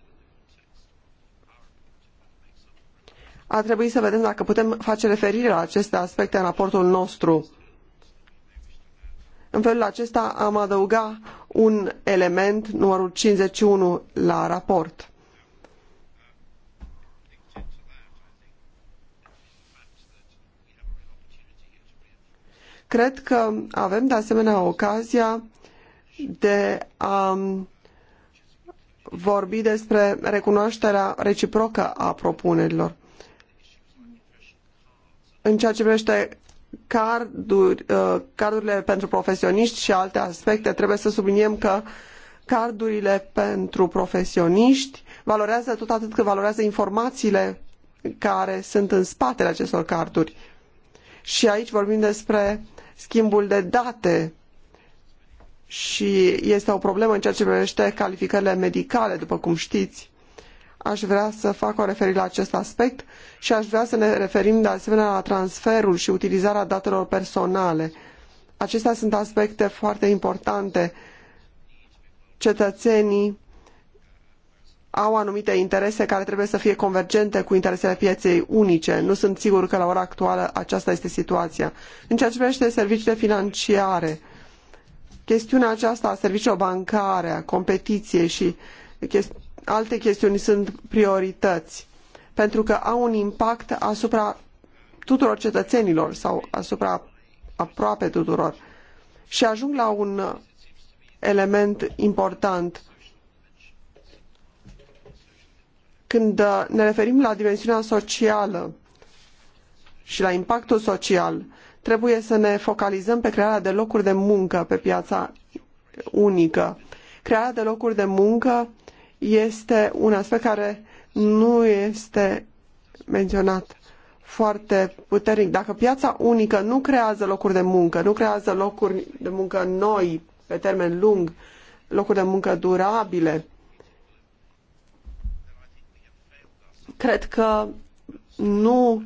Ar trebui să vedem dacă putem face referire la aceste aspecte în raportul nostru. În felul acesta am adăugat un element, numărul 51, la raport. Cred că avem de asemenea ocazia de a vorbi despre recunoașterea reciprocă a propunerilor. În ceea ce privește carduri, uh, cardurile pentru profesioniști și alte aspecte, trebuie să subliniem că cardurile pentru profesioniști valorează tot atât cât valorează informațiile care sunt în spatele acestor carduri. Și aici vorbim despre schimbul de date și este o problemă în ceea ce privește calificările medicale, după cum știți. Aș vrea să fac o referire la acest aspect și aș vrea să ne referim de asemenea la transferul și utilizarea datelor personale. Acestea sunt aspecte foarte importante. Cetățenii au anumite interese care trebuie să fie convergente cu interesele pieței unice. Nu sunt sigur că la ora actuală aceasta este situația. În ceea ce privește serviciile financiare, chestiunea aceasta a serviciilor bancare, a competiției și alte chestiuni sunt priorități, pentru că au un impact asupra tuturor cetățenilor sau asupra aproape tuturor. Și ajung la un element important – Când uh, ne referim la dimensiunea socială și la impactul social, trebuie să ne focalizăm pe crearea de locuri de muncă pe piața unică. Crearea de locuri de muncă este un aspect care nu este menționat foarte puternic. Dacă piața unică nu creează locuri de muncă, nu creează locuri de muncă noi pe termen lung, locuri de muncă durabile, Cred că nu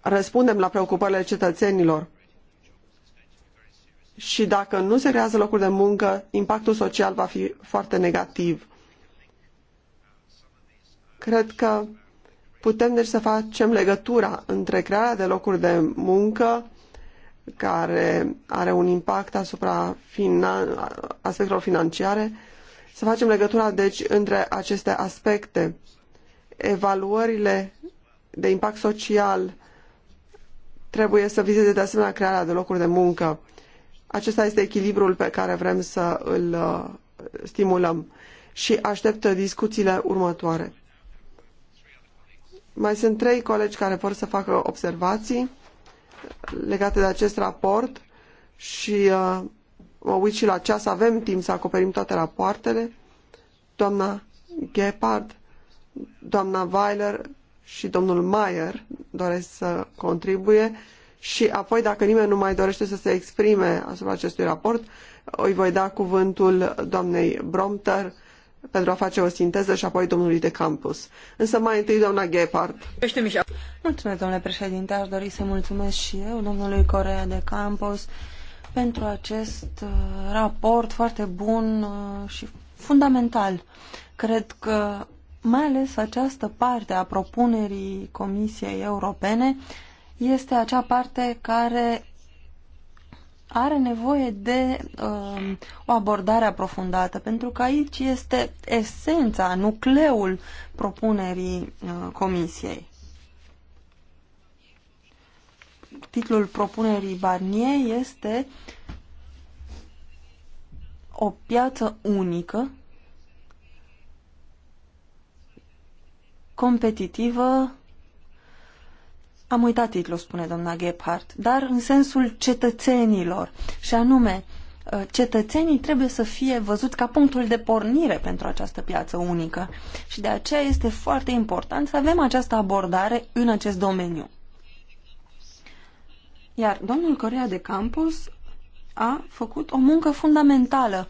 răspundem la preocupările cetățenilor. Și dacă nu se creează locuri de muncă, impactul social va fi foarte negativ. Cred că putem deci să facem legătura între crearea de locuri de muncă care are un impact asupra finan- aspectelor financiare, să facem legătura deci între aceste aspecte evaluările de impact social trebuie să vizeze de asemenea crearea de locuri de muncă. Acesta este echilibrul pe care vrem să îl uh, stimulăm și aștept discuțiile următoare. Mai sunt trei colegi care vor să facă observații legate de acest raport și uh, mă uit și la ceas, avem timp să acoperim toate rapoartele. Doamna Gepard doamna Weiler și domnul Mayer doresc să contribuie și apoi, dacă nimeni nu mai dorește să se exprime asupra acestui raport, îi voi da cuvântul doamnei Bromter pentru a face o sinteză și apoi domnului de campus. Însă mai întâi doamna Gephardt. Mulțumesc, domnule președinte. Aș dori să mulțumesc și eu domnului Corea de Campus pentru acest uh, raport foarte bun uh, și fundamental. Cred că mai ales această parte a propunerii Comisiei Europene este acea parte care are nevoie de uh, o abordare aprofundată, pentru că aici este esența, nucleul propunerii uh, Comisiei. Titlul propunerii Barnier este o piață unică competitivă, am uitat titlul, spune doamna Gephardt. dar în sensul cetățenilor, și anume, uh, cetățenii trebuie să fie văzuți ca punctul de pornire pentru această piață unică și de aceea este foarte important să avem această abordare în acest domeniu. Iar domnul Corea de Campus a făcut o muncă fundamentală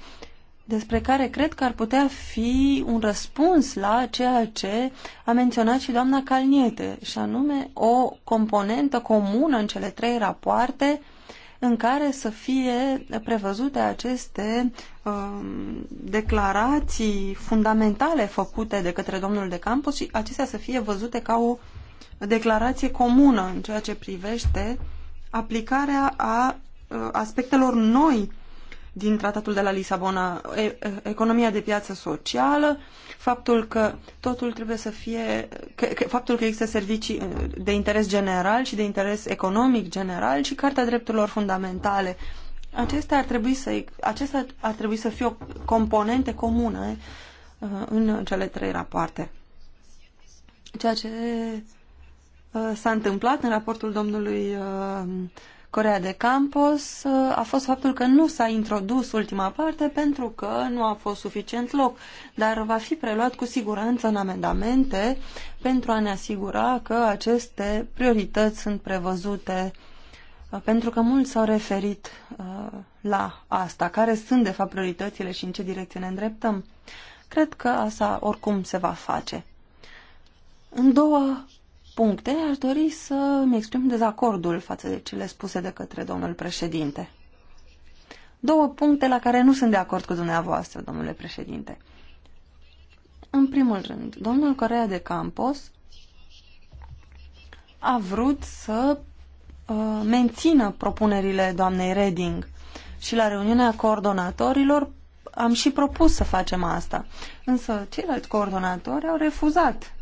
despre care cred că ar putea fi un răspuns la ceea ce a menționat și doamna Calniete, și anume o componentă comună în cele trei rapoarte în care să fie prevăzute aceste uh, declarații fundamentale făcute de către domnul de campus, și acestea să fie văzute ca o declarație comună în ceea ce privește aplicarea a uh, aspectelor noi din tratatul de la Lisabona, economia de piață socială, faptul că totul trebuie să fie, că, că, faptul că există servicii uh, de interes general și de interes economic general și Carta Drepturilor Fundamentale. Acestea ar trebui să, acestea ar trebui să fie o componente comună uh, în cele trei rapoarte. Ceea ce uh, s-a întâmplat în raportul domnului Corea de Campos uh, a fost faptul că nu s-a introdus ultima parte pentru că nu a fost suficient loc, dar va fi preluat cu siguranță în amendamente pentru a ne asigura că aceste priorități sunt prevăzute uh, pentru că mulți s-au referit uh, la asta, care sunt de fapt prioritățile și în ce direcție ne îndreptăm. Cred că asta oricum se va face. În două puncte, aș dori să îmi exprim dezacordul față de cele spuse de către domnul președinte. Două puncte la care nu sunt de acord cu dumneavoastră, domnule președinte. În primul rând, domnul Corea de Campos a vrut să uh, mențină propunerile doamnei Reding și la reuniunea coordonatorilor am și propus să facem asta. Însă ceilalți coordonatori au refuzat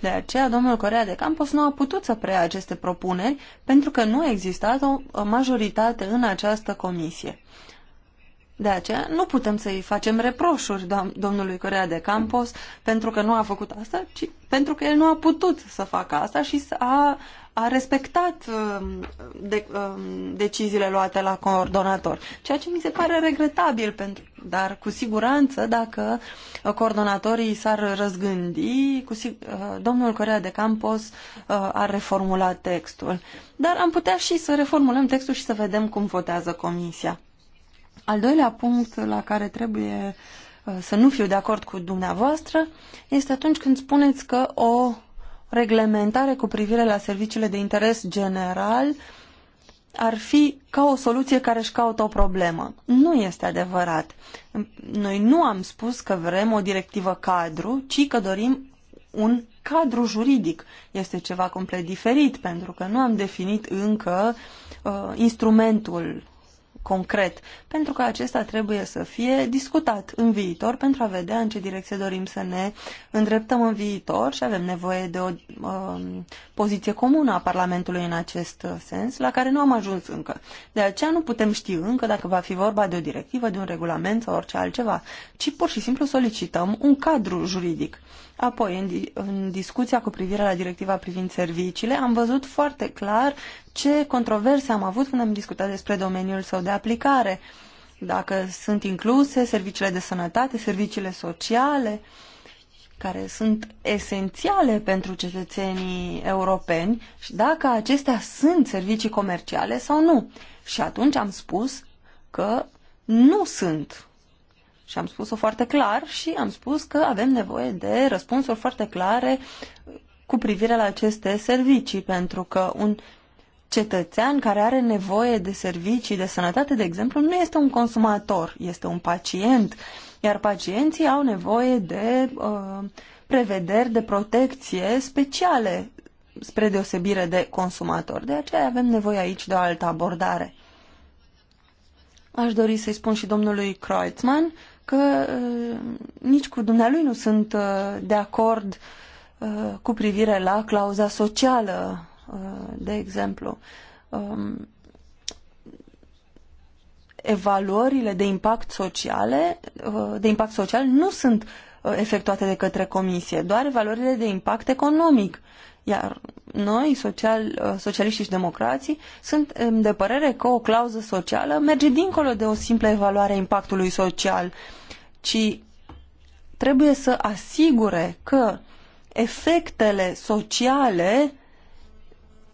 de aceea, domnul Corea de Campos nu a putut să preia aceste propuneri pentru că nu a existat o majoritate în această comisie. De aceea, nu putem să-i facem reproșuri domnului Corea de Campos pentru că nu a făcut asta, ci pentru că el nu a putut să facă asta și a a respectat uh, de, uh, deciziile luate la coordonator, ceea ce mi se pare regretabil, pentru, dar cu siguranță dacă coordonatorii s-ar răzgândi, cu, uh, domnul Corea de Campos ar reformula textul. Dar am putea și să reformulăm textul și să vedem cum votează comisia. Al doilea punct la care trebuie să nu fiu de acord cu dumneavoastră este atunci când spuneți că o reglementare cu privire la serviciile de interes general ar fi ca o soluție care își caută o problemă. Nu este adevărat. Noi nu am spus că vrem o directivă cadru, ci că dorim un cadru juridic. Este ceva complet diferit, pentru că nu am definit încă uh, instrumentul concret, pentru că acesta trebuie să fie discutat în viitor pentru a vedea în ce direcție dorim să ne îndreptăm în viitor și avem nevoie de o um, poziție comună a Parlamentului în acest sens, la care nu am ajuns încă. De aceea nu putem ști încă dacă va fi vorba de o directivă, de un regulament sau orice altceva, ci pur și simplu solicităm un cadru juridic. Apoi, în, în discuția cu privire la directiva privind serviciile, am văzut foarte clar ce controverse am avut când am discutat despre domeniul său de aplicare. Dacă sunt incluse serviciile de sănătate, serviciile sociale, care sunt esențiale pentru cetățenii europeni și dacă acestea sunt servicii comerciale sau nu. Și atunci am spus că nu sunt și am spus-o foarte clar și am spus că avem nevoie de răspunsuri foarte clare cu privire la aceste servicii, pentru că un cetățean care are nevoie de servicii de sănătate, de exemplu, nu este un consumator, este un pacient, iar pacienții au nevoie de uh, prevederi de protecție speciale spre deosebire de consumator. De aceea avem nevoie aici de o altă abordare. Aș dori să-i spun și domnului Kreutzmann că uh, nici cu dumnealui nu sunt uh, de acord uh, cu privire la clauza socială, de exemplu. Um, evaluările de impact, sociale, de impact social nu sunt efectuate de către comisie, doar evaluările de impact economic. Iar noi, social, uh, socialiștii și democrații, suntem de părere că o clauză socială merge dincolo de o simplă evaluare a impactului social, ci trebuie să asigure că efectele sociale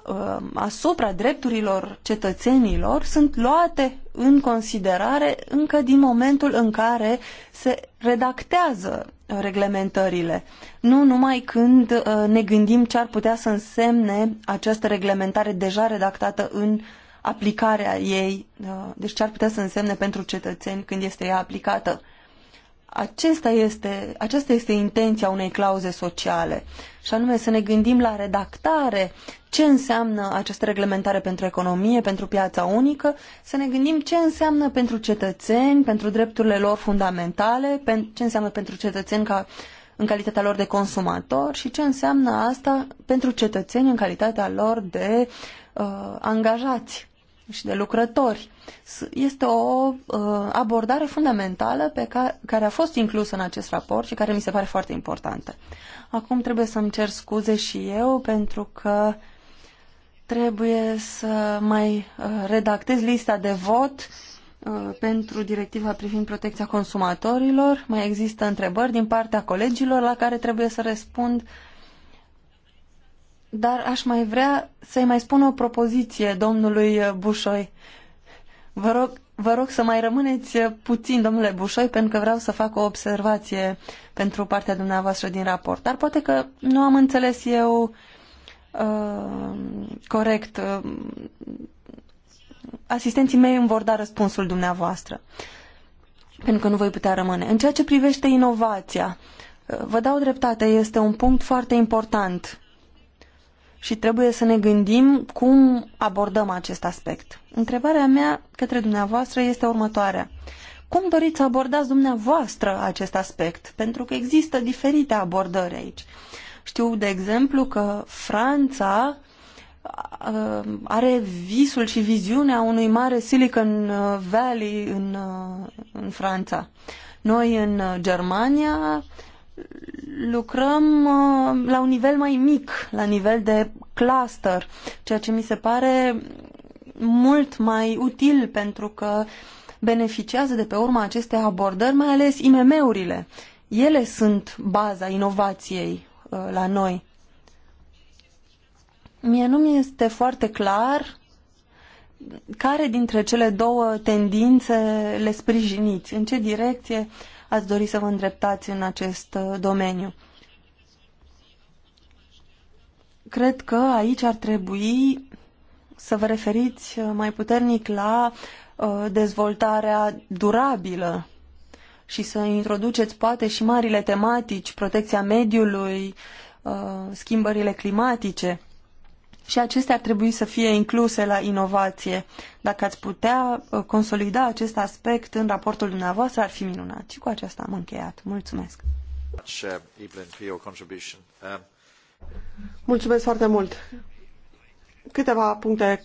uh, asupra drepturilor cetățenilor sunt luate în considerare încă din momentul în care se redactează uh, reglementările, nu numai când uh, ne gândim ce ar putea să însemne această reglementare deja redactată în aplicarea ei, uh, deci ce ar putea să însemne pentru cetățeni când este ea aplicată. Acesta este, aceasta este intenția unei clauze sociale, și anume să ne gândim la redactare, ce înseamnă această reglementare pentru economie, pentru piața unică, să ne gândim ce înseamnă pentru cetățeni, pentru drepturile lor fundamentale, ce înseamnă pentru cetățeni ca în calitatea lor de consumator și ce înseamnă asta pentru cetățeni în calitatea lor de uh, angajați și de lucrători. Este o uh, abordare fundamentală pe care, care a fost inclusă în acest raport și care mi se pare foarte importantă. Acum trebuie să-mi cer scuze și eu pentru că trebuie să mai uh, redactez lista de vot uh, pentru directiva privind protecția consumatorilor. Mai există întrebări din partea colegilor la care trebuie să răspund dar aș mai vrea să-i mai spun o propoziție domnului Bușoi. Vă rog, vă rog să mai rămâneți puțin, domnule Bușoi, pentru că vreau să fac o observație pentru partea dumneavoastră din raport. Dar poate că nu am înțeles eu uh, corect. Asistenții mei îmi vor da răspunsul dumneavoastră, pentru că nu voi putea rămâne. În ceea ce privește inovația, uh, vă dau dreptate, este un punct foarte important și trebuie să ne gândim cum abordăm acest aspect. Întrebarea mea către dumneavoastră este următoarea. Cum doriți să abordați dumneavoastră acest aspect? Pentru că există diferite abordări aici. Știu, de exemplu, că Franța uh, are visul și viziunea unui mare Silicon Valley în, uh, în Franța. Noi în Germania lucrăm uh, la un nivel mai mic, la nivel de cluster, ceea ce mi se pare mult mai util pentru că beneficiază de pe urma acestei abordări, mai ales IMM-urile. Ele sunt baza inovației uh, la noi. Mie nu mi este foarte clar care dintre cele două tendințe le sprijiniți, în ce direcție uh, ați dori să vă îndreptați în acest uh, domeniu. Cred că aici ar trebui să vă referiți uh, mai puternic la uh, dezvoltarea durabilă și să introduceți poate și marile tematici, protecția mediului, schimbările climatice și acestea ar trebui să fie incluse la inovație. Dacă ați putea uh, consolida acest aspect în raportul dumneavoastră, ar fi minunat. Și cu aceasta am încheiat. Mulțumesc! Mulțumesc foarte mult! Câteva puncte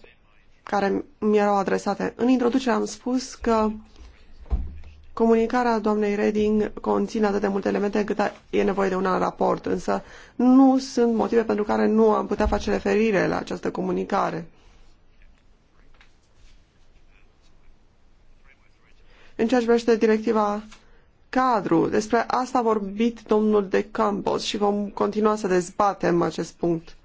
care mi erau adresate. În introducere am spus că Comunicarea doamnei Reding conține atât de multe elemente încât e nevoie de un alt raport, însă nu sunt motive pentru care nu am putea face referire la această comunicare. În ceea ce privește directiva cadru, despre asta a vorbit domnul de Campos și vom continua să dezbatem acest punct.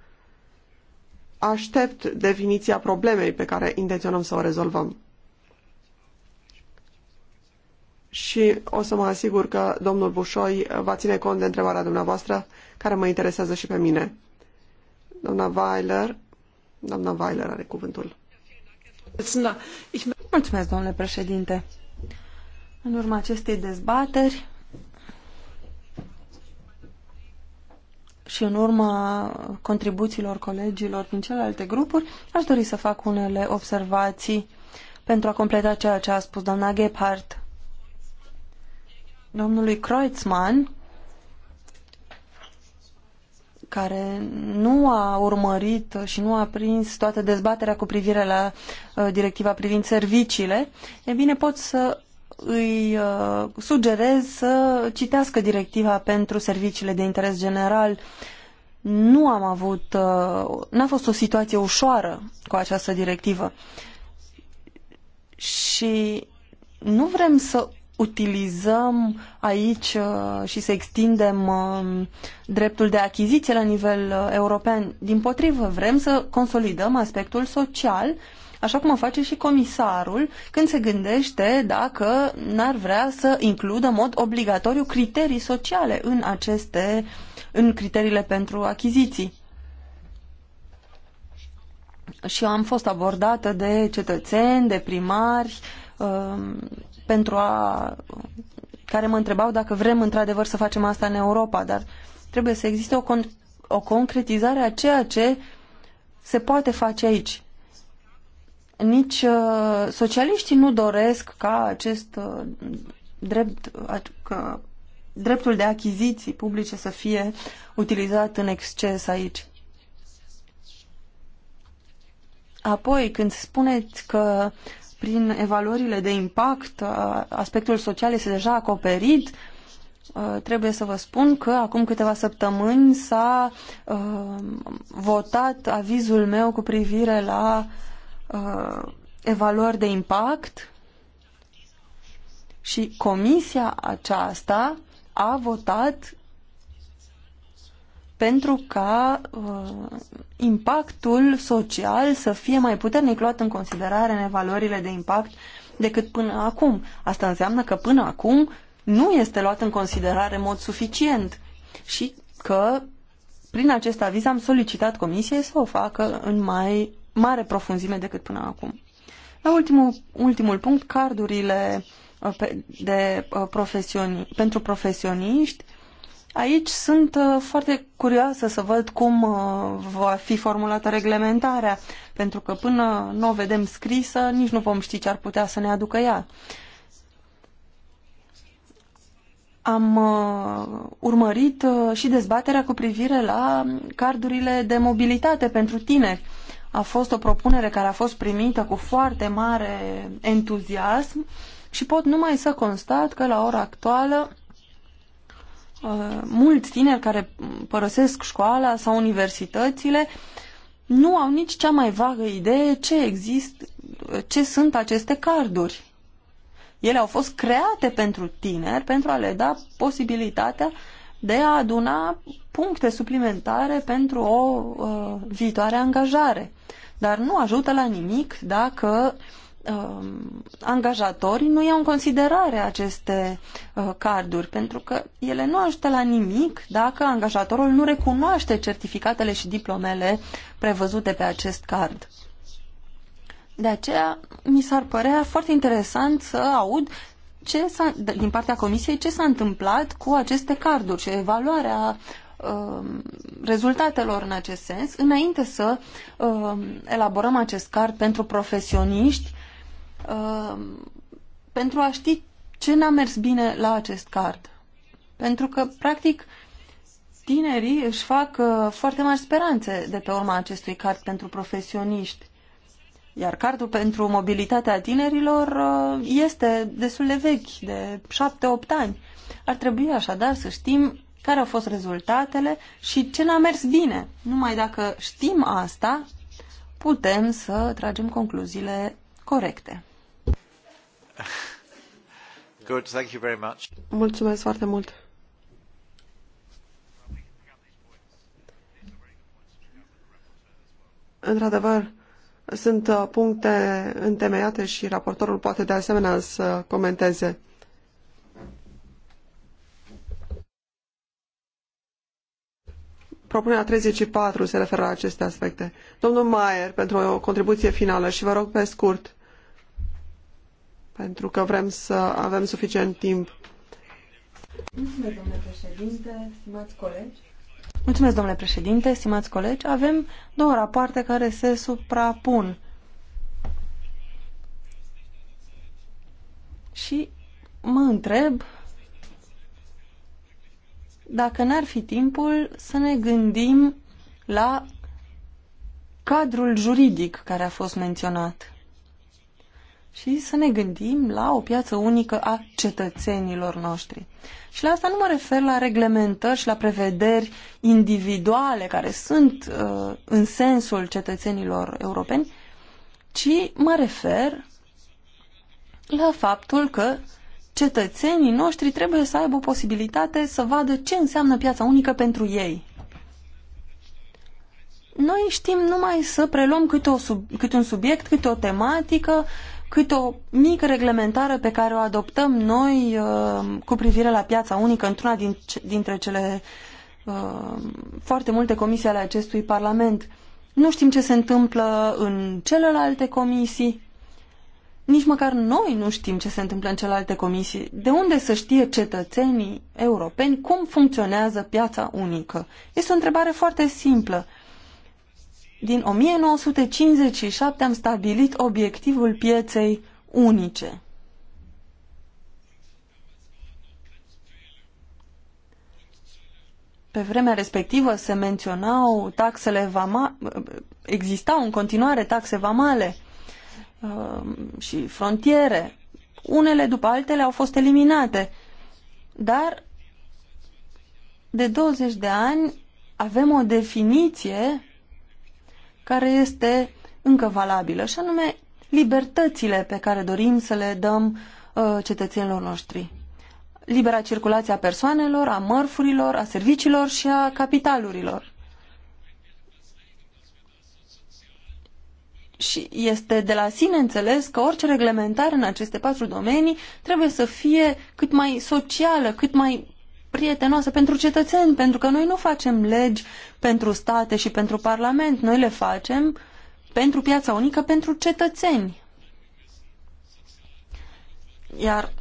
Aștept definiția problemei pe care intenționăm să o rezolvăm și o să mă asigur că domnul Bușoi va ține cont de întrebarea dumneavoastră care mă interesează și pe mine. Doamna Weiler, doamna Weiler are cuvântul. Mulțumesc, domnule președinte. În urma acestei dezbateri și în urma contribuțiilor colegilor din celelalte grupuri, aș dori să fac unele observații pentru a completa ceea ce a spus doamna Gebhardt domnului Kreutzmann, care nu a urmărit și nu a prins toată dezbaterea cu privire la uh, directiva privind serviciile, e bine, pot să îi uh, sugerez să citească directiva pentru serviciile de interes general. Nu am avut, uh, n-a fost o situație ușoară cu această directivă. Și nu vrem să utilizăm aici uh, și să extindem uh, dreptul de achiziție la nivel uh, european. Din potrivă, vrem să consolidăm aspectul social, așa cum o face și comisarul când se gândește dacă n-ar vrea să includă în mod obligatoriu criterii sociale în aceste în criteriile pentru achiziții. Și am fost abordată de cetățeni, de primari, um, pentru a care mă întrebau dacă vrem într-adevăr să facem asta în Europa, dar trebuie să existe o, con- o concretizare a ceea ce se poate face aici. Nici uh, socialiștii nu doresc ca acest uh, drept, uh, că dreptul de achiziții publice să fie utilizat în exces aici. Apoi, când spuneți că prin evaluările de impact, uh, aspectul social este deja acoperit. Uh, trebuie să vă spun că acum câteva săptămâni s-a uh, votat avizul meu cu privire la evaluări de impact și comisia aceasta a votat pentru ca uh, impactul social să fie mai puternic luat în considerare în evaluările de impact decât până acum. Asta înseamnă că până acum nu este luat în considerare în mod suficient și că prin acest aviz am solicitat comisiei să o facă în mai mare profunzime decât până acum. La ultimul, ultimul punct, cardurile uh, de uh, profesioni, pentru profesioniști Aici sunt uh, foarte curioasă să văd cum uh, va fi formulată reglementarea, pentru că până nu o vedem scrisă, nici nu vom ști ce ar putea să ne aducă ea. Am uh, urmărit și dezbaterea cu privire la cardurile de mobilitate pentru tineri. A fost o propunere care a fost primită cu foarte mare entuziasm și pot numai să constat că la ora actuală Uh, mulți tineri care părăsesc școala sau universitățile nu au nici cea mai vagă idee ce exist ce sunt aceste carduri. Ele au fost create pentru tineri pentru a le da posibilitatea de a aduna puncte suplimentare pentru o uh, viitoare angajare. Dar nu ajută la nimic dacă uh, uh, um, angajatorii nu iau în considerare aceste uh, carduri, pentru că ele nu ajută la nimic dacă angajatorul nu recunoaște certificatele și diplomele prevăzute pe acest card. De aceea, mi s-ar părea foarte interesant să aud ce s-a, din partea comisiei ce s-a întâmplat cu aceste carduri și evaluarea um, rezultatelor în acest sens, înainte să uh, elaborăm acest card pentru profesioniști Uh, pentru a ști ce n-a mers bine la acest card. Pentru că, practic, tinerii își fac uh, foarte mari speranțe de pe urma acestui card pentru profesioniști. Iar cardul pentru mobilitatea tinerilor uh, este destul de vechi, de 7-8 ani. Ar trebui așadar să știm care au fost rezultatele și ce n-a mers bine. Numai dacă știm asta, putem să tragem concluziile corecte. Good, thank you very much. Mulțumesc foarte mult. Într-adevăr, sunt uh, puncte întemeiate și raportorul poate de asemenea să comenteze. Propunerea 34 se referă la aceste aspecte. Domnul Maier, pentru o contribuție finală și vă rog pe scurt pentru că vrem să avem suficient timp. Mulțumesc, domnule președinte, stimați colegi. Mulțumesc, domnule președinte, stimați colegi. Avem două rapoarte care se suprapun. Și mă întreb dacă n-ar fi timpul să ne gândim la cadrul juridic care a fost menționat și să ne gândim la o piață unică a cetățenilor noștri. Și la asta nu mă refer la reglementări și la prevederi individuale care sunt uh, în sensul cetățenilor europeni, ci mă refer la faptul că cetățenii noștri trebuie să aibă posibilitate să vadă ce înseamnă piața unică pentru ei. Noi știm numai să preluăm câte, o sub, câte un subiect, câte o tematică cât o mică reglementare pe care o adoptăm noi uh, cu privire la piața unică într-una din, dintre cele uh, foarte multe comisii ale acestui Parlament. Nu știm ce se întâmplă în celelalte comisii. Nici măcar noi nu știm ce se întâmplă în celelalte comisii. De unde să știe cetățenii europeni cum funcționează piața unică? Este o întrebare foarte simplă. Din 1957 am stabilit obiectivul pieței unice. Pe vremea respectivă se menționau taxele vamale, existau în continuare taxe vamale uh, și frontiere. Unele după altele au fost eliminate, dar de 20 de ani avem o definiție care este încă valabilă, și anume libertățile pe care dorim să le dăm uh, cetățenilor noștri. Libera circulație a persoanelor, a mărfurilor, a serviciilor și a capitalurilor. Și este de la sine înțeles că orice reglementare în aceste patru domenii trebuie să fie cât mai socială, cât mai prietenoasă pentru cetățeni, pentru că noi nu facem legi pentru state și pentru parlament, noi le facem pentru piața unică, pentru cetățeni. Iar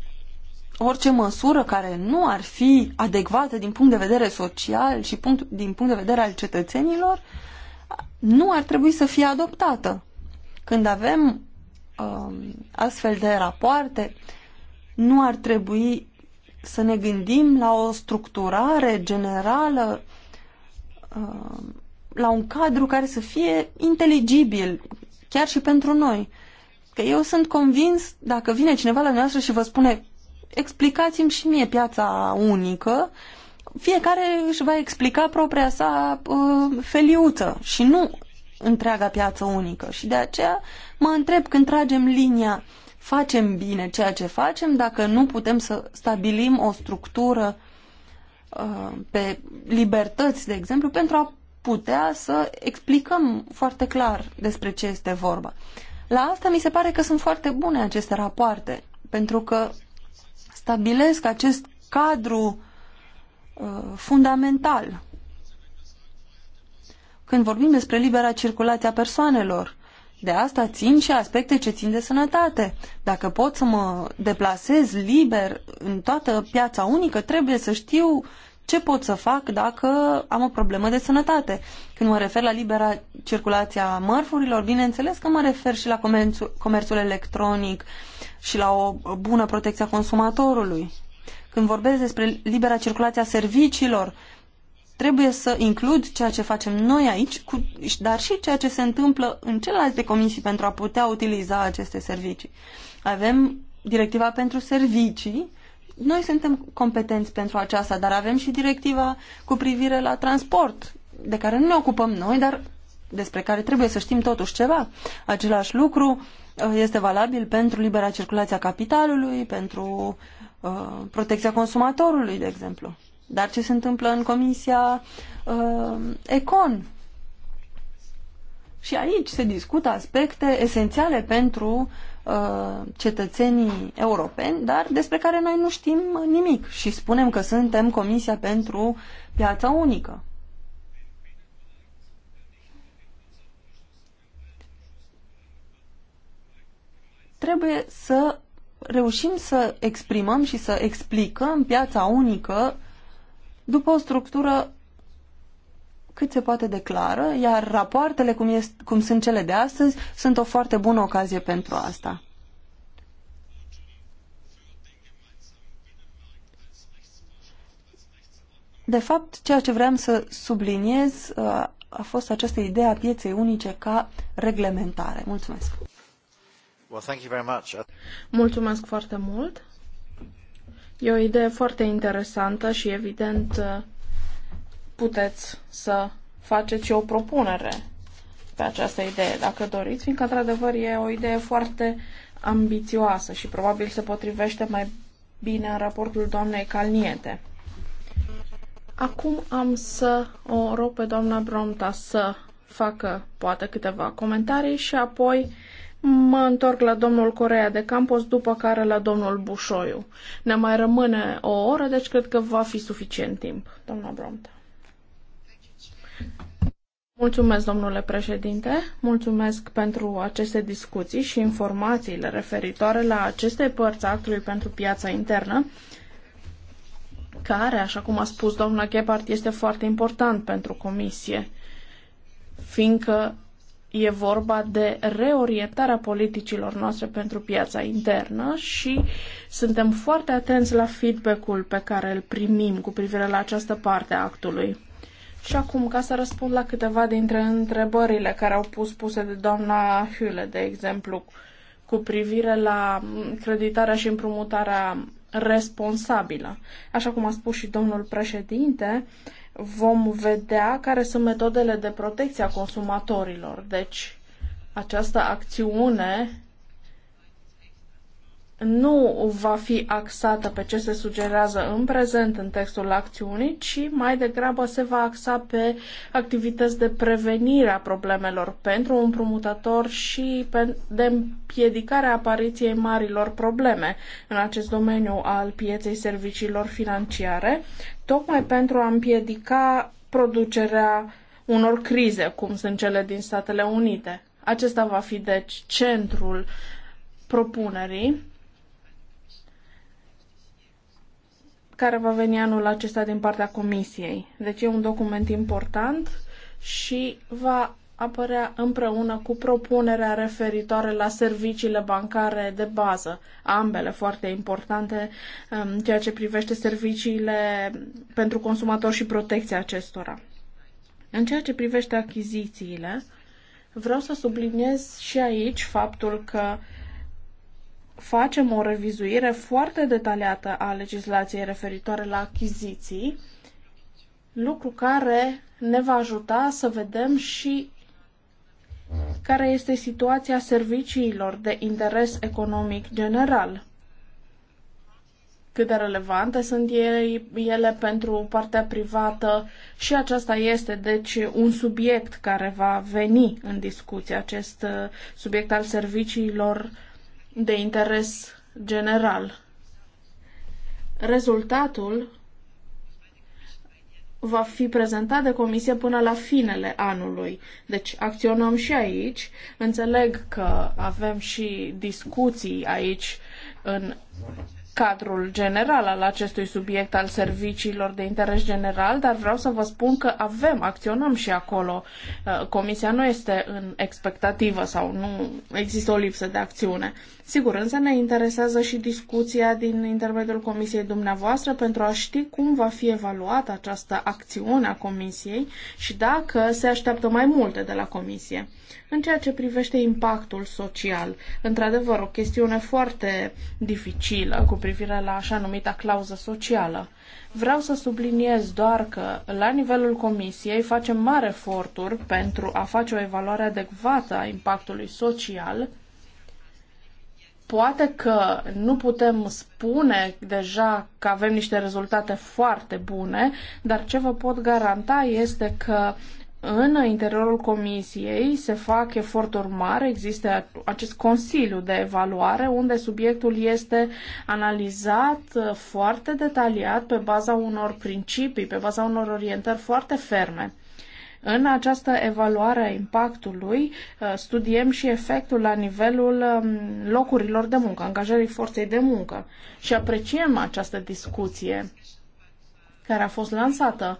orice măsură care nu ar fi adecvată din punct de vedere social și punct, din punct de vedere al cetățenilor, nu ar trebui să fie adoptată. Când avem um, astfel de rapoarte, nu ar trebui să ne gândim la o structurare generală, uh, la un cadru care să fie inteligibil, chiar și pentru noi. Că eu sunt convins, dacă vine cineva la noastră și vă spune explicați-mi și mie piața unică, fiecare își va explica propria sa uh, feliuță și nu întreaga piață unică. Și de aceea mă întreb când tragem linia uh, facem bine ceea ce facem dacă nu putem să stabilim o structură uh, pe libertăți, de exemplu, pentru a putea să explicăm foarte clar despre ce este vorba. La asta mi se pare că sunt foarte bune aceste rapoarte, pentru că stabilesc acest cadru uh, fundamental. Când vorbim despre libera circulație a persoanelor, de asta țin și aspecte ce țin de sănătate. Dacă pot să mă deplasez liber în toată piața unică, trebuie să știu ce pot să fac dacă am o problemă de sănătate. Când mă refer la libera circulație a mărfurilor, bineînțeles că mă refer și la comerțul, electronic și la o bună protecție a consumatorului. Când vorbesc despre libera circulație a serviciilor, Trebuie să includ ceea ce facem noi aici, cu, dar și ceea ce se întâmplă în celelalte comisii pentru a putea utiliza aceste servicii. Avem directiva pentru servicii, noi suntem competenți pentru aceasta, dar avem și directiva cu privire la transport, de care nu ne ocupăm noi, dar despre care trebuie să știm totuși ceva. Același lucru uh, este valabil pentru libera circulație a capitalului, pentru uh, protecția consumatorului, de exemplu dar ce se întâmplă în Comisia uh, Econ. Și aici se discută aspecte esențiale pentru uh, cetățenii europeni, dar despre care noi nu știm nimic și spunem că suntem Comisia pentru Piața Unică. Trebuie să reușim să exprimăm și să explicăm piața unică după o structură cât se poate declară, iar rapoartele, cum, este, cum sunt cele de astăzi, sunt o foarte bună ocazie pentru asta. De fapt, ceea ce vreau să subliniez uh, a fost această idee a pieței unice ca reglementare. Mulțumesc! Mulțumesc foarte mult! E o idee foarte interesantă și, evident, puteți să faceți și o propunere pe această idee, dacă doriți, fiindcă, într-adevăr, e o idee foarte ambițioasă și probabil se potrivește mai bine în raportul doamnei Calniete. Acum am să o rog pe doamna Bromta să facă poate câteva comentarii și apoi Mă întorc la domnul Corea de Campos, după care la domnul Bușoiu. Ne mai rămâne o oră, deci cred că va fi suficient timp, doamna Bromta. Mulțumesc, domnule președinte, mulțumesc pentru aceste discuții și informațiile referitoare la aceste părți actului pentru piața internă, care, așa cum a spus doamna Gebhardt, este foarte important pentru comisie, fiindcă E vorba de reorientarea politicilor noastre pentru piața internă și suntem foarte atenți la feedback-ul pe care îl primim cu privire la această parte a actului. Și acum, ca să răspund la câteva dintre întrebările care au pus puse de doamna Hule, de exemplu, cu privire la creditarea și împrumutarea responsabilă. Așa cum a spus și domnul președinte, uh, vom vedea care sunt metodele de protecție a consumatorilor. Deci, această acțiune nu va fi axată pe ce se sugerează în prezent în textul acțiunii, ci mai degrabă se va axa pe activități de prevenire a problemelor pentru împrumutător și de împiedicare a apariției marilor probleme în acest domeniu al pieței serviciilor financiare, tocmai pentru a împiedica producerea unor crize, cum sunt cele din Statele Unite. Acesta va fi, deci, centrul propunerii care va veni anul acesta din partea Comisiei. Deci e un document important și va apărea împreună cu propunerea referitoare la serviciile bancare de bază, ambele foarte importante în um, ceea ce privește serviciile pentru consumator și protecția acestora. În ceea ce privește achizițiile, vreau să subliniez și aici faptul că uh, facem o revizuire foarte detaliată a legislației referitoare la achiziții, lucru care ne va ajuta să vedem și care este situația serviciilor de interes economic general. Cât de relevante sunt ele pentru partea privată și aceasta este, deci, un subiect care va veni în discuție, acest uh, subiect al serviciilor de interes general. Rezultatul va fi prezentat de comisie până la finele anului. Deci acționăm și aici. Înțeleg că avem și discuții aici în cadrul general al acestui subiect al serviciilor de interes general, dar vreau să vă spun că avem, acționăm și acolo. Uh, comisia nu este în expectativă sau nu există o lipsă de acțiune. Sigur, însă ne interesează și discuția din intermediul comisiei dumneavoastră pentru a ști cum va fi evaluată această acțiune a comisiei și dacă se așteaptă mai multe de la comisie. În ceea ce privește impactul social, într-adevăr, o chestiune foarte dificilă cu privire la așa numita clauză socială. Vreau să subliniez doar că, la nivelul Comisiei, facem mari eforturi pentru a face o evaluare adecvată a impactului social Poate că nu putem spune deja că avem niște rezultate foarte bune, dar ce vă pot garanta este că în interiorul comisiei se fac eforturi mari, există acest consiliu de evaluare unde subiectul este analizat foarte detaliat pe baza unor principii, pe baza unor orientări foarte ferme. În această evaluare a impactului uh, studiem și efectul la nivelul um, locurilor de muncă, angajării forței de muncă și apreciem această discuție care a fost lansată.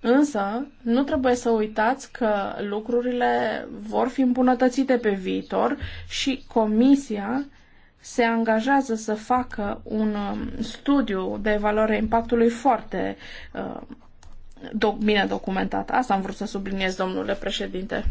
Însă, nu trebuie să uitați că lucrurile vor fi îmbunătățite pe viitor și Comisia se angajează să facă un um, studiu de evaluare a impactului foarte uh, doc, bine documentat. Asta am vrut să subliniez, domnule președinte.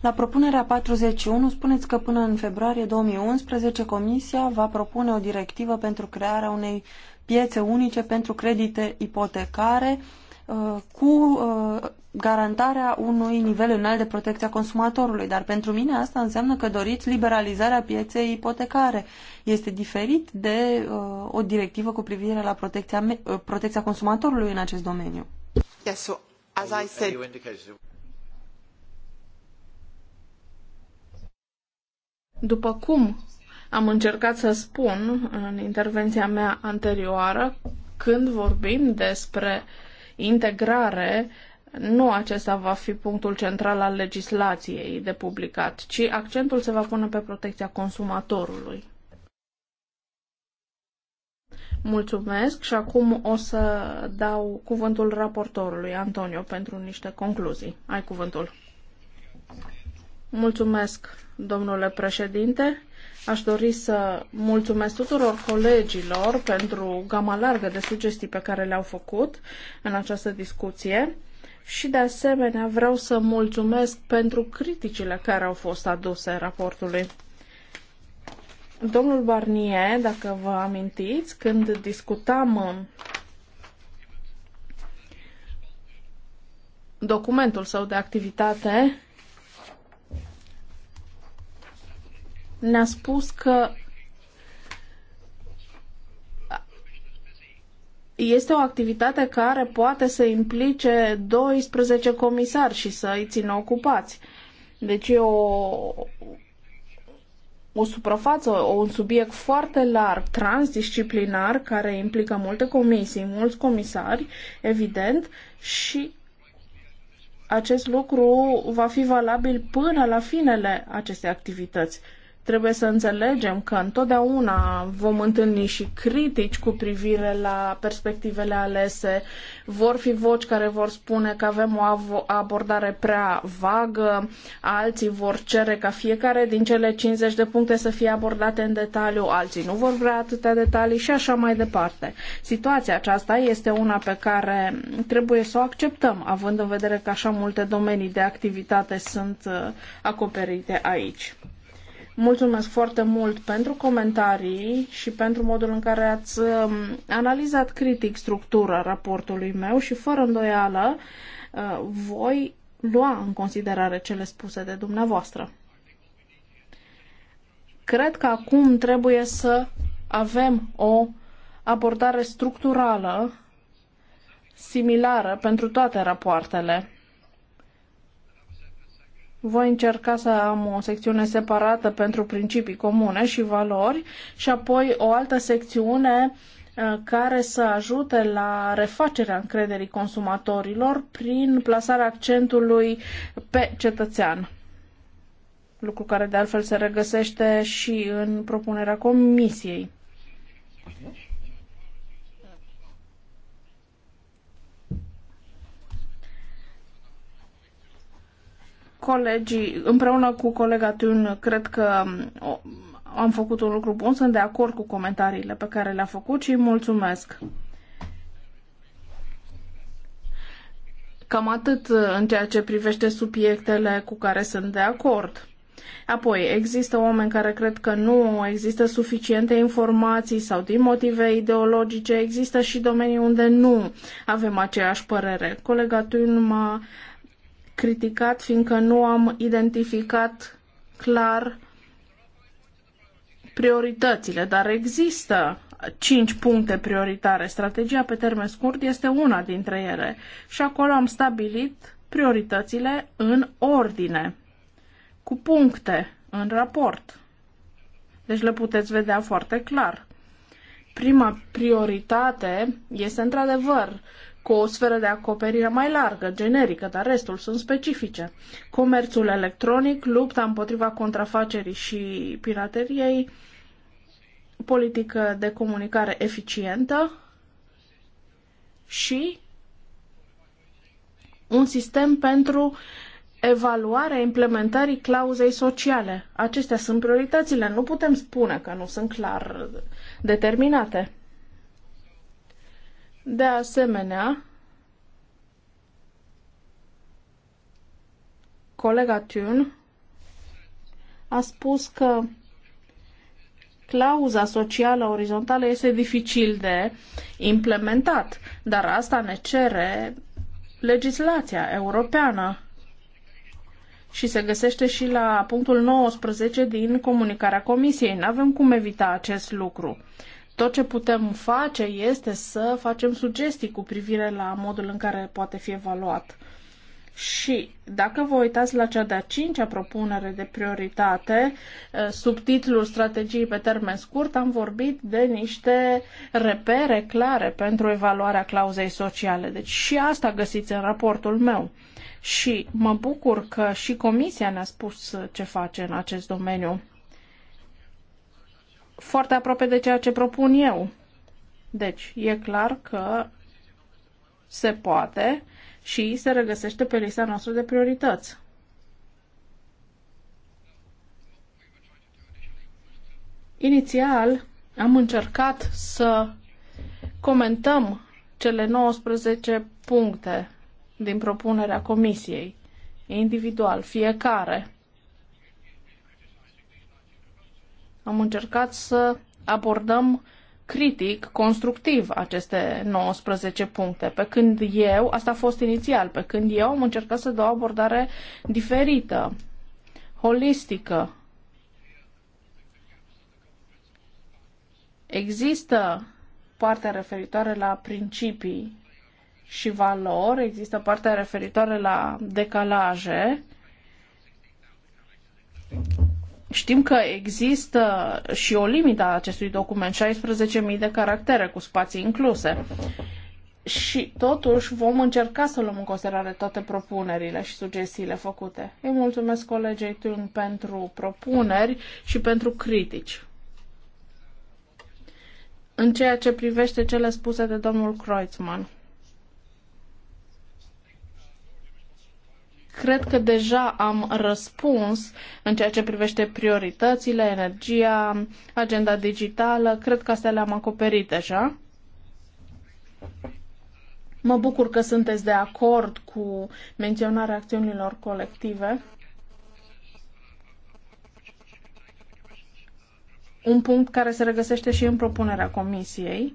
La propunerea 41 spuneți că până în februarie 2011 Comisia va propune o directivă pentru crearea unei piețe unice pentru credite ipotecare uh, Uh, cu uh, garantarea unui nivel înalt de protecție a consumatorului. Dar pentru mine asta înseamnă că doriți liberalizarea pieței ipotecare. Este diferit de uh, o directivă cu privire la protecția, protecția consumatorului în acest domeniu. Yes, so, as I said... După cum am încercat să spun în intervenția mea anterioară, când vorbim despre uh, integrare, nu acesta va fi punctul central al legislației de publicat, ci accentul se va pune pe protecția consumatorului. Mulțumesc și acum o să dau cuvântul raportorului, Antonio, pentru niște concluzii. Ai cuvântul. Mulțumesc, domnule președinte. Aș dori să mulțumesc tuturor colegilor pentru gama largă de sugestii pe care le-au făcut în această discuție și de asemenea vreau să mulțumesc pentru criticile care au fost aduse raportului. Domnul Barnier, dacă vă amintiți, când discutam uh, documentul său de activitate, ne-a spus că este o activitate care poate să implice 12 comisari și să îi țină ocupați. Deci e o, o suprafață, un subiect foarte larg, transdisciplinar, care implică multe comisii, mulți comisari, evident, și acest lucru va fi valabil până la finele acestei activități. Trebuie să înțelegem că întotdeauna vom întâlni și critici cu privire la perspectivele alese. Vor fi voci care vor spune că avem o abordare prea vagă, alții vor cere ca fiecare din cele 50 de puncte să fie abordate în detaliu, alții nu vor vrea atâtea detalii și așa mai departe. Situația aceasta este una pe care trebuie să o acceptăm, având în vedere că așa multe domenii de activitate sunt uh, acoperite aici. Mulțumesc foarte mult pentru comentarii și pentru modul în care ați um, analizat critic structura raportului meu și fără îndoială uh, voi lua în considerare cele spuse de dumneavoastră. Cred că acum trebuie să avem o abordare structurală similară pentru toate rapoartele voi încerca să am o secțiune separată pentru principii comune și valori și apoi o altă secțiune uh, care să ajute la refacerea încrederii consumatorilor prin plasarea accentului pe cetățean. Lucru care de altfel se regăsește și în propunerea comisiei. colegii, împreună cu colega Tun, cred că um, am făcut un lucru bun, sunt de acord cu comentariile pe care le-a făcut și îi mulțumesc. Cam atât uh, în ceea ce privește subiectele cu care sunt de acord. Apoi, există oameni care cred că nu există suficiente informații sau din motive ideologice, există și domenii unde nu avem aceeași părere. Colega Tun m-a uh, criticat fiindcă nu am identificat clar prioritățile, dar există cinci puncte prioritare. Strategia pe termen scurt este una dintre ele și acolo am stabilit prioritățile în ordine, cu puncte în raport. Deci le puteți vedea foarte clar. Prima prioritate este într-adevăr cu o sferă de acoperire mai largă, generică, dar restul sunt specifice. Comerțul electronic, lupta împotriva contrafacerii și pirateriei, politică de comunicare eficientă și un sistem pentru evaluarea implementării clauzei sociale. Acestea sunt prioritățile. Nu putem spune că nu sunt clar determinate. De asemenea, colega Thun a spus că clauza socială orizontală este dificil de implementat, dar asta ne cere legislația europeană și se găsește și la punctul 19 din comunicarea Comisiei. Nu avem cum evita acest lucru. Tot ce putem face este să facem sugestii cu privire la modul în care poate fi evaluat. Și dacă vă uitați la cea de-a cincea propunere de prioritate, eh, sub titlul pe termen scurt, am vorbit de niște repere clare pentru evaluarea clauzei sociale. Deci și asta găsiți în raportul meu. Și mă bucur că și Comisia ne-a spus ce face în acest domeniu foarte aproape de ceea ce propun eu. Deci, e clar că se poate și se regăsește pe lista noastră de priorități. Inițial, am încercat să comentăm cele 19 puncte din propunerea comisiei, individual, fiecare. Am încercat să abordăm critic, constructiv aceste 19 puncte, pe când eu, asta a fost inițial, pe când eu am încercat să dau o abordare diferită, holistică. Există partea referitoare la principii și valori, există partea referitoare la decalaje, Știm că există și o limită a acestui document, 16.000 de caractere cu spații incluse. Și totuși vom încerca să luăm în considerare toate propunerile și sugestiile făcute. Îi mulțumesc colegei Tun pentru propuneri și pentru critici. În ceea ce privește cele spuse de domnul Kreutzmann, Cred că deja am răspuns în ceea ce privește prioritățile, energia, agenda digitală. Cred că astea le-am acoperit deja. Mă bucur că sunteți de acord cu menționarea acțiunilor colective. Un punct care se regăsește și în propunerea Comisiei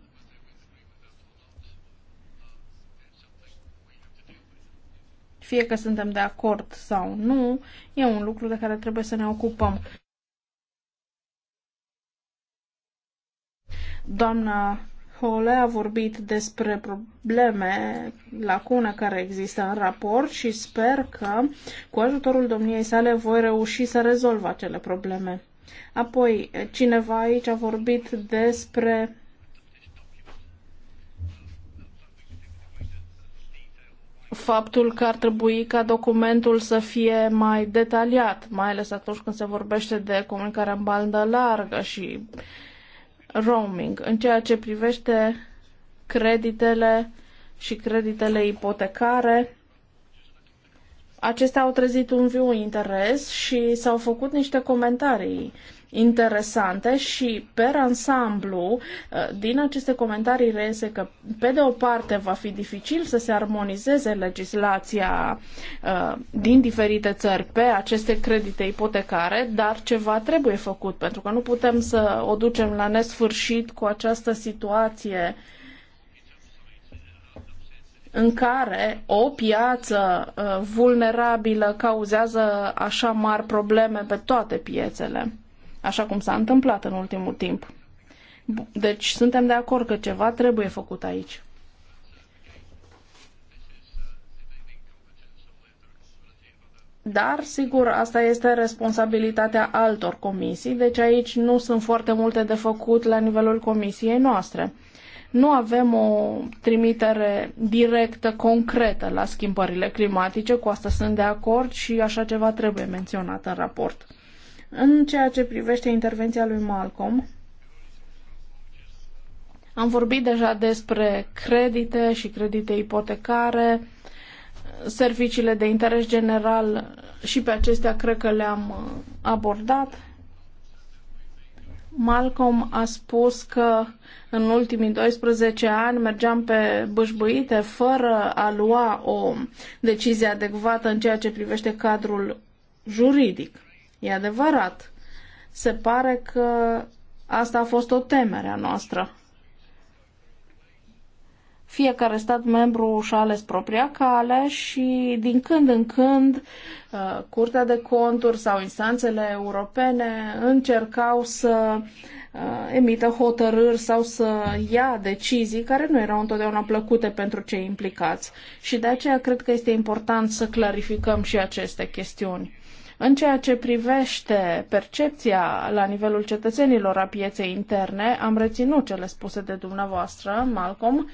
fie că suntem de acord sau nu, e un lucru de care trebuie să ne ocupăm. Doamna Hole a vorbit despre probleme, lacune care există în raport și sper că cu ajutorul domniei sale voi reuși să rezolv acele probleme. Apoi, cineva aici a vorbit despre faptul că ar trebui ca documentul să fie mai detaliat, mai ales atunci când se vorbește de comunicare în bandă largă și roaming. În ceea ce privește creditele și creditele ipotecare, acestea au trezit un viu interes și s-au făcut niște comentarii interesante și, per ansamblu, uh, din aceste comentarii reiese că, pe de o parte, va fi dificil să se armonizeze legislația uh, din diferite țări pe aceste credite ipotecare, dar ceva trebuie făcut, pentru că nu putem să o ducem la nesfârșit cu această situație în care o piață uh, vulnerabilă cauzează așa mari probleme pe toate piețele așa cum s-a întâmplat în ultimul timp. Deci suntem de acord că ceva trebuie făcut aici. Dar, sigur, asta este responsabilitatea altor comisii, deci aici nu sunt foarte multe de făcut la nivelul comisiei noastre. Nu avem o trimitere directă, concretă la schimbările climatice, cu asta sunt de acord și așa ceva trebuie menționat în raport. În ceea ce privește intervenția lui Malcolm, am vorbit deja despre credite și credite ipotecare, serviciile de interes general și pe acestea cred că le-am uh, abordat. Malcolm a spus că în ultimii 12 ani mergeam pe bășbuite fără a lua o decizie adecvată în ceea ce privește cadrul juridic. E adevărat. Se pare că asta a fost o temere a noastră. Fiecare stat membru și-a ales propria cale și din când în când uh, Curtea de Conturi sau instanțele europene încercau să uh, emită hotărâri sau să ia decizii care nu erau întotdeauna plăcute pentru cei implicați. Și de aceea cred că este important să clarificăm și aceste chestiuni. În ceea ce privește percepția la nivelul cetățenilor a pieței interne, am reținut cele spuse de dumneavoastră, Malcolm.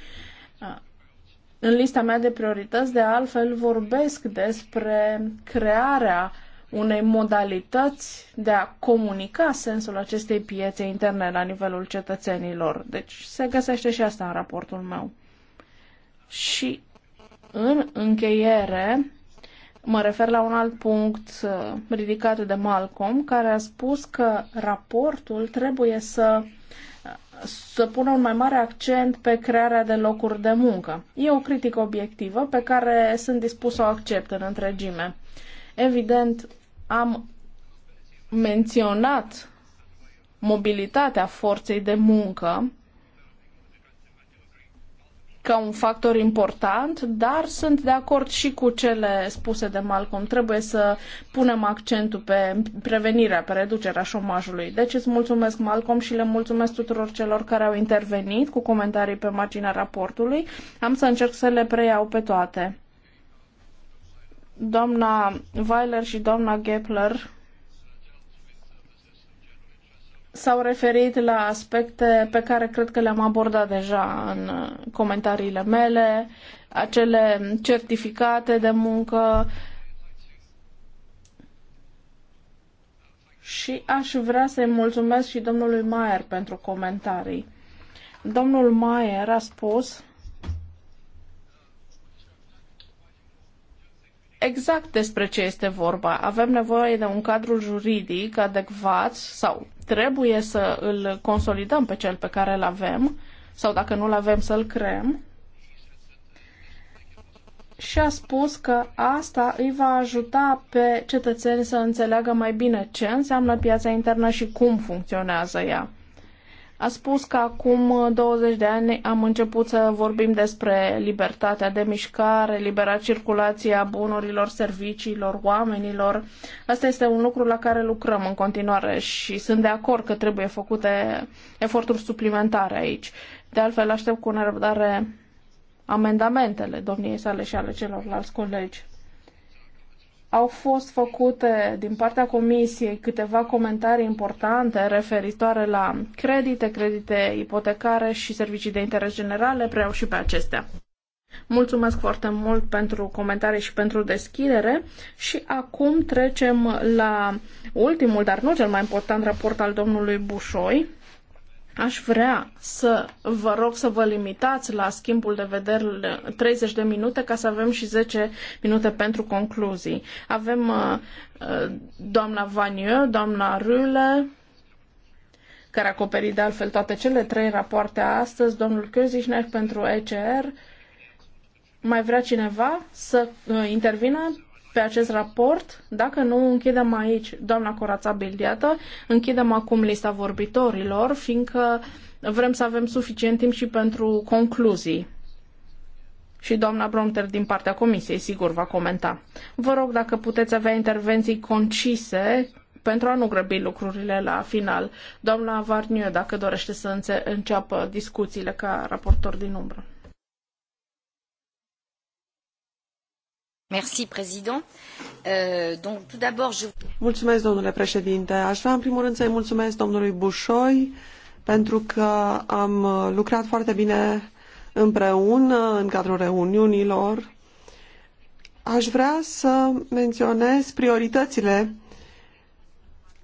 În lista mea de priorități, de altfel, vorbesc despre crearea unei modalități de a comunica sensul acestei piețe interne la nivelul cetățenilor. Deci se găsește și asta în raportul meu. Și în încheiere, Mă refer la un alt punct uh, ridicat de Malcolm, care a spus că raportul trebuie să uh, să pună un mai mare accent pe crearea de locuri de muncă. E o critică obiectivă pe care sunt dispus să o accept în întregime. Evident, am menționat mobilitatea forței de muncă ca un factor important, dar sunt de acord și cu cele spuse de Malcolm. Trebuie să punem accentul pe prevenirea, pe reducerea șomajului. Deci îți mulțumesc, Malcolm, și le mulțumesc tuturor celor care au intervenit cu comentarii pe marginea raportului. Am să încerc să le preiau pe toate. Doamna Weiler și doamna Gepler s-au referit la aspecte pe care cred că le-am abordat deja în comentariile mele, acele certificate de muncă și aș vrea să-i mulțumesc și domnului Maier pentru comentarii. Domnul Maier a spus exact despre ce este vorba. Avem nevoie de un cadru juridic adecvat sau trebuie să îl consolidăm pe cel pe care îl avem sau dacă nu-l avem să-l creăm. Și a spus că asta îi va ajuta pe cetățeni să înțeleagă mai bine ce înseamnă piața internă și cum funcționează ea. A spus că acum 20 uh, de ani am început să vorbim despre libertatea de mișcare, libera circulație a bunurilor, serviciilor, oamenilor. Asta este un lucru la care lucrăm în continuare și sunt de acord că trebuie făcute eforturi suplimentare aici. De altfel, aștept cu nerăbdare amendamentele domniei sale și ale celorlalți colegi. Au fost făcute din partea Comisiei câteva comentarii importante referitoare la credite, credite ipotecare și servicii de interes generale, preau și pe acestea. Mulțumesc foarte mult pentru comentarii și pentru deschidere și acum trecem la ultimul, dar nu cel mai important raport al domnului Bușoi, Aș vrea să vă rog să vă limitați la schimbul de vederi 30 de minute ca să avem și 10 minute pentru concluzii. Avem uh, uh, doamna Vanieu, doamna Rule, care a acoperit de altfel toate cele trei rapoarte astăzi, domnul Közișner pentru ECR. Mai vrea cineva să uh, intervină? pe acest raport. Dacă nu, închidem aici, doamna Corața Bildiată, închidem acum lista vorbitorilor, fiindcă vrem să avem suficient timp și pentru concluzii. Și doamna Bromter din partea comisiei, sigur, va comenta. Vă rog dacă puteți avea intervenții concise pentru a nu grăbi lucrurile la final. Doamna Varniu, dacă dorește să înceapă discuțiile ca raportor din umbră. Euh, mulțumesc, domnule președinte. Aș vrea, în primul rând, să îi mulțumesc domnului buoi pentru că am lucrat foarte bine împreună în cadrul reuniunilor. Aș vrea să menționez prioritățile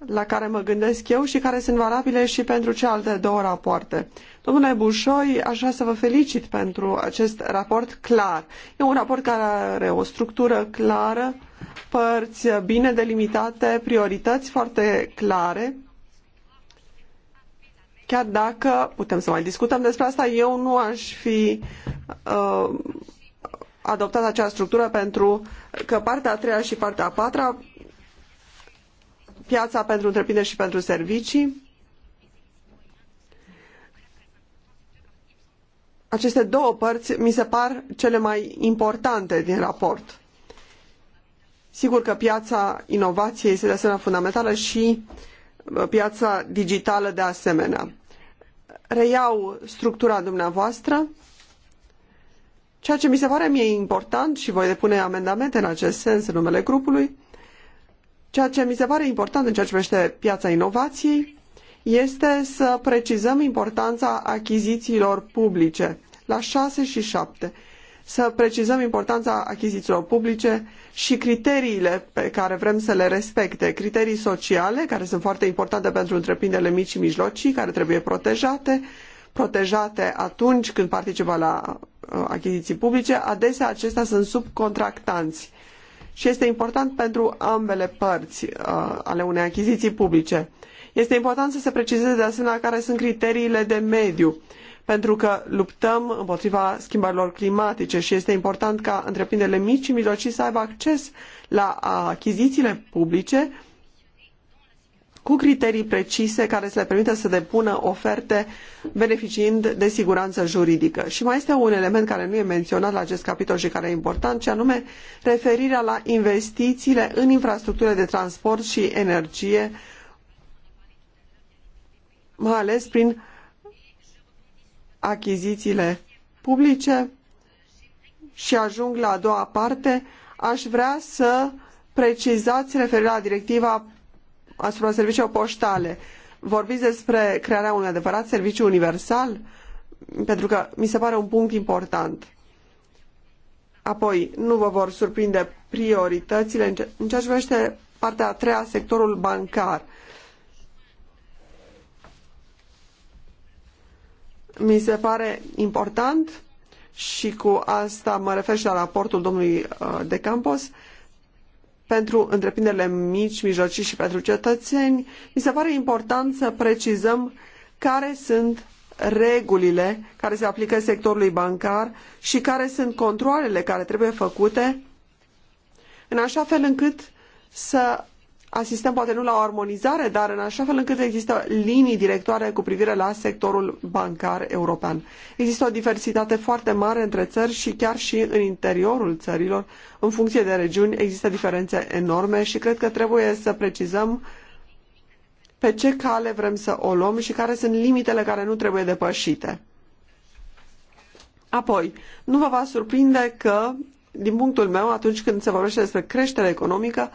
la care mă gândesc eu și care sunt valabile și pentru cealaltă două rapoarte. Domnule Bușoi, aș vrea să vă felicit pentru acest raport clar. E un raport care are o structură clară, părți bine delimitate, priorități foarte clare. Chiar dacă putem să mai discutăm despre asta, eu nu aș fi uh, adoptat acea structură pentru că partea a treia și partea a patra piața pentru întreprinderi și pentru servicii. Aceste două părți mi se par cele mai importante din raport. Sigur că piața inovației este de asemenea fundamentală și uh, piața digitală de asemenea. Reiau structura dumneavoastră. Ceea ce mi se pare mie important și voi depune amendamente în acest sens în numele grupului, Ceea ce mi se pare important în ceea ce privește piața inovației este să precizăm importanța achizițiilor publice la 6 și 7 să precizăm importanța achizițiilor publice și criteriile pe care vrem să le respecte. Criterii sociale, care sunt foarte importante pentru întreprinderile mici și mijlocii, care trebuie protejate, protejate atunci când participă la uh, achiziții publice. Adesea acestea sunt subcontractanți și este important pentru ambele părți uh, ale unei achiziții publice. Este important să se precizeze de asemenea care sunt criteriile de mediu, pentru că luptăm împotriva schimbărilor climatice și este important ca întreprinderile mici și mijlocii să aibă acces la achizițiile publice cu criterii precise care să le permită să depună oferte beneficiind de siguranță juridică. Și mai este un element care nu e menționat la acest capitol și care e important, și anume referirea la investițiile în infrastructurile de transport și energie, mai ales prin achizițiile publice și ajung la a doua parte, aș vrea să precizați referitor la directiva asupra serviciilor poștale. Vorbiți despre crearea unui adevărat serviciu universal? Pentru că mi se pare un punct important. Apoi, nu vă vor surprinde prioritățile în ceea ce privește partea a treia, sectorul bancar. Mi se pare important și cu asta mă refer și la raportul domnului uh, De Campos, pentru întreprinderile mici, mijlocii și pentru cetățeni, mi se pare important să precizăm care sunt regulile care se aplică sectorului bancar și care sunt controlele care trebuie făcute în așa fel încât să asistăm poate nu la o armonizare, dar în așa fel încât există linii directoare cu privire la sectorul bancar european. Există o diversitate foarte mare între țări și chiar și în interiorul țărilor, în funcție de regiuni, există diferențe enorme și cred că trebuie să precizăm pe ce cale vrem să o luăm și care sunt limitele care nu trebuie depășite. Apoi, nu vă va surprinde că, din punctul meu, atunci când se vorbește despre creștere economică,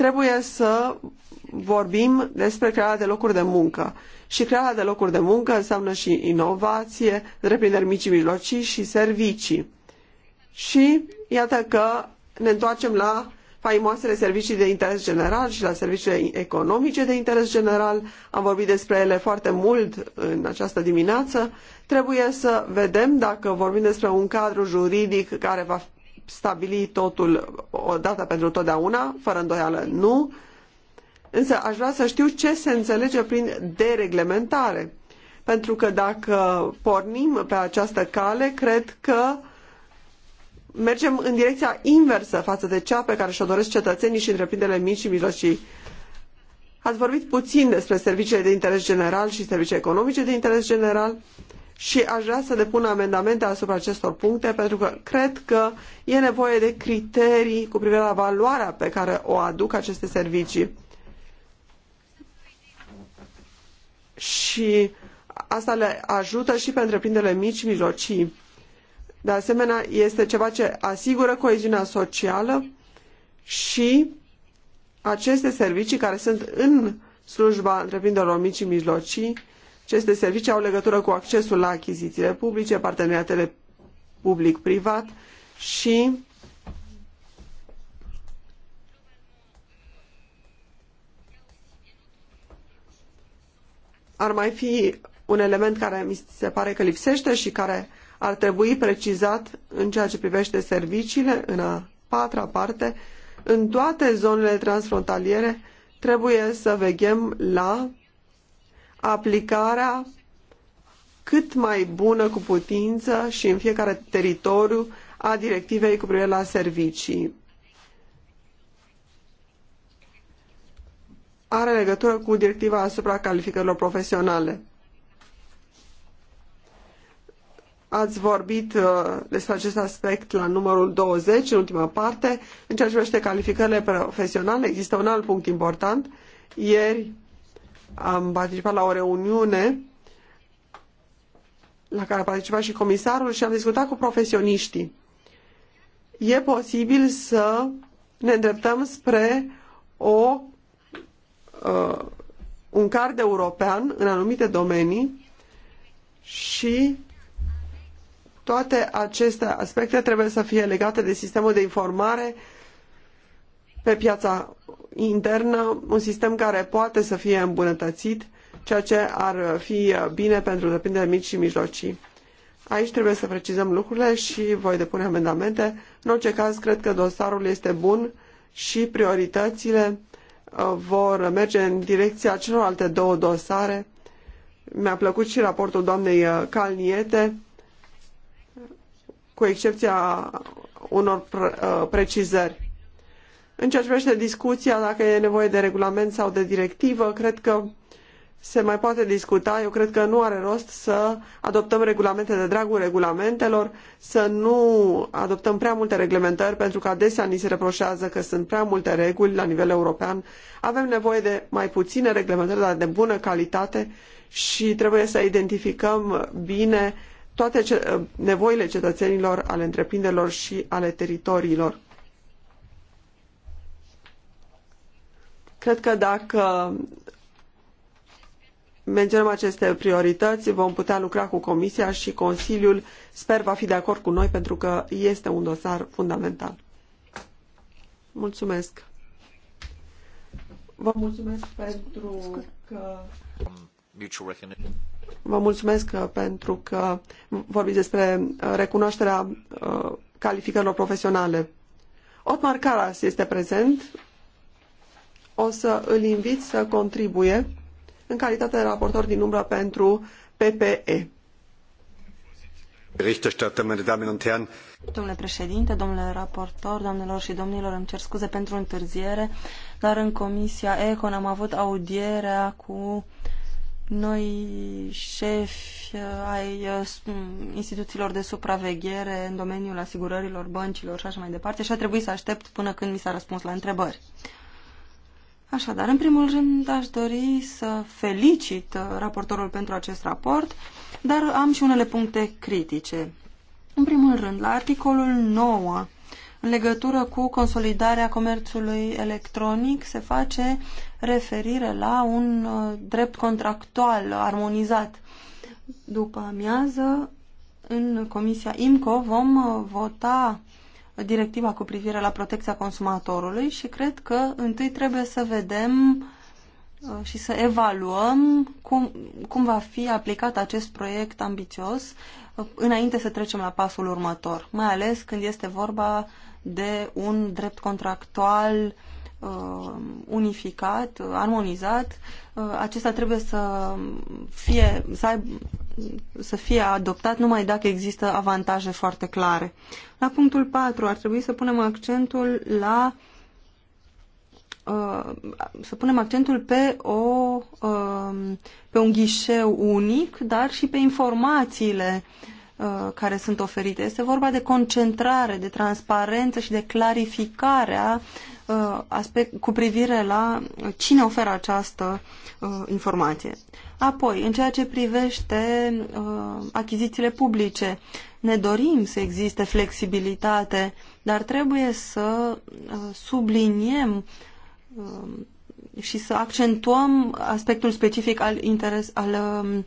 trebuie să vorbim despre crearea de locuri de muncă. Și crearea de locuri de muncă înseamnă și inovație, reprinderi mici și mijlocii și servicii. Și iată că ne întoarcem la faimoasele servicii de interes general și la serviciile economice de interes general. Am vorbit despre ele foarte mult în această dimineață. Trebuie să vedem dacă vorbim despre un cadru juridic care va stabili totul o dată pentru totdeauna, fără îndoială nu, însă aș vrea să știu ce se înțelege prin dereglementare. Pentru că dacă pornim pe această cale, cred că mergem în direcția inversă față de cea pe care și-o doresc cetățenii și întreprinderile mici și mijlocii. Ați vorbit puțin despre serviciile de interes general și serviciile economice de interes general și aș vrea să depun amendamente asupra acestor puncte pentru că cred că e nevoie de criterii cu privire la valoarea pe care o aduc aceste servicii. Și asta le ajută și pe întreprinderile mici mijlocii. De asemenea, este ceva ce asigură coeziunea socială și aceste servicii care sunt în slujba întreprinderilor mici și mijlocii aceste servicii au legătură cu accesul la achizițiile publice, parteneriatele public-privat și ar mai fi un element care mi se pare că lipsește și care ar trebui precizat în ceea ce privește serviciile, în a patra parte, în toate zonele transfrontaliere trebuie să veghem la aplicarea cât mai bună cu putință și în fiecare teritoriu a directivei cu privire la servicii. Are legătură cu directiva asupra calificărilor profesionale. Ați vorbit uh, despre acest aspect la numărul 20, în ultima parte. În ceea ce privește calificările profesionale, există un alt punct important. Ieri am participat la o reuniune la care a participat și comisarul și am discutat cu profesioniștii. E posibil să ne îndreptăm spre o, uh, un card european în anumite domenii și toate aceste aspecte trebuie să fie legate de sistemul de informare pe piața internă, un sistem care poate să fie îmbunătățit, ceea ce ar fi bine pentru întreprinderi mici și mijlocii. Aici trebuie să precizăm lucrurile și voi depune amendamente. În orice caz, cred că dosarul este bun și prioritățile uh, vor merge în direcția celorlalte două dosare. Mi-a plăcut și raportul doamnei uh, Calniete, cu excepția unor uh, precizări. În ceea ce privește discuția dacă e nevoie de regulament sau de directivă, cred că se mai poate discuta. Eu cred că nu are rost să adoptăm regulamente de dragul regulamentelor, să nu adoptăm prea multe reglementări, pentru că adesea ni se reproșează că sunt prea multe reguli la nivel european. Avem nevoie de mai puține reglementări, dar de bună calitate și trebuie să identificăm bine toate nevoile cetățenilor, ale întreprinderilor și ale teritoriilor. Cred că dacă menționăm aceste priorități, vom putea lucra cu Comisia și Consiliul, sper, va fi de acord cu noi, pentru că este un dosar fundamental. Mulțumesc! Vă mulțumesc pentru că... Vă mulțumesc pentru că vorbiți despre uh, recunoașterea uh, calificărilor profesionale. Otmar Caras este prezent, o să îl invit să contribuie în calitate de raportor din umbră pentru PPE. Domnule președinte, domnule raportor, doamnelor și domnilor, îmi cer scuze pentru întârziere, dar în Comisia Econ am avut audierea cu noi șefi ai mm, instituțiilor de supraveghere în domeniul asigurărilor, băncilor și așa mai departe și a trebuit să aștept până când mi s-a răspuns la întrebări. Așadar, în primul rând, aș dori să felicit uh, raportorul pentru acest raport, dar am și unele puncte critice. În primul rând, la articolul 9, în legătură cu consolidarea comerțului electronic, se face referire la un uh, drept contractual armonizat. După amiază, în Comisia IMCO vom uh, vota directiva cu privire la protecția consumatorului și cred că întâi trebuie să vedem uh, și să evaluăm cum, cum va fi aplicat acest proiect ambițios uh, înainte să trecem la pasul următor, mai ales când este vorba de un drept contractual uh, Uh, unificat, uh, armonizat, uh, acesta trebuie să fie, să, aib, să fie adoptat numai dacă există avantaje foarte clare. La punctul 4 ar trebui să punem accentul la să punem accentul pe, o, um, pe un ghișeu unic, dar și pe informațiile care sunt oferite. Este vorba de concentrare, de transparență și de clarificarea uh, Uh, aspect, cu privire la cine oferă această uh, informație. Apoi, în ceea ce privește uh, achizițiile publice, ne dorim să existe flexibilitate, dar trebuie să uh, subliniem uh, și să accentuăm aspectul specific al, interes, al uh,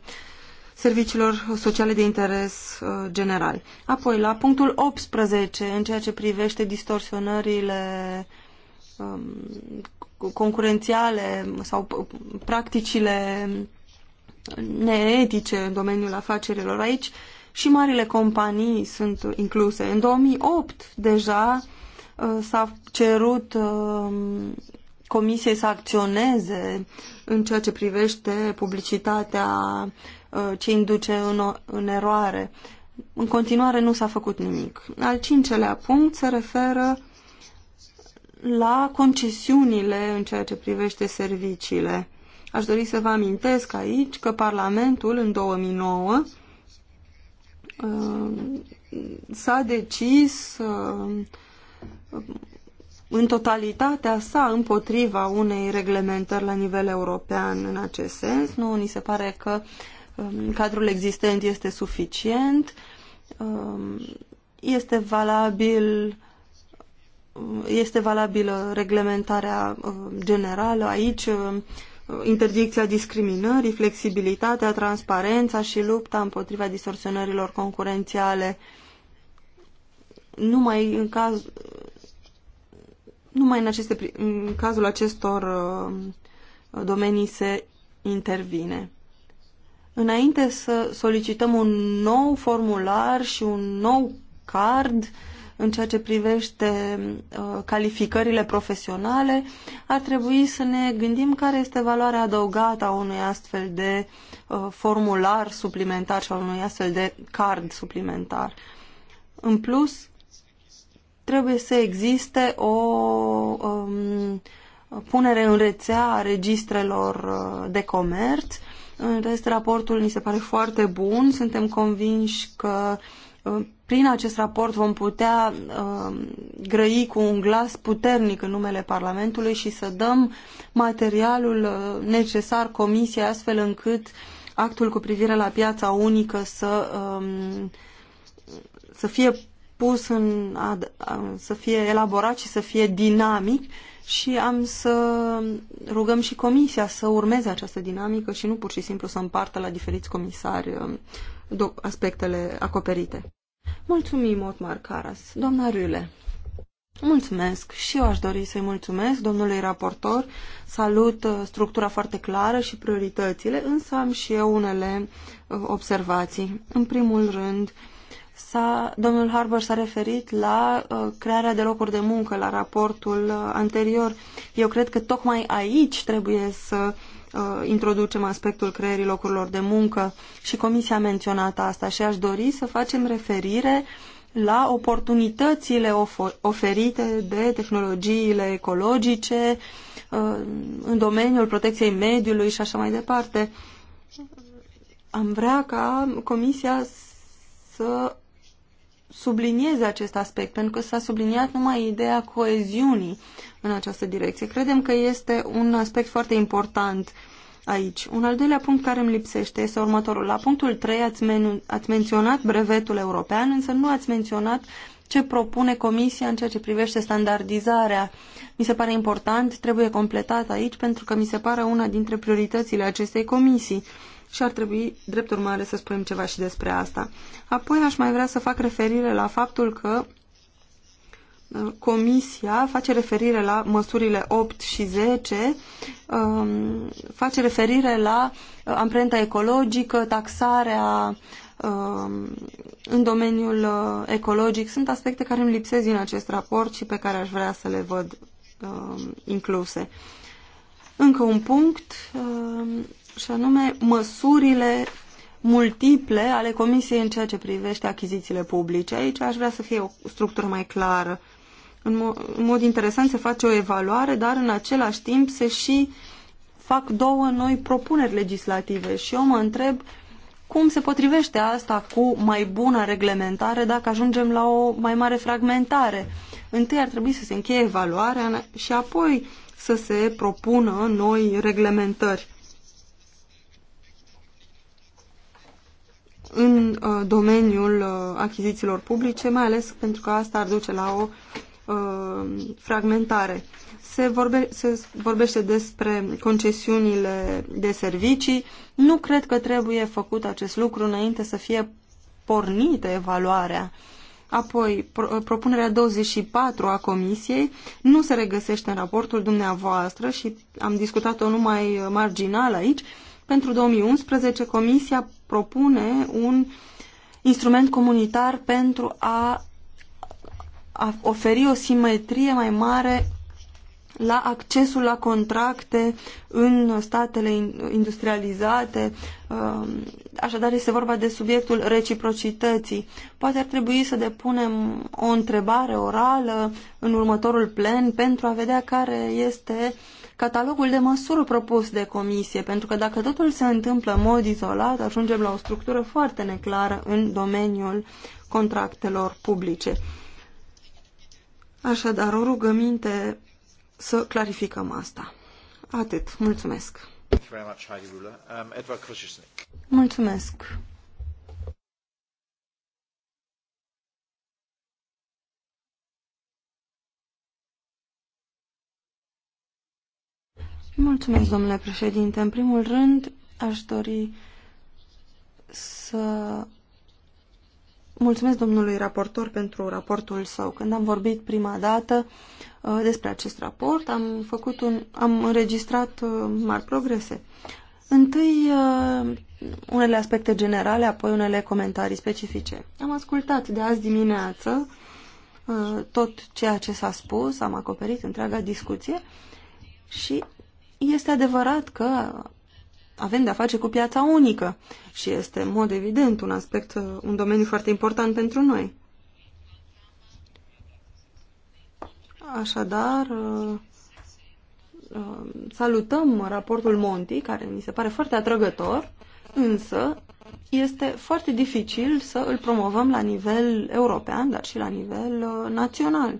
serviciilor sociale de interes uh, general. Apoi, la punctul 18, în ceea ce privește distorsionările uh, Um, concurențiale sau practicile neetice în domeniul afacerilor aici și marile companii sunt incluse. În 2008 deja uh, s-a cerut um, comisiei să acționeze în ceea ce privește publicitatea uh, ce induce în, în eroare. În continuare nu s-a făcut nimic. Al cincelea punct se referă la concesiunile în ceea ce privește serviciile. Aș dori să vă amintesc aici că Parlamentul în 2009 uh, s-a decis uh, în totalitatea sa împotriva unei reglementări la nivel european în acest sens. Nu ni se pare că um, cadrul existent este suficient, um, este valabil este valabilă reglementarea uh, generală aici, uh, interdicția discriminării, flexibilitatea, transparența și lupta împotriva distorsionărilor concurențiale. Numai în caz numai în, aceste, în cazul acestor uh, domenii se intervine. Înainte să solicităm un nou formular și un nou card, uh, în ceea ce privește uh, calificările profesionale, ar trebui să ne gândim care este valoarea adăugată a unui astfel de uh, formular suplimentar sau unui astfel de card suplimentar. În plus, trebuie să existe o um, punere în rețea a registrelor uh, de comerț. În rest, raportul mi se pare foarte bun. Suntem convinși că Uh, prin acest raport vom putea uh, grăi cu un glas puternic în numele Parlamentului și să dăm materialul uh, necesar Comisiei astfel încât actul cu privire la piața unică să, um, să fie pus în, să fie elaborat și să fie dinamic și am să rugăm și comisia să urmeze această dinamică și nu pur și simplu să împartă la diferiți comisari um, aspectele acoperite. Mulțumim, Otmar Caras. Doamna Râle. Mulțumesc și eu aș dori să-i mulțumesc domnului raportor. Salut uh, structura foarte clară și prioritățile, însă am și eu unele uh, observații. În primul rând, S-a, domnul Harbour s-a referit la uh, crearea de locuri de muncă, la raportul uh, anterior. Eu cred că tocmai aici trebuie să uh, introducem aspectul creierii locurilor de muncă și Comisia a menționat asta și aș dori să facem referire la oportunitățile oferite de tehnologiile ecologice uh, în domeniul protecției mediului și așa mai departe. Am vrea ca Comisia să sublinieze acest aspect, pentru că s-a subliniat numai ideea coeziunii în această direcție. Credem că este un aspect foarte important aici. Un al doilea punct care îmi lipsește este următorul. La punctul 3 ați, men- ați menționat brevetul european, însă nu ați menționat ce propune Comisia în ceea ce privește standardizarea. Mi se pare important, trebuie completat aici, pentru că mi se pare una dintre prioritățile acestei comisii. Uh, și ar trebui, drept urmare, să spunem ceva și despre asta. Apoi aș mai vrea să fac referire la faptul că uh, Comisia face referire la măsurile 8 și 10, um, face referire la uh, amprenta ecologică, taxarea um, în domeniul uh, ecologic. Sunt aspecte care îmi lipsesc din acest raport și pe care aș vrea să le văd um, incluse. Încă un punct și anume măsurile multiple ale Comisiei în ceea ce privește achizițiile publice. Aici aș vrea să fie o structură mai clară. În, mo- în mod interesant se face o evaluare, dar în același timp se și fac două noi propuneri legislative și eu mă întreb cum se potrivește asta cu mai bună reglementare dacă ajungem la o mai mare fragmentare. Întâi ar trebui să se încheie evaluarea și apoi să se propună noi reglementări. în uh, domeniul uh, achizițiilor publice, mai ales pentru că asta ar duce la o uh, fragmentare. Se, vorbe, se vorbește despre concesiunile de servicii. Nu cred că trebuie făcut acest lucru înainte să fie pornită evaluarea. Apoi, pro, propunerea 24 a Comisiei nu se regăsește în raportul dumneavoastră și am discutat-o numai marginal aici. Uh, pentru 2011, Comisia propune un instrument comunitar pentru a, a oferi o simetrie mai mare la accesul la contracte în statele industrializate. Um, așadar, este vorba de subiectul reciprocității. Poate ar trebui să depunem o întrebare orală în următorul plen pentru a vedea care este uh, catalogul de măsuri propus de comisie, pentru că dacă totul se întâmplă în mod izolat, ajungem la o structură foarte neclară în domeniul contractelor publice. Așadar, o rugăminte să clarificăm asta. Atât. Mulțumesc. Um, Mulțumesc. Mulțumesc, domnule președinte. În primul rând, aș dori să mulțumesc domnului raportor pentru raportul său. Când am vorbit prima dată uh, despre acest raport, am, făcut un, am înregistrat uh, mari progrese. Întâi uh, unele aspecte generale, apoi unele comentarii specifice. Am ascultat de azi dimineață uh, tot ceea ce s-a spus, am acoperit întreaga discuție și este adevărat că avem de-a face cu piața unică și este, în mod evident, un aspect, uh, un domeniu foarte important pentru noi. Așadar, uh, uh, salutăm raportul Monti, care mi se pare foarte atrăgător, însă este foarte dificil să îl promovăm la nivel european, dar și la nivel național.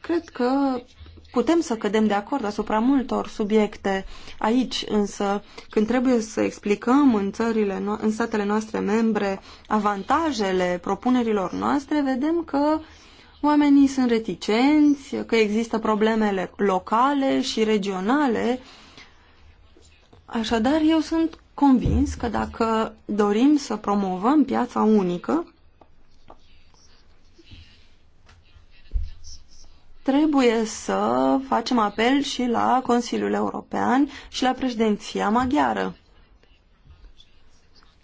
Cred că putem să cădem de acord asupra multor subiecte aici, însă când trebuie să explicăm în, țările, în statele noastre membre avantajele propunerilor noastre, vedem că oamenii sunt reticenți, că există problemele locale și regionale. Așadar, eu sunt convins că dacă dorim să promovăm piața unică, trebuie să facem apel și la Consiliul European și la președinția maghiară.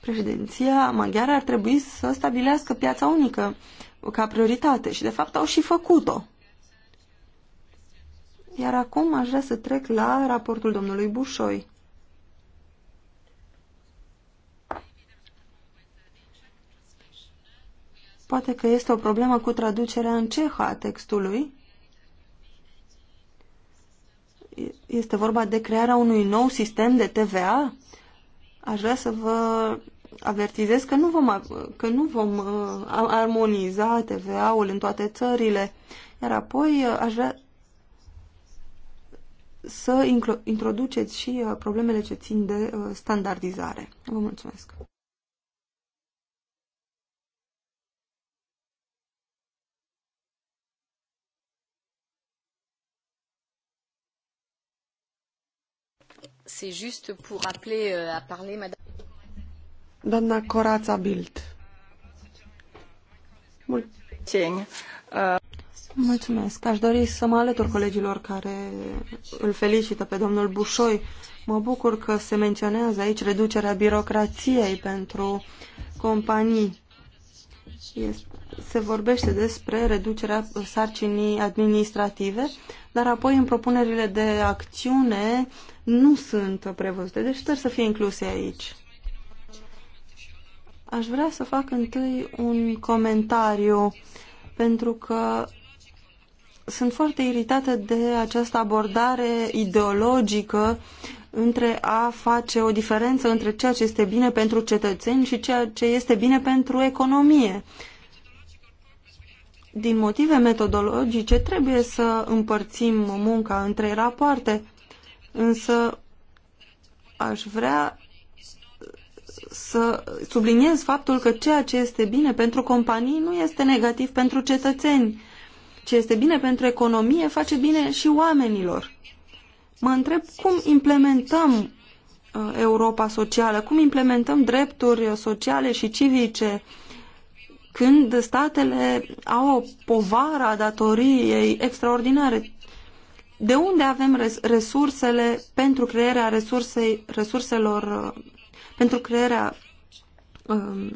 Președinția maghiară ar trebui să stabilească piața unică ca prioritate și, de fapt, au și făcut-o. Iar acum aș vrea să trec la raportul domnului Bușoi. Poate că este o problemă cu traducerea în cehă a textului. Este vorba de crearea unui nou sistem de TVA? Aș vrea să vă avertizez că nu vom, că nu vom uh, armoniza TVA-ul în toate țările. Iar apoi uh, aș vrea să introduceți și uh, problemele ce țin de standardizare. Vă mulțumesc! C'est juste pour rappeler euh, à parler madame Doamna Corața Bild. Uh. Mulțumesc. Aș dori să mă alătur colegilor care îl felicită pe domnul Bușoi. Mă bucur că se menționează aici reducerea birocrației pentru companii. Se vorbește despre reducerea sarcinii administrative, dar apoi în propunerile de acțiune uh, nu sunt prevăzute, deci trebuie să fie incluse aici. Aș vrea să fac întâi un comentariu, pentru că sunt foarte iritată de această abordare ideologică între a face o diferență între ceea ce este bine pentru cetățeni și ceea ce este bine pentru economie. Din motive metodologice trebuie să împărțim munca între rapoarte, însă aș vrea să subliniez faptul că ceea ce este bine pentru companii nu este negativ pentru cetățeni. Ce este bine pentru economie face bine și oamenilor. Mă întreb cum implementăm uh, Europa socială, cum implementăm drepturi sociale și civice când statele au o povară a datoriei extraordinare de unde avem resursele pentru crearea resursei, resurselor, uh, pentru crearea um,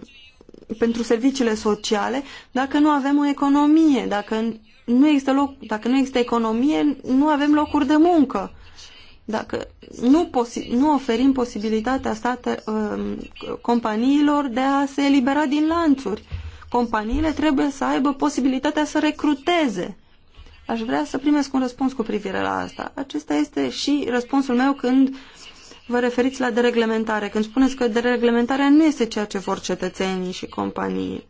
pentru serviciile sociale, dacă nu avem o economie, dacă nu există, loc, dacă nu există economie, nu avem locuri de muncă. Dacă nu, posi, nu oferim posibilitatea state, um, companiilor de a se elibera din lanțuri, companiile trebuie să aibă posibilitatea să recruteze Aș vrea să primesc un răspuns cu privire la asta. Acesta este și răspunsul meu când vă referiți la dereglementare, când spuneți că dereglementarea nu este ceea ce vor cetățenii și companii,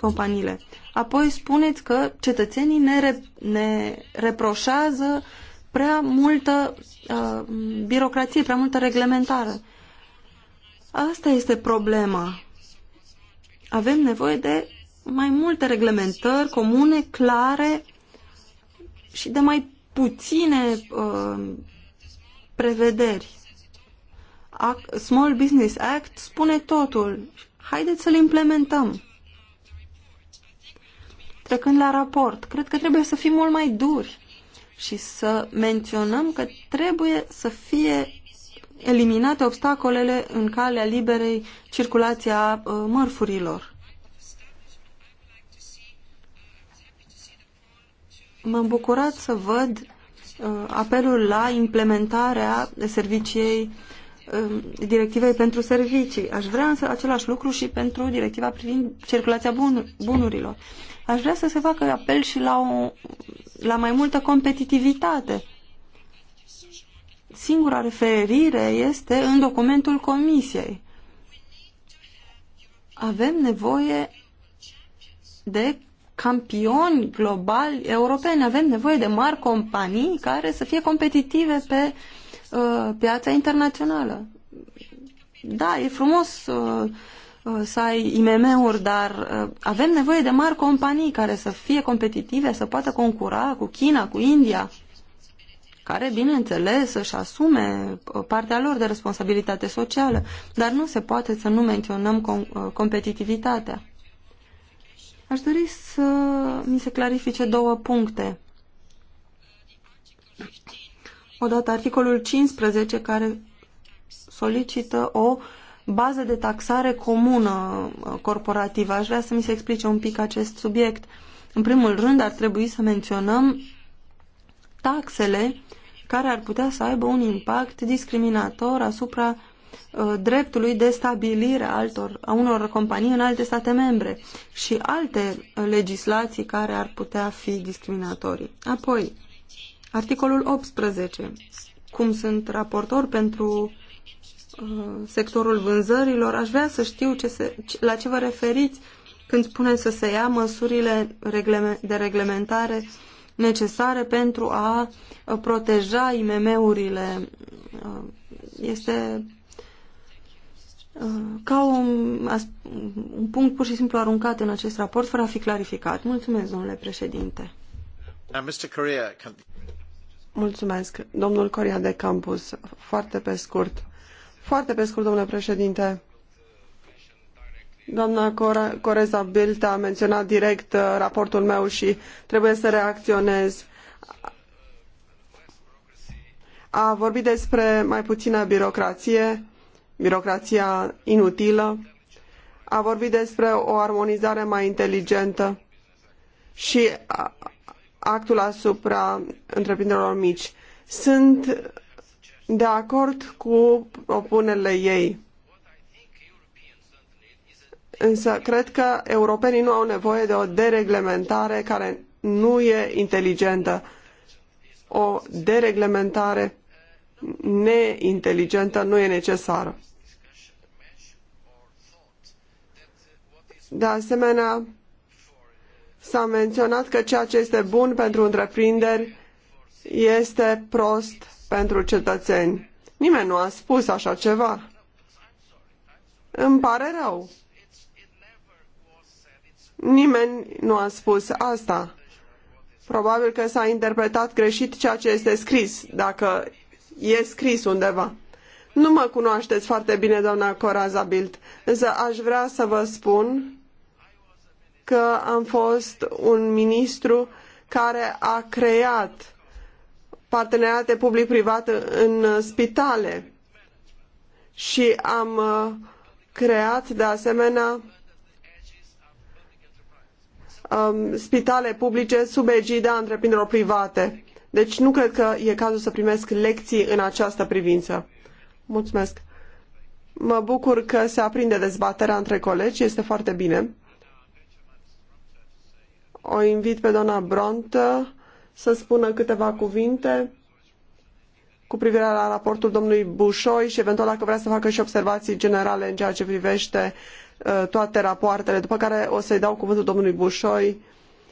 companiile. Apoi spuneți că cetățenii ne, re, ne reproșează prea multă uh, birocrație, prea multă reglementare. Asta este problema. Avem nevoie de mai multe reglementări comune, clare, și de mai puține uh, prevederi. Act, Small Business Act spune totul. Haideți să-l implementăm. Trecând la raport, cred că trebuie să fim mult mai duri și să menționăm că trebuie să fie eliminate obstacolele în calea liberei circulației a uh, mărfurilor. M-am bucurat să văd uh, apelul la implementarea serviciei uh, directivei pentru servicii. Aș vrea însă același lucru și pentru directiva privind circulația bun bunurilor. Aș vrea să se facă apel și la, o, la mai multă competitivitate. Singura referire este în documentul Comisiei. Avem nevoie de campioni globali europeni. Avem nevoie de mari companii care să fie competitive pe uh, piața internațională. Da, e frumos uh, uh, să ai IMM-uri, dar uh, avem nevoie de mari companii care să fie competitive, să poată concura cu China, cu India, care, bineînțeles, își asume uh, partea lor de responsabilitate socială, dar nu se poate să nu menționăm com uh, competitivitatea. Aș dori să mi se clarifice două puncte. Odată articolul 15 care solicită o bază de taxare comună uh, corporativă. Aș vrea să mi se explice un pic acest subiect. În primul rând ar trebui să menționăm taxele care ar putea să aibă un impact discriminator asupra Uh, dreptului de stabilire a, altor, a unor companii în alte state membre și alte legislații care ar putea fi discriminatorii. Apoi, articolul 18. Cum sunt raportor pentru uh, sectorul vânzărilor, aș vrea să știu ce se, la ce vă referiți când spuneți să se ia măsurile de reglementare necesare pentru a uh, proteja IMM-urile. Este ca un, un punct pur și simplu aruncat în acest raport fără a fi clarificat. Mulțumesc, domnule președinte. Mulțumesc. Domnul Coria de Campus, foarte pe scurt. Foarte pe scurt, domnule președinte. Doamna Coreza Bilt a menționat direct uh, raportul meu și trebuie să reacționez. A vorbit despre mai puțină birocrație, birocrația inutilă, a vorbit despre o armonizare mai inteligentă și actul asupra întreprinderilor mici. Sunt de acord cu propunerile ei. Însă cred că europenii nu au nevoie de o dereglementare care nu e inteligentă. O dereglementare neinteligentă nu e necesară. De asemenea, s-a menționat că ceea ce este bun pentru întreprinderi este prost pentru cetățeni. Nimeni nu a spus așa ceva. Îmi pare rău. Nimeni nu a spus asta. Probabil că s-a interpretat greșit ceea ce este scris. Dacă e scris undeva. Nu mă cunoașteți foarte bine, doamna Coraza Bild, însă aș vrea să vă spun că am fost un ministru care a creat parteneriate public-privat în spitale și am uh, creat de asemenea um, spitale publice sub egida întreprinderilor private. Deci nu cred că e cazul să primesc lecții în această privință. Mulțumesc. Mă bucur că se aprinde dezbaterea între colegi, este foarte bine. O invit pe doamna Brontă să spună câteva cuvinte cu privire la raportul domnului Bușoi și eventual dacă vrea să facă și observații generale în ceea ce privește uh, toate rapoartele, după care o să-i dau cuvântul domnului Bușoi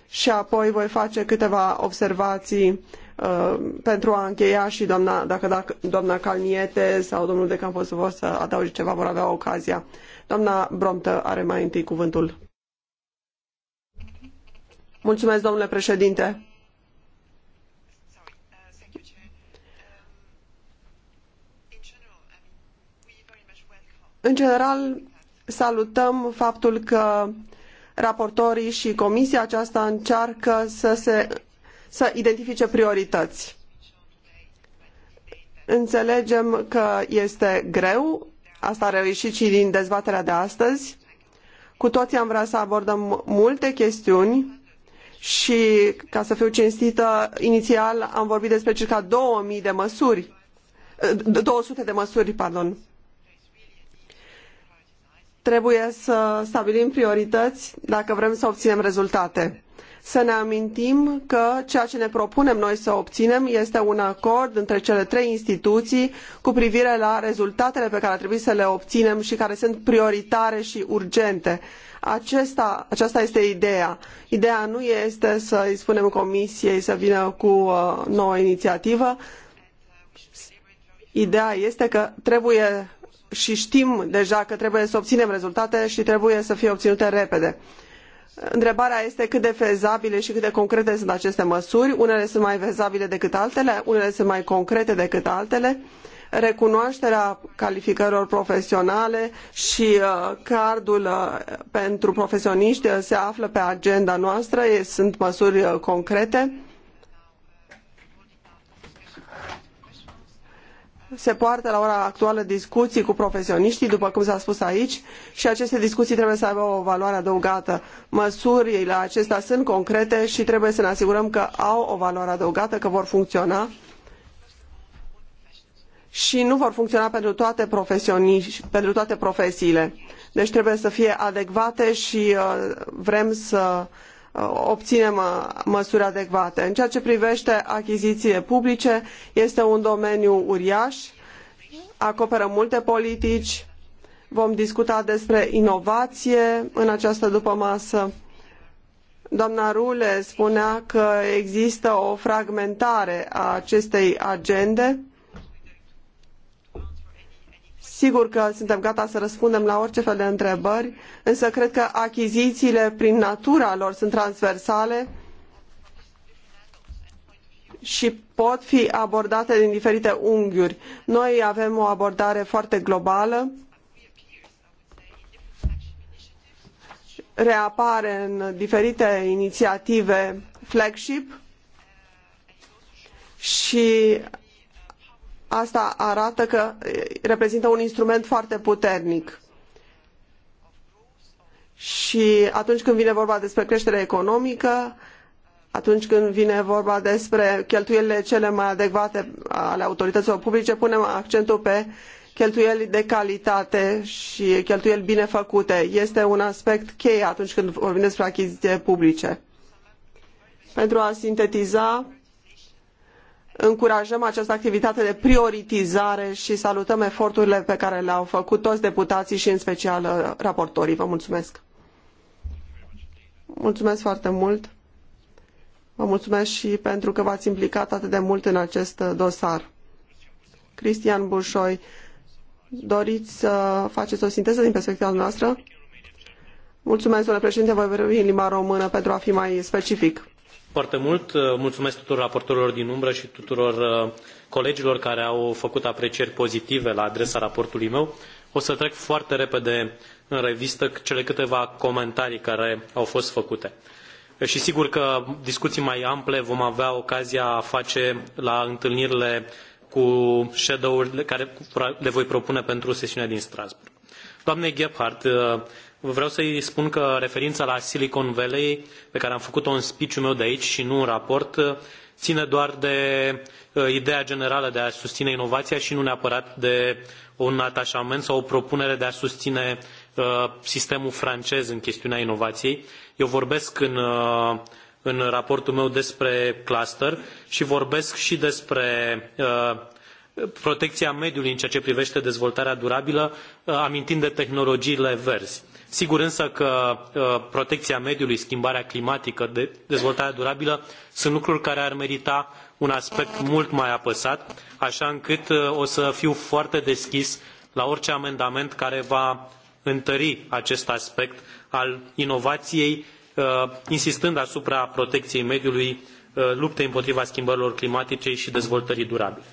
și apoi voi face câteva observații Uh, pentru a încheia și doamna, dacă, dacă doamna Calniete sau domnul de Campos vor să adauge ceva, vor avea ocazia. Doamna Bromtă are mai întâi cuvântul. Mulțumesc, domnule președinte. În general, salutăm faptul că raportorii și comisia aceasta încearcă să se să identifice priorități. Înțelegem că este greu, asta a reușit și din dezbaterea de astăzi. Cu toții am vrea să abordăm multe chestiuni și, ca să fiu cinstită, inițial am vorbit despre circa 2000 de măsuri, 200 eh, de măsuri, pardon. Trebuie să stabilim priorități dacă vrem să obținem rezultate să ne amintim că ceea ce ne propunem noi să obținem este un acord între cele trei instituții cu privire la rezultatele pe care trebuie să le obținem și care sunt prioritare și urgente. Acesta, aceasta este ideea. Ideea nu este să îi spunem comisiei să vină cu o uh, nouă inițiativă. Ideea este că trebuie și știm deja că trebuie să obținem rezultate și trebuie să fie obținute repede. Întrebarea este cât de fezabile și cât de concrete sunt aceste măsuri. Unele sunt mai fezabile decât altele, unele sunt mai concrete decât altele. Recunoașterea calificărilor profesionale și uh, cardul uh, pentru profesioniști se află pe agenda noastră, sunt măsuri uh, concrete se poartă la ora actuală discuții cu profesioniștii, după cum s-a spus aici, și aceste discuții trebuie să aibă o valoare adăugată. Măsurile acestea sunt concrete și trebuie să ne asigurăm că au o valoare adăugată, că vor funcționa și nu vor funcționa pentru toate, pentru toate profesiile. Deci trebuie să fie adecvate și uh, vrem să Uh, obținem măsuri adecvate. În ceea ce privește achizițiile publice, este un domeniu uriaș, acoperă multe politici, vom discuta despre inovație în această dupămasă. Doamna Rule spunea că există o fragmentare a acestei agende Sigur că suntem gata să răspundem la orice fel de întrebări, însă cred că achizițiile prin natura lor sunt transversale și pot fi abordate din diferite unghiuri. Noi avem o abordare foarte globală. Reapare în diferite inițiative flagship și Asta arată că reprezintă un instrument foarte puternic. Și atunci când vine vorba despre creștere economică, atunci când vine vorba despre cheltuielile cele mai adecvate ale autorităților publice, punem accentul pe cheltuieli de calitate și cheltuieli bine făcute. Este un aspect cheie atunci când vorbim despre achiziții publice. Pentru a sintetiza, încurajăm această activitate de prioritizare și salutăm eforturile pe care le-au făcut toți deputații și în special uh, raportorii. Vă mulțumesc! Mulțumesc foarte mult! Vă mulțumesc și pentru că v-ați implicat atât de mult în acest uh, dosar. Cristian Bușoi, doriți să faceți o sinteză din perspectiva noastră? Mulțumesc, domnule președinte, voi vorbi în limba română pentru a fi mai specific foarte mult. Uh, mulțumesc tuturor raportorilor din umbră și tuturor uh, colegilor care au făcut aprecieri pozitive la adresa raportului meu. O să trec foarte repede în revistă cele câteva comentarii care au fost făcute. Uh, și sigur că discuții mai ample vom avea ocazia a face la întâlnirile cu shadow-urile care le voi propune pentru sesiunea din Strasbourg. Doamnei Gebhardt, vreau să-i spun că referința la Silicon Valley, pe care am făcut-o în speech-ul meu de aici și nu în raport, ține doar de uh, ideea generală de a susține inovația și nu neapărat de un atașament sau o propunere de a susține uh, sistemul francez în chestiunea inovației. Eu vorbesc în, uh, în raportul meu despre cluster și vorbesc și despre protecția mediului în ceea ce privește dezvoltarea durabilă, amintind de tehnologiile verzi Sigur însă că uh, protecția mediului, schimbarea climatică, dezvoltarea durabilă sunt lucruri care ar merita un aspect mult mai apăsat, așa încât uh, o să fiu foarte deschis la orice amendament care va întări acest aspect al inovației, uh, insistând asupra protecției mediului, luptei împotriva schimbărilor climatice și dezvoltării durabile.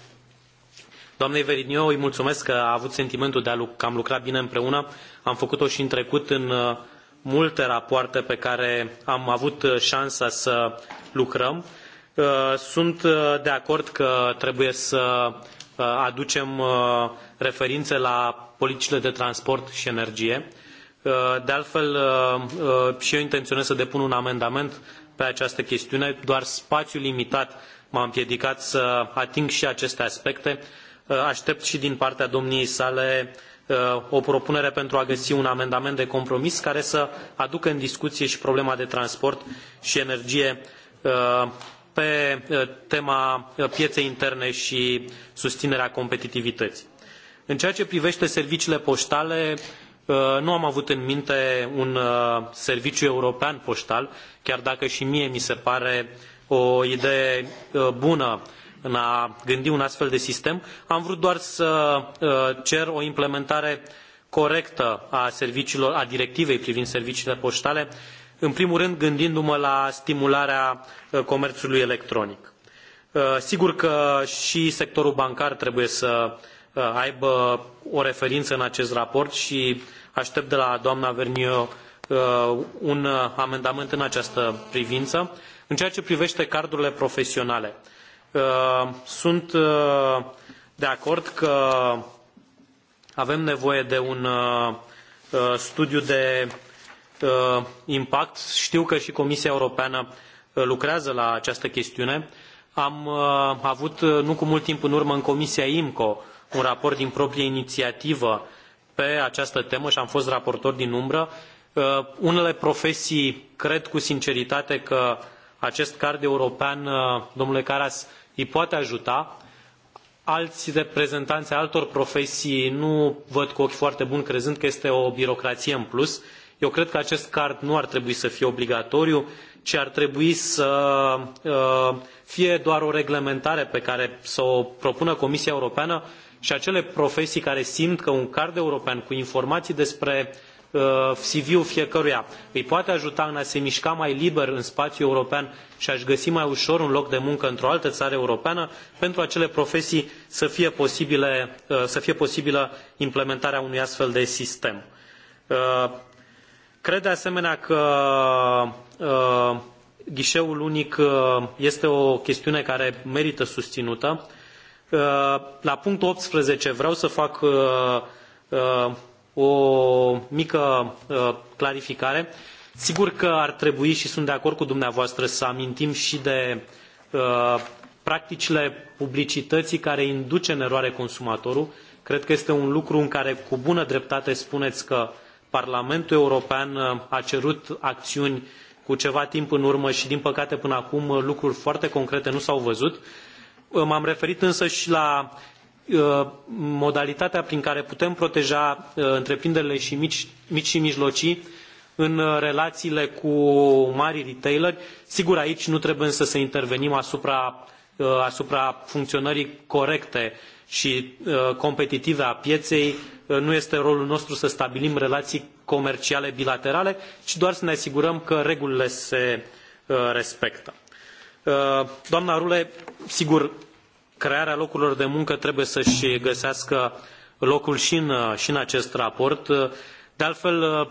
Doamnei Verigniu, îi mulțumesc că a avut sentimentul de a, că am lucrat bine împreună. Am făcut-o și în trecut în uh, multe rapoarte pe care am avut uh, șansa să lucrăm. Uh, sunt de acord că trebuie să aducem referințe la politicile de transport și energie. De altfel, și eu intenționez să depun un amendament pe această chestiune, doar spațiul limitat m-a împiedicat să ating și aceste aspecte Ă, aștept și din partea domniei sale ă, o propunere pentru a găsi un amendament de compromis care să aducă în discuție și problema de transport și energie ă, pe tema pieței interne și susținerea competitivității. În ceea ce privește serviciile poștale, nu am avut în minte un serviciu european poștal, chiar dacă și mie mi se pare o idee bună în a gândi un astfel de sistem. Am vrut doar să uh, cer o implementare corectă a, serviciilor, a directivei privind serviciile poștale, în primul rând gândindu-mă la stimularea uh, comerțului electronic. Uh, sigur că și sectorul bancar trebuie să aibă o referință în acest raport și aștept de la doamna Vernio un amendament în această privință. În ceea ce privește cardurile profesionale, Uh, sunt uh, de acord că avem nevoie de un uh, studiu de impact. Știu că și Comisia Europeană lucrează la această chestiune. Am avut nu cu mult timp în urmă în Comisia IMCO un raport din proprie inițiativă pe această temă și am fost raportor din umbră. Unele profesii cred cu sinceritate că acest card european, domnule Caras, îi poate ajuta. Alți reprezentanți altor profesii nu văd cu ochi foarte buni, crezând că este o birocraie în plus. Eu cred că acest card nu ar trebui să fie obligatoriu, ci ar trebui să uh, fie doar o reglementare pe care să o propună Comisia Europeană și acele profesii care simt că un card european cu informații despre Uh, CV-ul fiecăruia îi poate ajuta în a se mișca mai liber în spațiul european și a-și găsi mai ușor un loc de muncă într-o altă țară europeană pentru acele profesii să fie, posibile, uh, să fie posibilă implementarea unui astfel de sistem. Uh, cred de asemenea că ghișeul unic este o chestiune care merită susținută. La punctul 18 vreau să fac o mică uh, clarificare. Sigur că ar trebui și sunt de acord cu dumneavoastră să amintim și de uh, practicile publicității care induce în eroare consumatorul. Cred că este un lucru în care cu bună dreptate spuneți că Parlamentul European uh, a cerut acțiuni cu ceva timp în urmă și din păcate până acum lucruri foarte concrete nu s-au văzut. M-am referit însă și la Uh, modalitatea prin care putem proteja uh, întreprinderile și mici, mici și mijlocii în uh, relațiile cu mari retaileri. Sigur, aici nu trebuie însă să intervenim asupra, asupra funcționării corecte și competitive a pieței. Nu este rolul nostru să stabilim relații comerciale bilaterale, ci doar să ne asigurăm că regulile se respectă. Doamna Rule, sigur, crearea locurilor de muncă trebuie să-și găsească locul și în, și în acest raport. De altfel,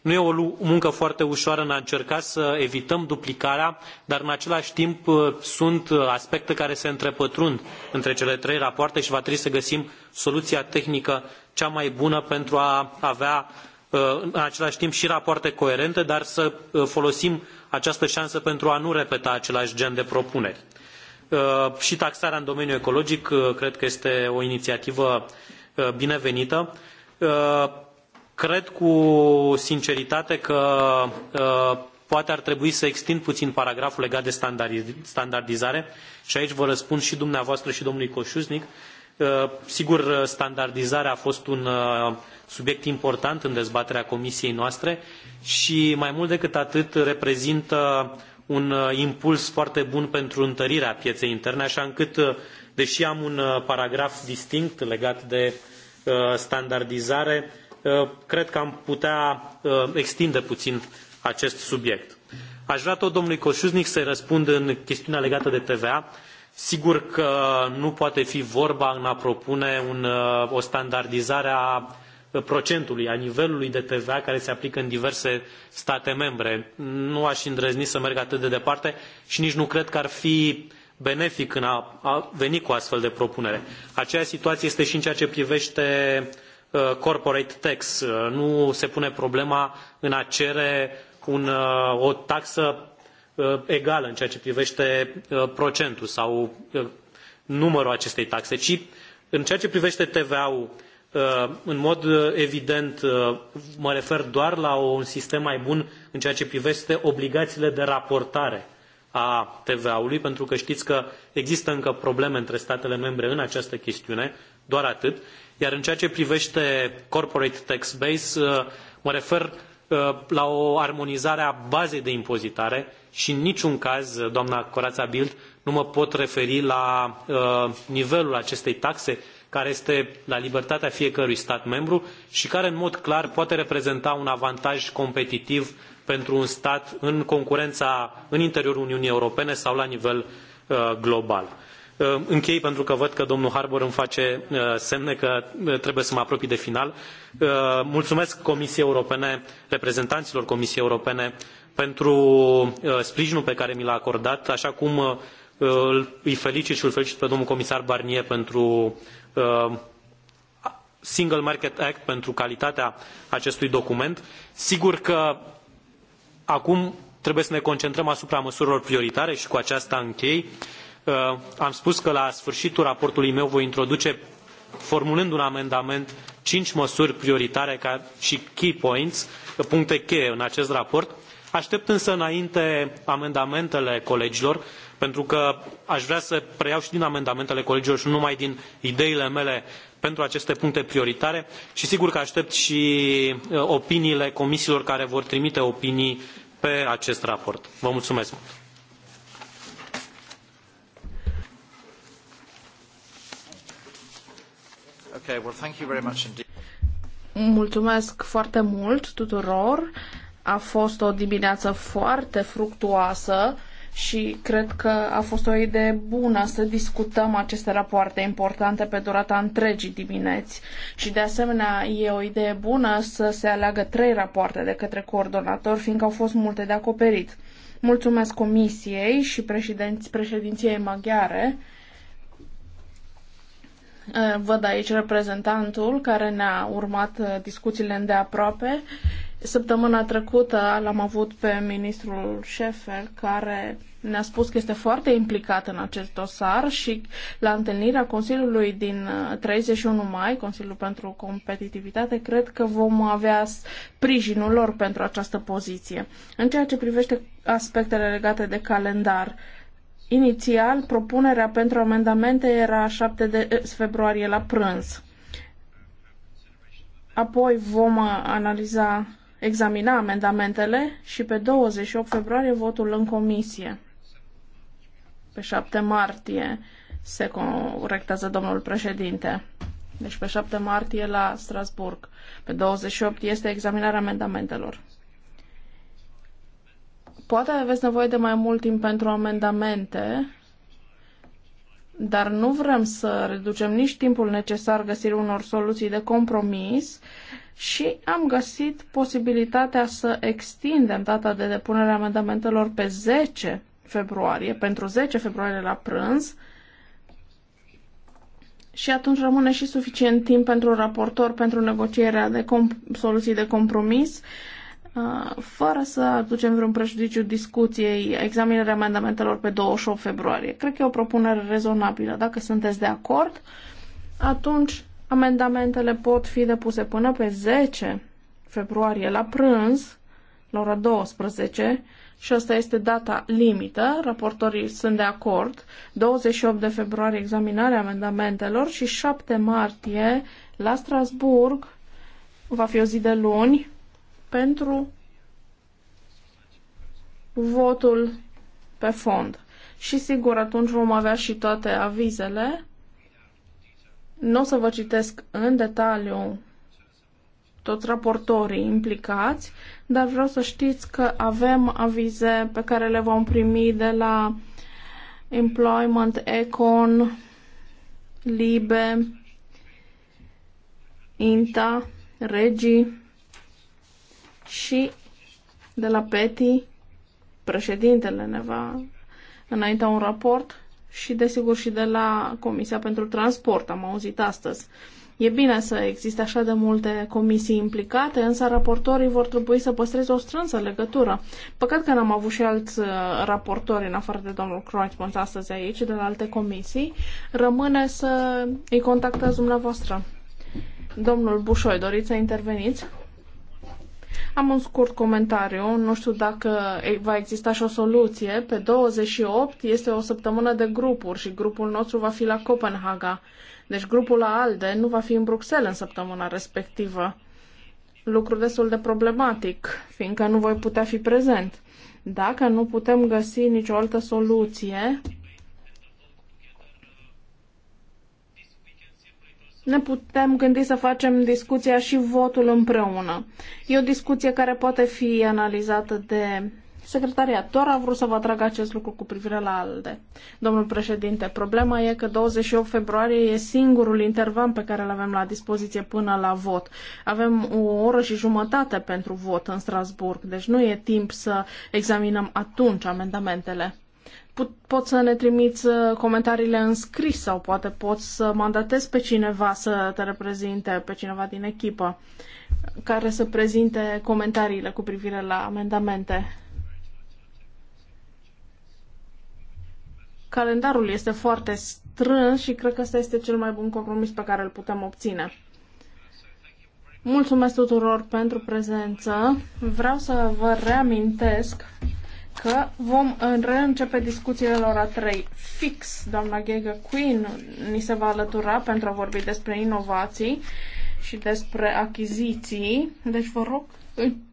nu e o muncă foarte ușoară în a încerca să evităm duplicarea, dar în același timp uh, sunt aspecte care se întrepătrund între cele trei rapoarte și va trebui să găsim soluția tehnică cea mai bună pentru a avea uh, în același timp și rapoarte coerente, dar să uh, folosim această șansă pentru a nu repeta același gen de propuneri. Uh, și taxarea în domeniul ecologic uh, cred că este o inițiativă uh, binevenită. Cred cu sinceritate că poate ar trebui să extind puțin paragraful legat de standardizare și aici vă răspund și dumneavoastră și domnului Coșuznic. Sigur, standardizarea a fost un subiect important în dezbaterea comisiei noastre și mai mult decât atât reprezintă un uh, impuls foarte bun pentru întărirea pieței interne, așa încât, uh, deși am un uh, paragraf distinct legat de standardizare, cred că am putea extinde puțin acest subiect. Aș vrea tot domnului Coșuznic să-i răspund în chestiunea legată de TVA. Sigur că nu poate fi vorba în a propune un, o standardizare a procentului, a nivelului de TVA care se aplică în diverse state membre. Nu aș îndrăzni să merg atât de departe și nici nu cred că ar fi benefic în a, a veni cu astfel de propunere. Aceeași situație este și în ceea ce privește uh, corporate tax. Uh, nu se pune problema în a cere un, uh, o taxă uh, egală în ceea ce privește uh, procentul sau uh, numărul acestei taxe, ci în ceea ce privește TVA-ul Uh, în mod uh, evident, uh, mă refer doar la un sistem mai bun în ceea ce privește obligațiile de raportare a TVA-ului, pentru că știți că există încă probleme între statele membre în această chestiune, doar atât. Iar în ceea ce privește corporate tax base, mă refer la o armonizare a bazei de impozitare și în niciun caz, doamna Corața Bild, nu mă pot referi la nivelul acestei taxe, care este la libertatea fiecărui stat membru și care în mod clar poate reprezenta un avantaj competitiv pentru un stat în concurența în interiorul Uniunii Europene sau la nivel uh, global. Uh, închei pentru că văd că domnul Harbour îmi face uh, semne că uh, trebuie să mă apropii de final. Uh, mulțumesc Comisiei Europene, reprezentanților Comisiei Europene pentru uh, sprijinul pe care mi l-a acordat, așa cum îi felicit și îl felicit pe domnul comisar Barnier pentru Uh, Single Market Act pentru calitatea acestui document. Sigur că acum trebuie să ne concentrăm asupra măsurilor prioritare și cu aceasta închei. Uh, am spus că la sfârșitul raportului meu voi introduce, formulând un amendament, cinci măsuri prioritare ca și key points, puncte cheie în acest raport. Aștept însă înainte amendamentele colegilor pentru că aș vrea să preiau și din amendamentele colegilor și nu numai din ideile mele pentru aceste puncte prioritare și sigur că aștept și uh, opiniile comisiilor care vor trimite opinii pe acest raport. Vă mulțumesc! Mulțumesc foarte mult tuturor. A fost o dimineață foarte fructuoasă și cred că a fost o idee bună să discutăm aceste rapoarte importante pe durata întregii dimineți și de asemenea e o idee bună să se aleagă trei rapoarte de către coordonator, fiindcă au fost multe de acoperit. Mulțumesc Comisiei și președinției maghiare Eh, văd aici reprezentantul care ne-a urmat eh, discuțiile îndeaproape. Săptămâna trecută l-am avut pe ministrul Șefer, care ne-a spus că este foarte implicat în acest dosar și la întâlnirea Consiliului din 31 eh, mai, Consiliul pentru Competitivitate, cred că vom avea sprijinul lor pentru această poziție. În ceea ce privește aspectele legate de calendar, uh, Inițial, propunerea pentru amendamente era 7 de eh, februarie la prânz. Apoi vom uh, analiza, examina amendamentele și pe 28 februarie votul în comisie. Pe 7 martie se corectează domnul președinte. Deci pe 7 martie la Strasburg. Pe 28 este examinarea amendamentelor. Poate aveți nevoie de mai mult timp pentru amendamente, dar nu vrem să reducem nici timpul necesar găsirii unor soluții de compromis și am găsit posibilitatea să extindem data de depunere a amendamentelor pe 10 februarie, pentru 10 februarie la prânz, și atunci rămâne și suficient timp pentru raportor pentru negocierea de soluții de compromis Uh, fără să aducem vreun prejudiciu discuției examinarea amendamentelor pe 28 februarie. Cred că e o propunere rezonabilă. Dacă sunteți de acord, atunci amendamentele pot fi depuse până pe 10 februarie la prânz, la ora 12, și asta este data limită, raportorii sunt de acord, 28 de februarie examinarea amendamentelor și 7 martie la Strasburg, va fi o zi de luni, pentru votul pe fond. Și sigur, atunci vom avea și toate avizele. Nu o să vă citesc în detaliu toți raportorii implicați, dar vreau să știți că avem avize pe care le vom primi de la Employment, Econ, Libe, INTA, Regii, și de la PETI președintele ne va înainta un raport și desigur și de la Comisia pentru Transport, am auzit astăzi. E bine să existe așa de multe comisii implicate, însă raportorii vor trebui să păstreze o strânsă legătură. Păcat că n-am avut și alți uh, raportori, în afară de domnul Croachmont, astăzi aici, de la alte comisii. Rămâne să îi contactați dumneavoastră. Domnul Bușoi, doriți să interveniți? Am un scurt comentariu, nu știu dacă va exista și o soluție. Pe 28 este o săptămână de grupuri și grupul nostru va fi la Copenhaga. Deci grupul ALDE nu va fi în Bruxelles în săptămâna respectivă. Lucru destul de problematic, fiindcă nu voi putea fi prezent. Dacă nu putem găsi nicio altă soluție, ne putem gândi să facem discuția și votul împreună. E o discuție care poate fi analizată de secretariat. Doar a vrut să vă atrag acest lucru cu privire la ALDE. Domnul președinte, problema e că 28 februarie e singurul intervan pe care îl avem la dispoziție până la vot. Avem o oră și jumătate pentru vot în Strasburg, deci nu e timp să examinăm atunci amendamentele. Poți pot să ne trimiți uh, comentariile în scris sau poate poți să mandatezi pe cineva să te reprezinte, pe cineva din echipă care să prezinte comentariile cu privire la amendamente. Calendarul este foarte strâns și cred că ăsta este cel mai bun compromis pe care îl putem obține. Mulțumesc tuturor pentru prezență. Vreau să vă reamintesc că vom uh, reîncepe discuțiile la ora 3 fix. Doamna Ghegă Queen ni se va alătura pentru a vorbi despre inovații și despre achiziții. Deci vă rog,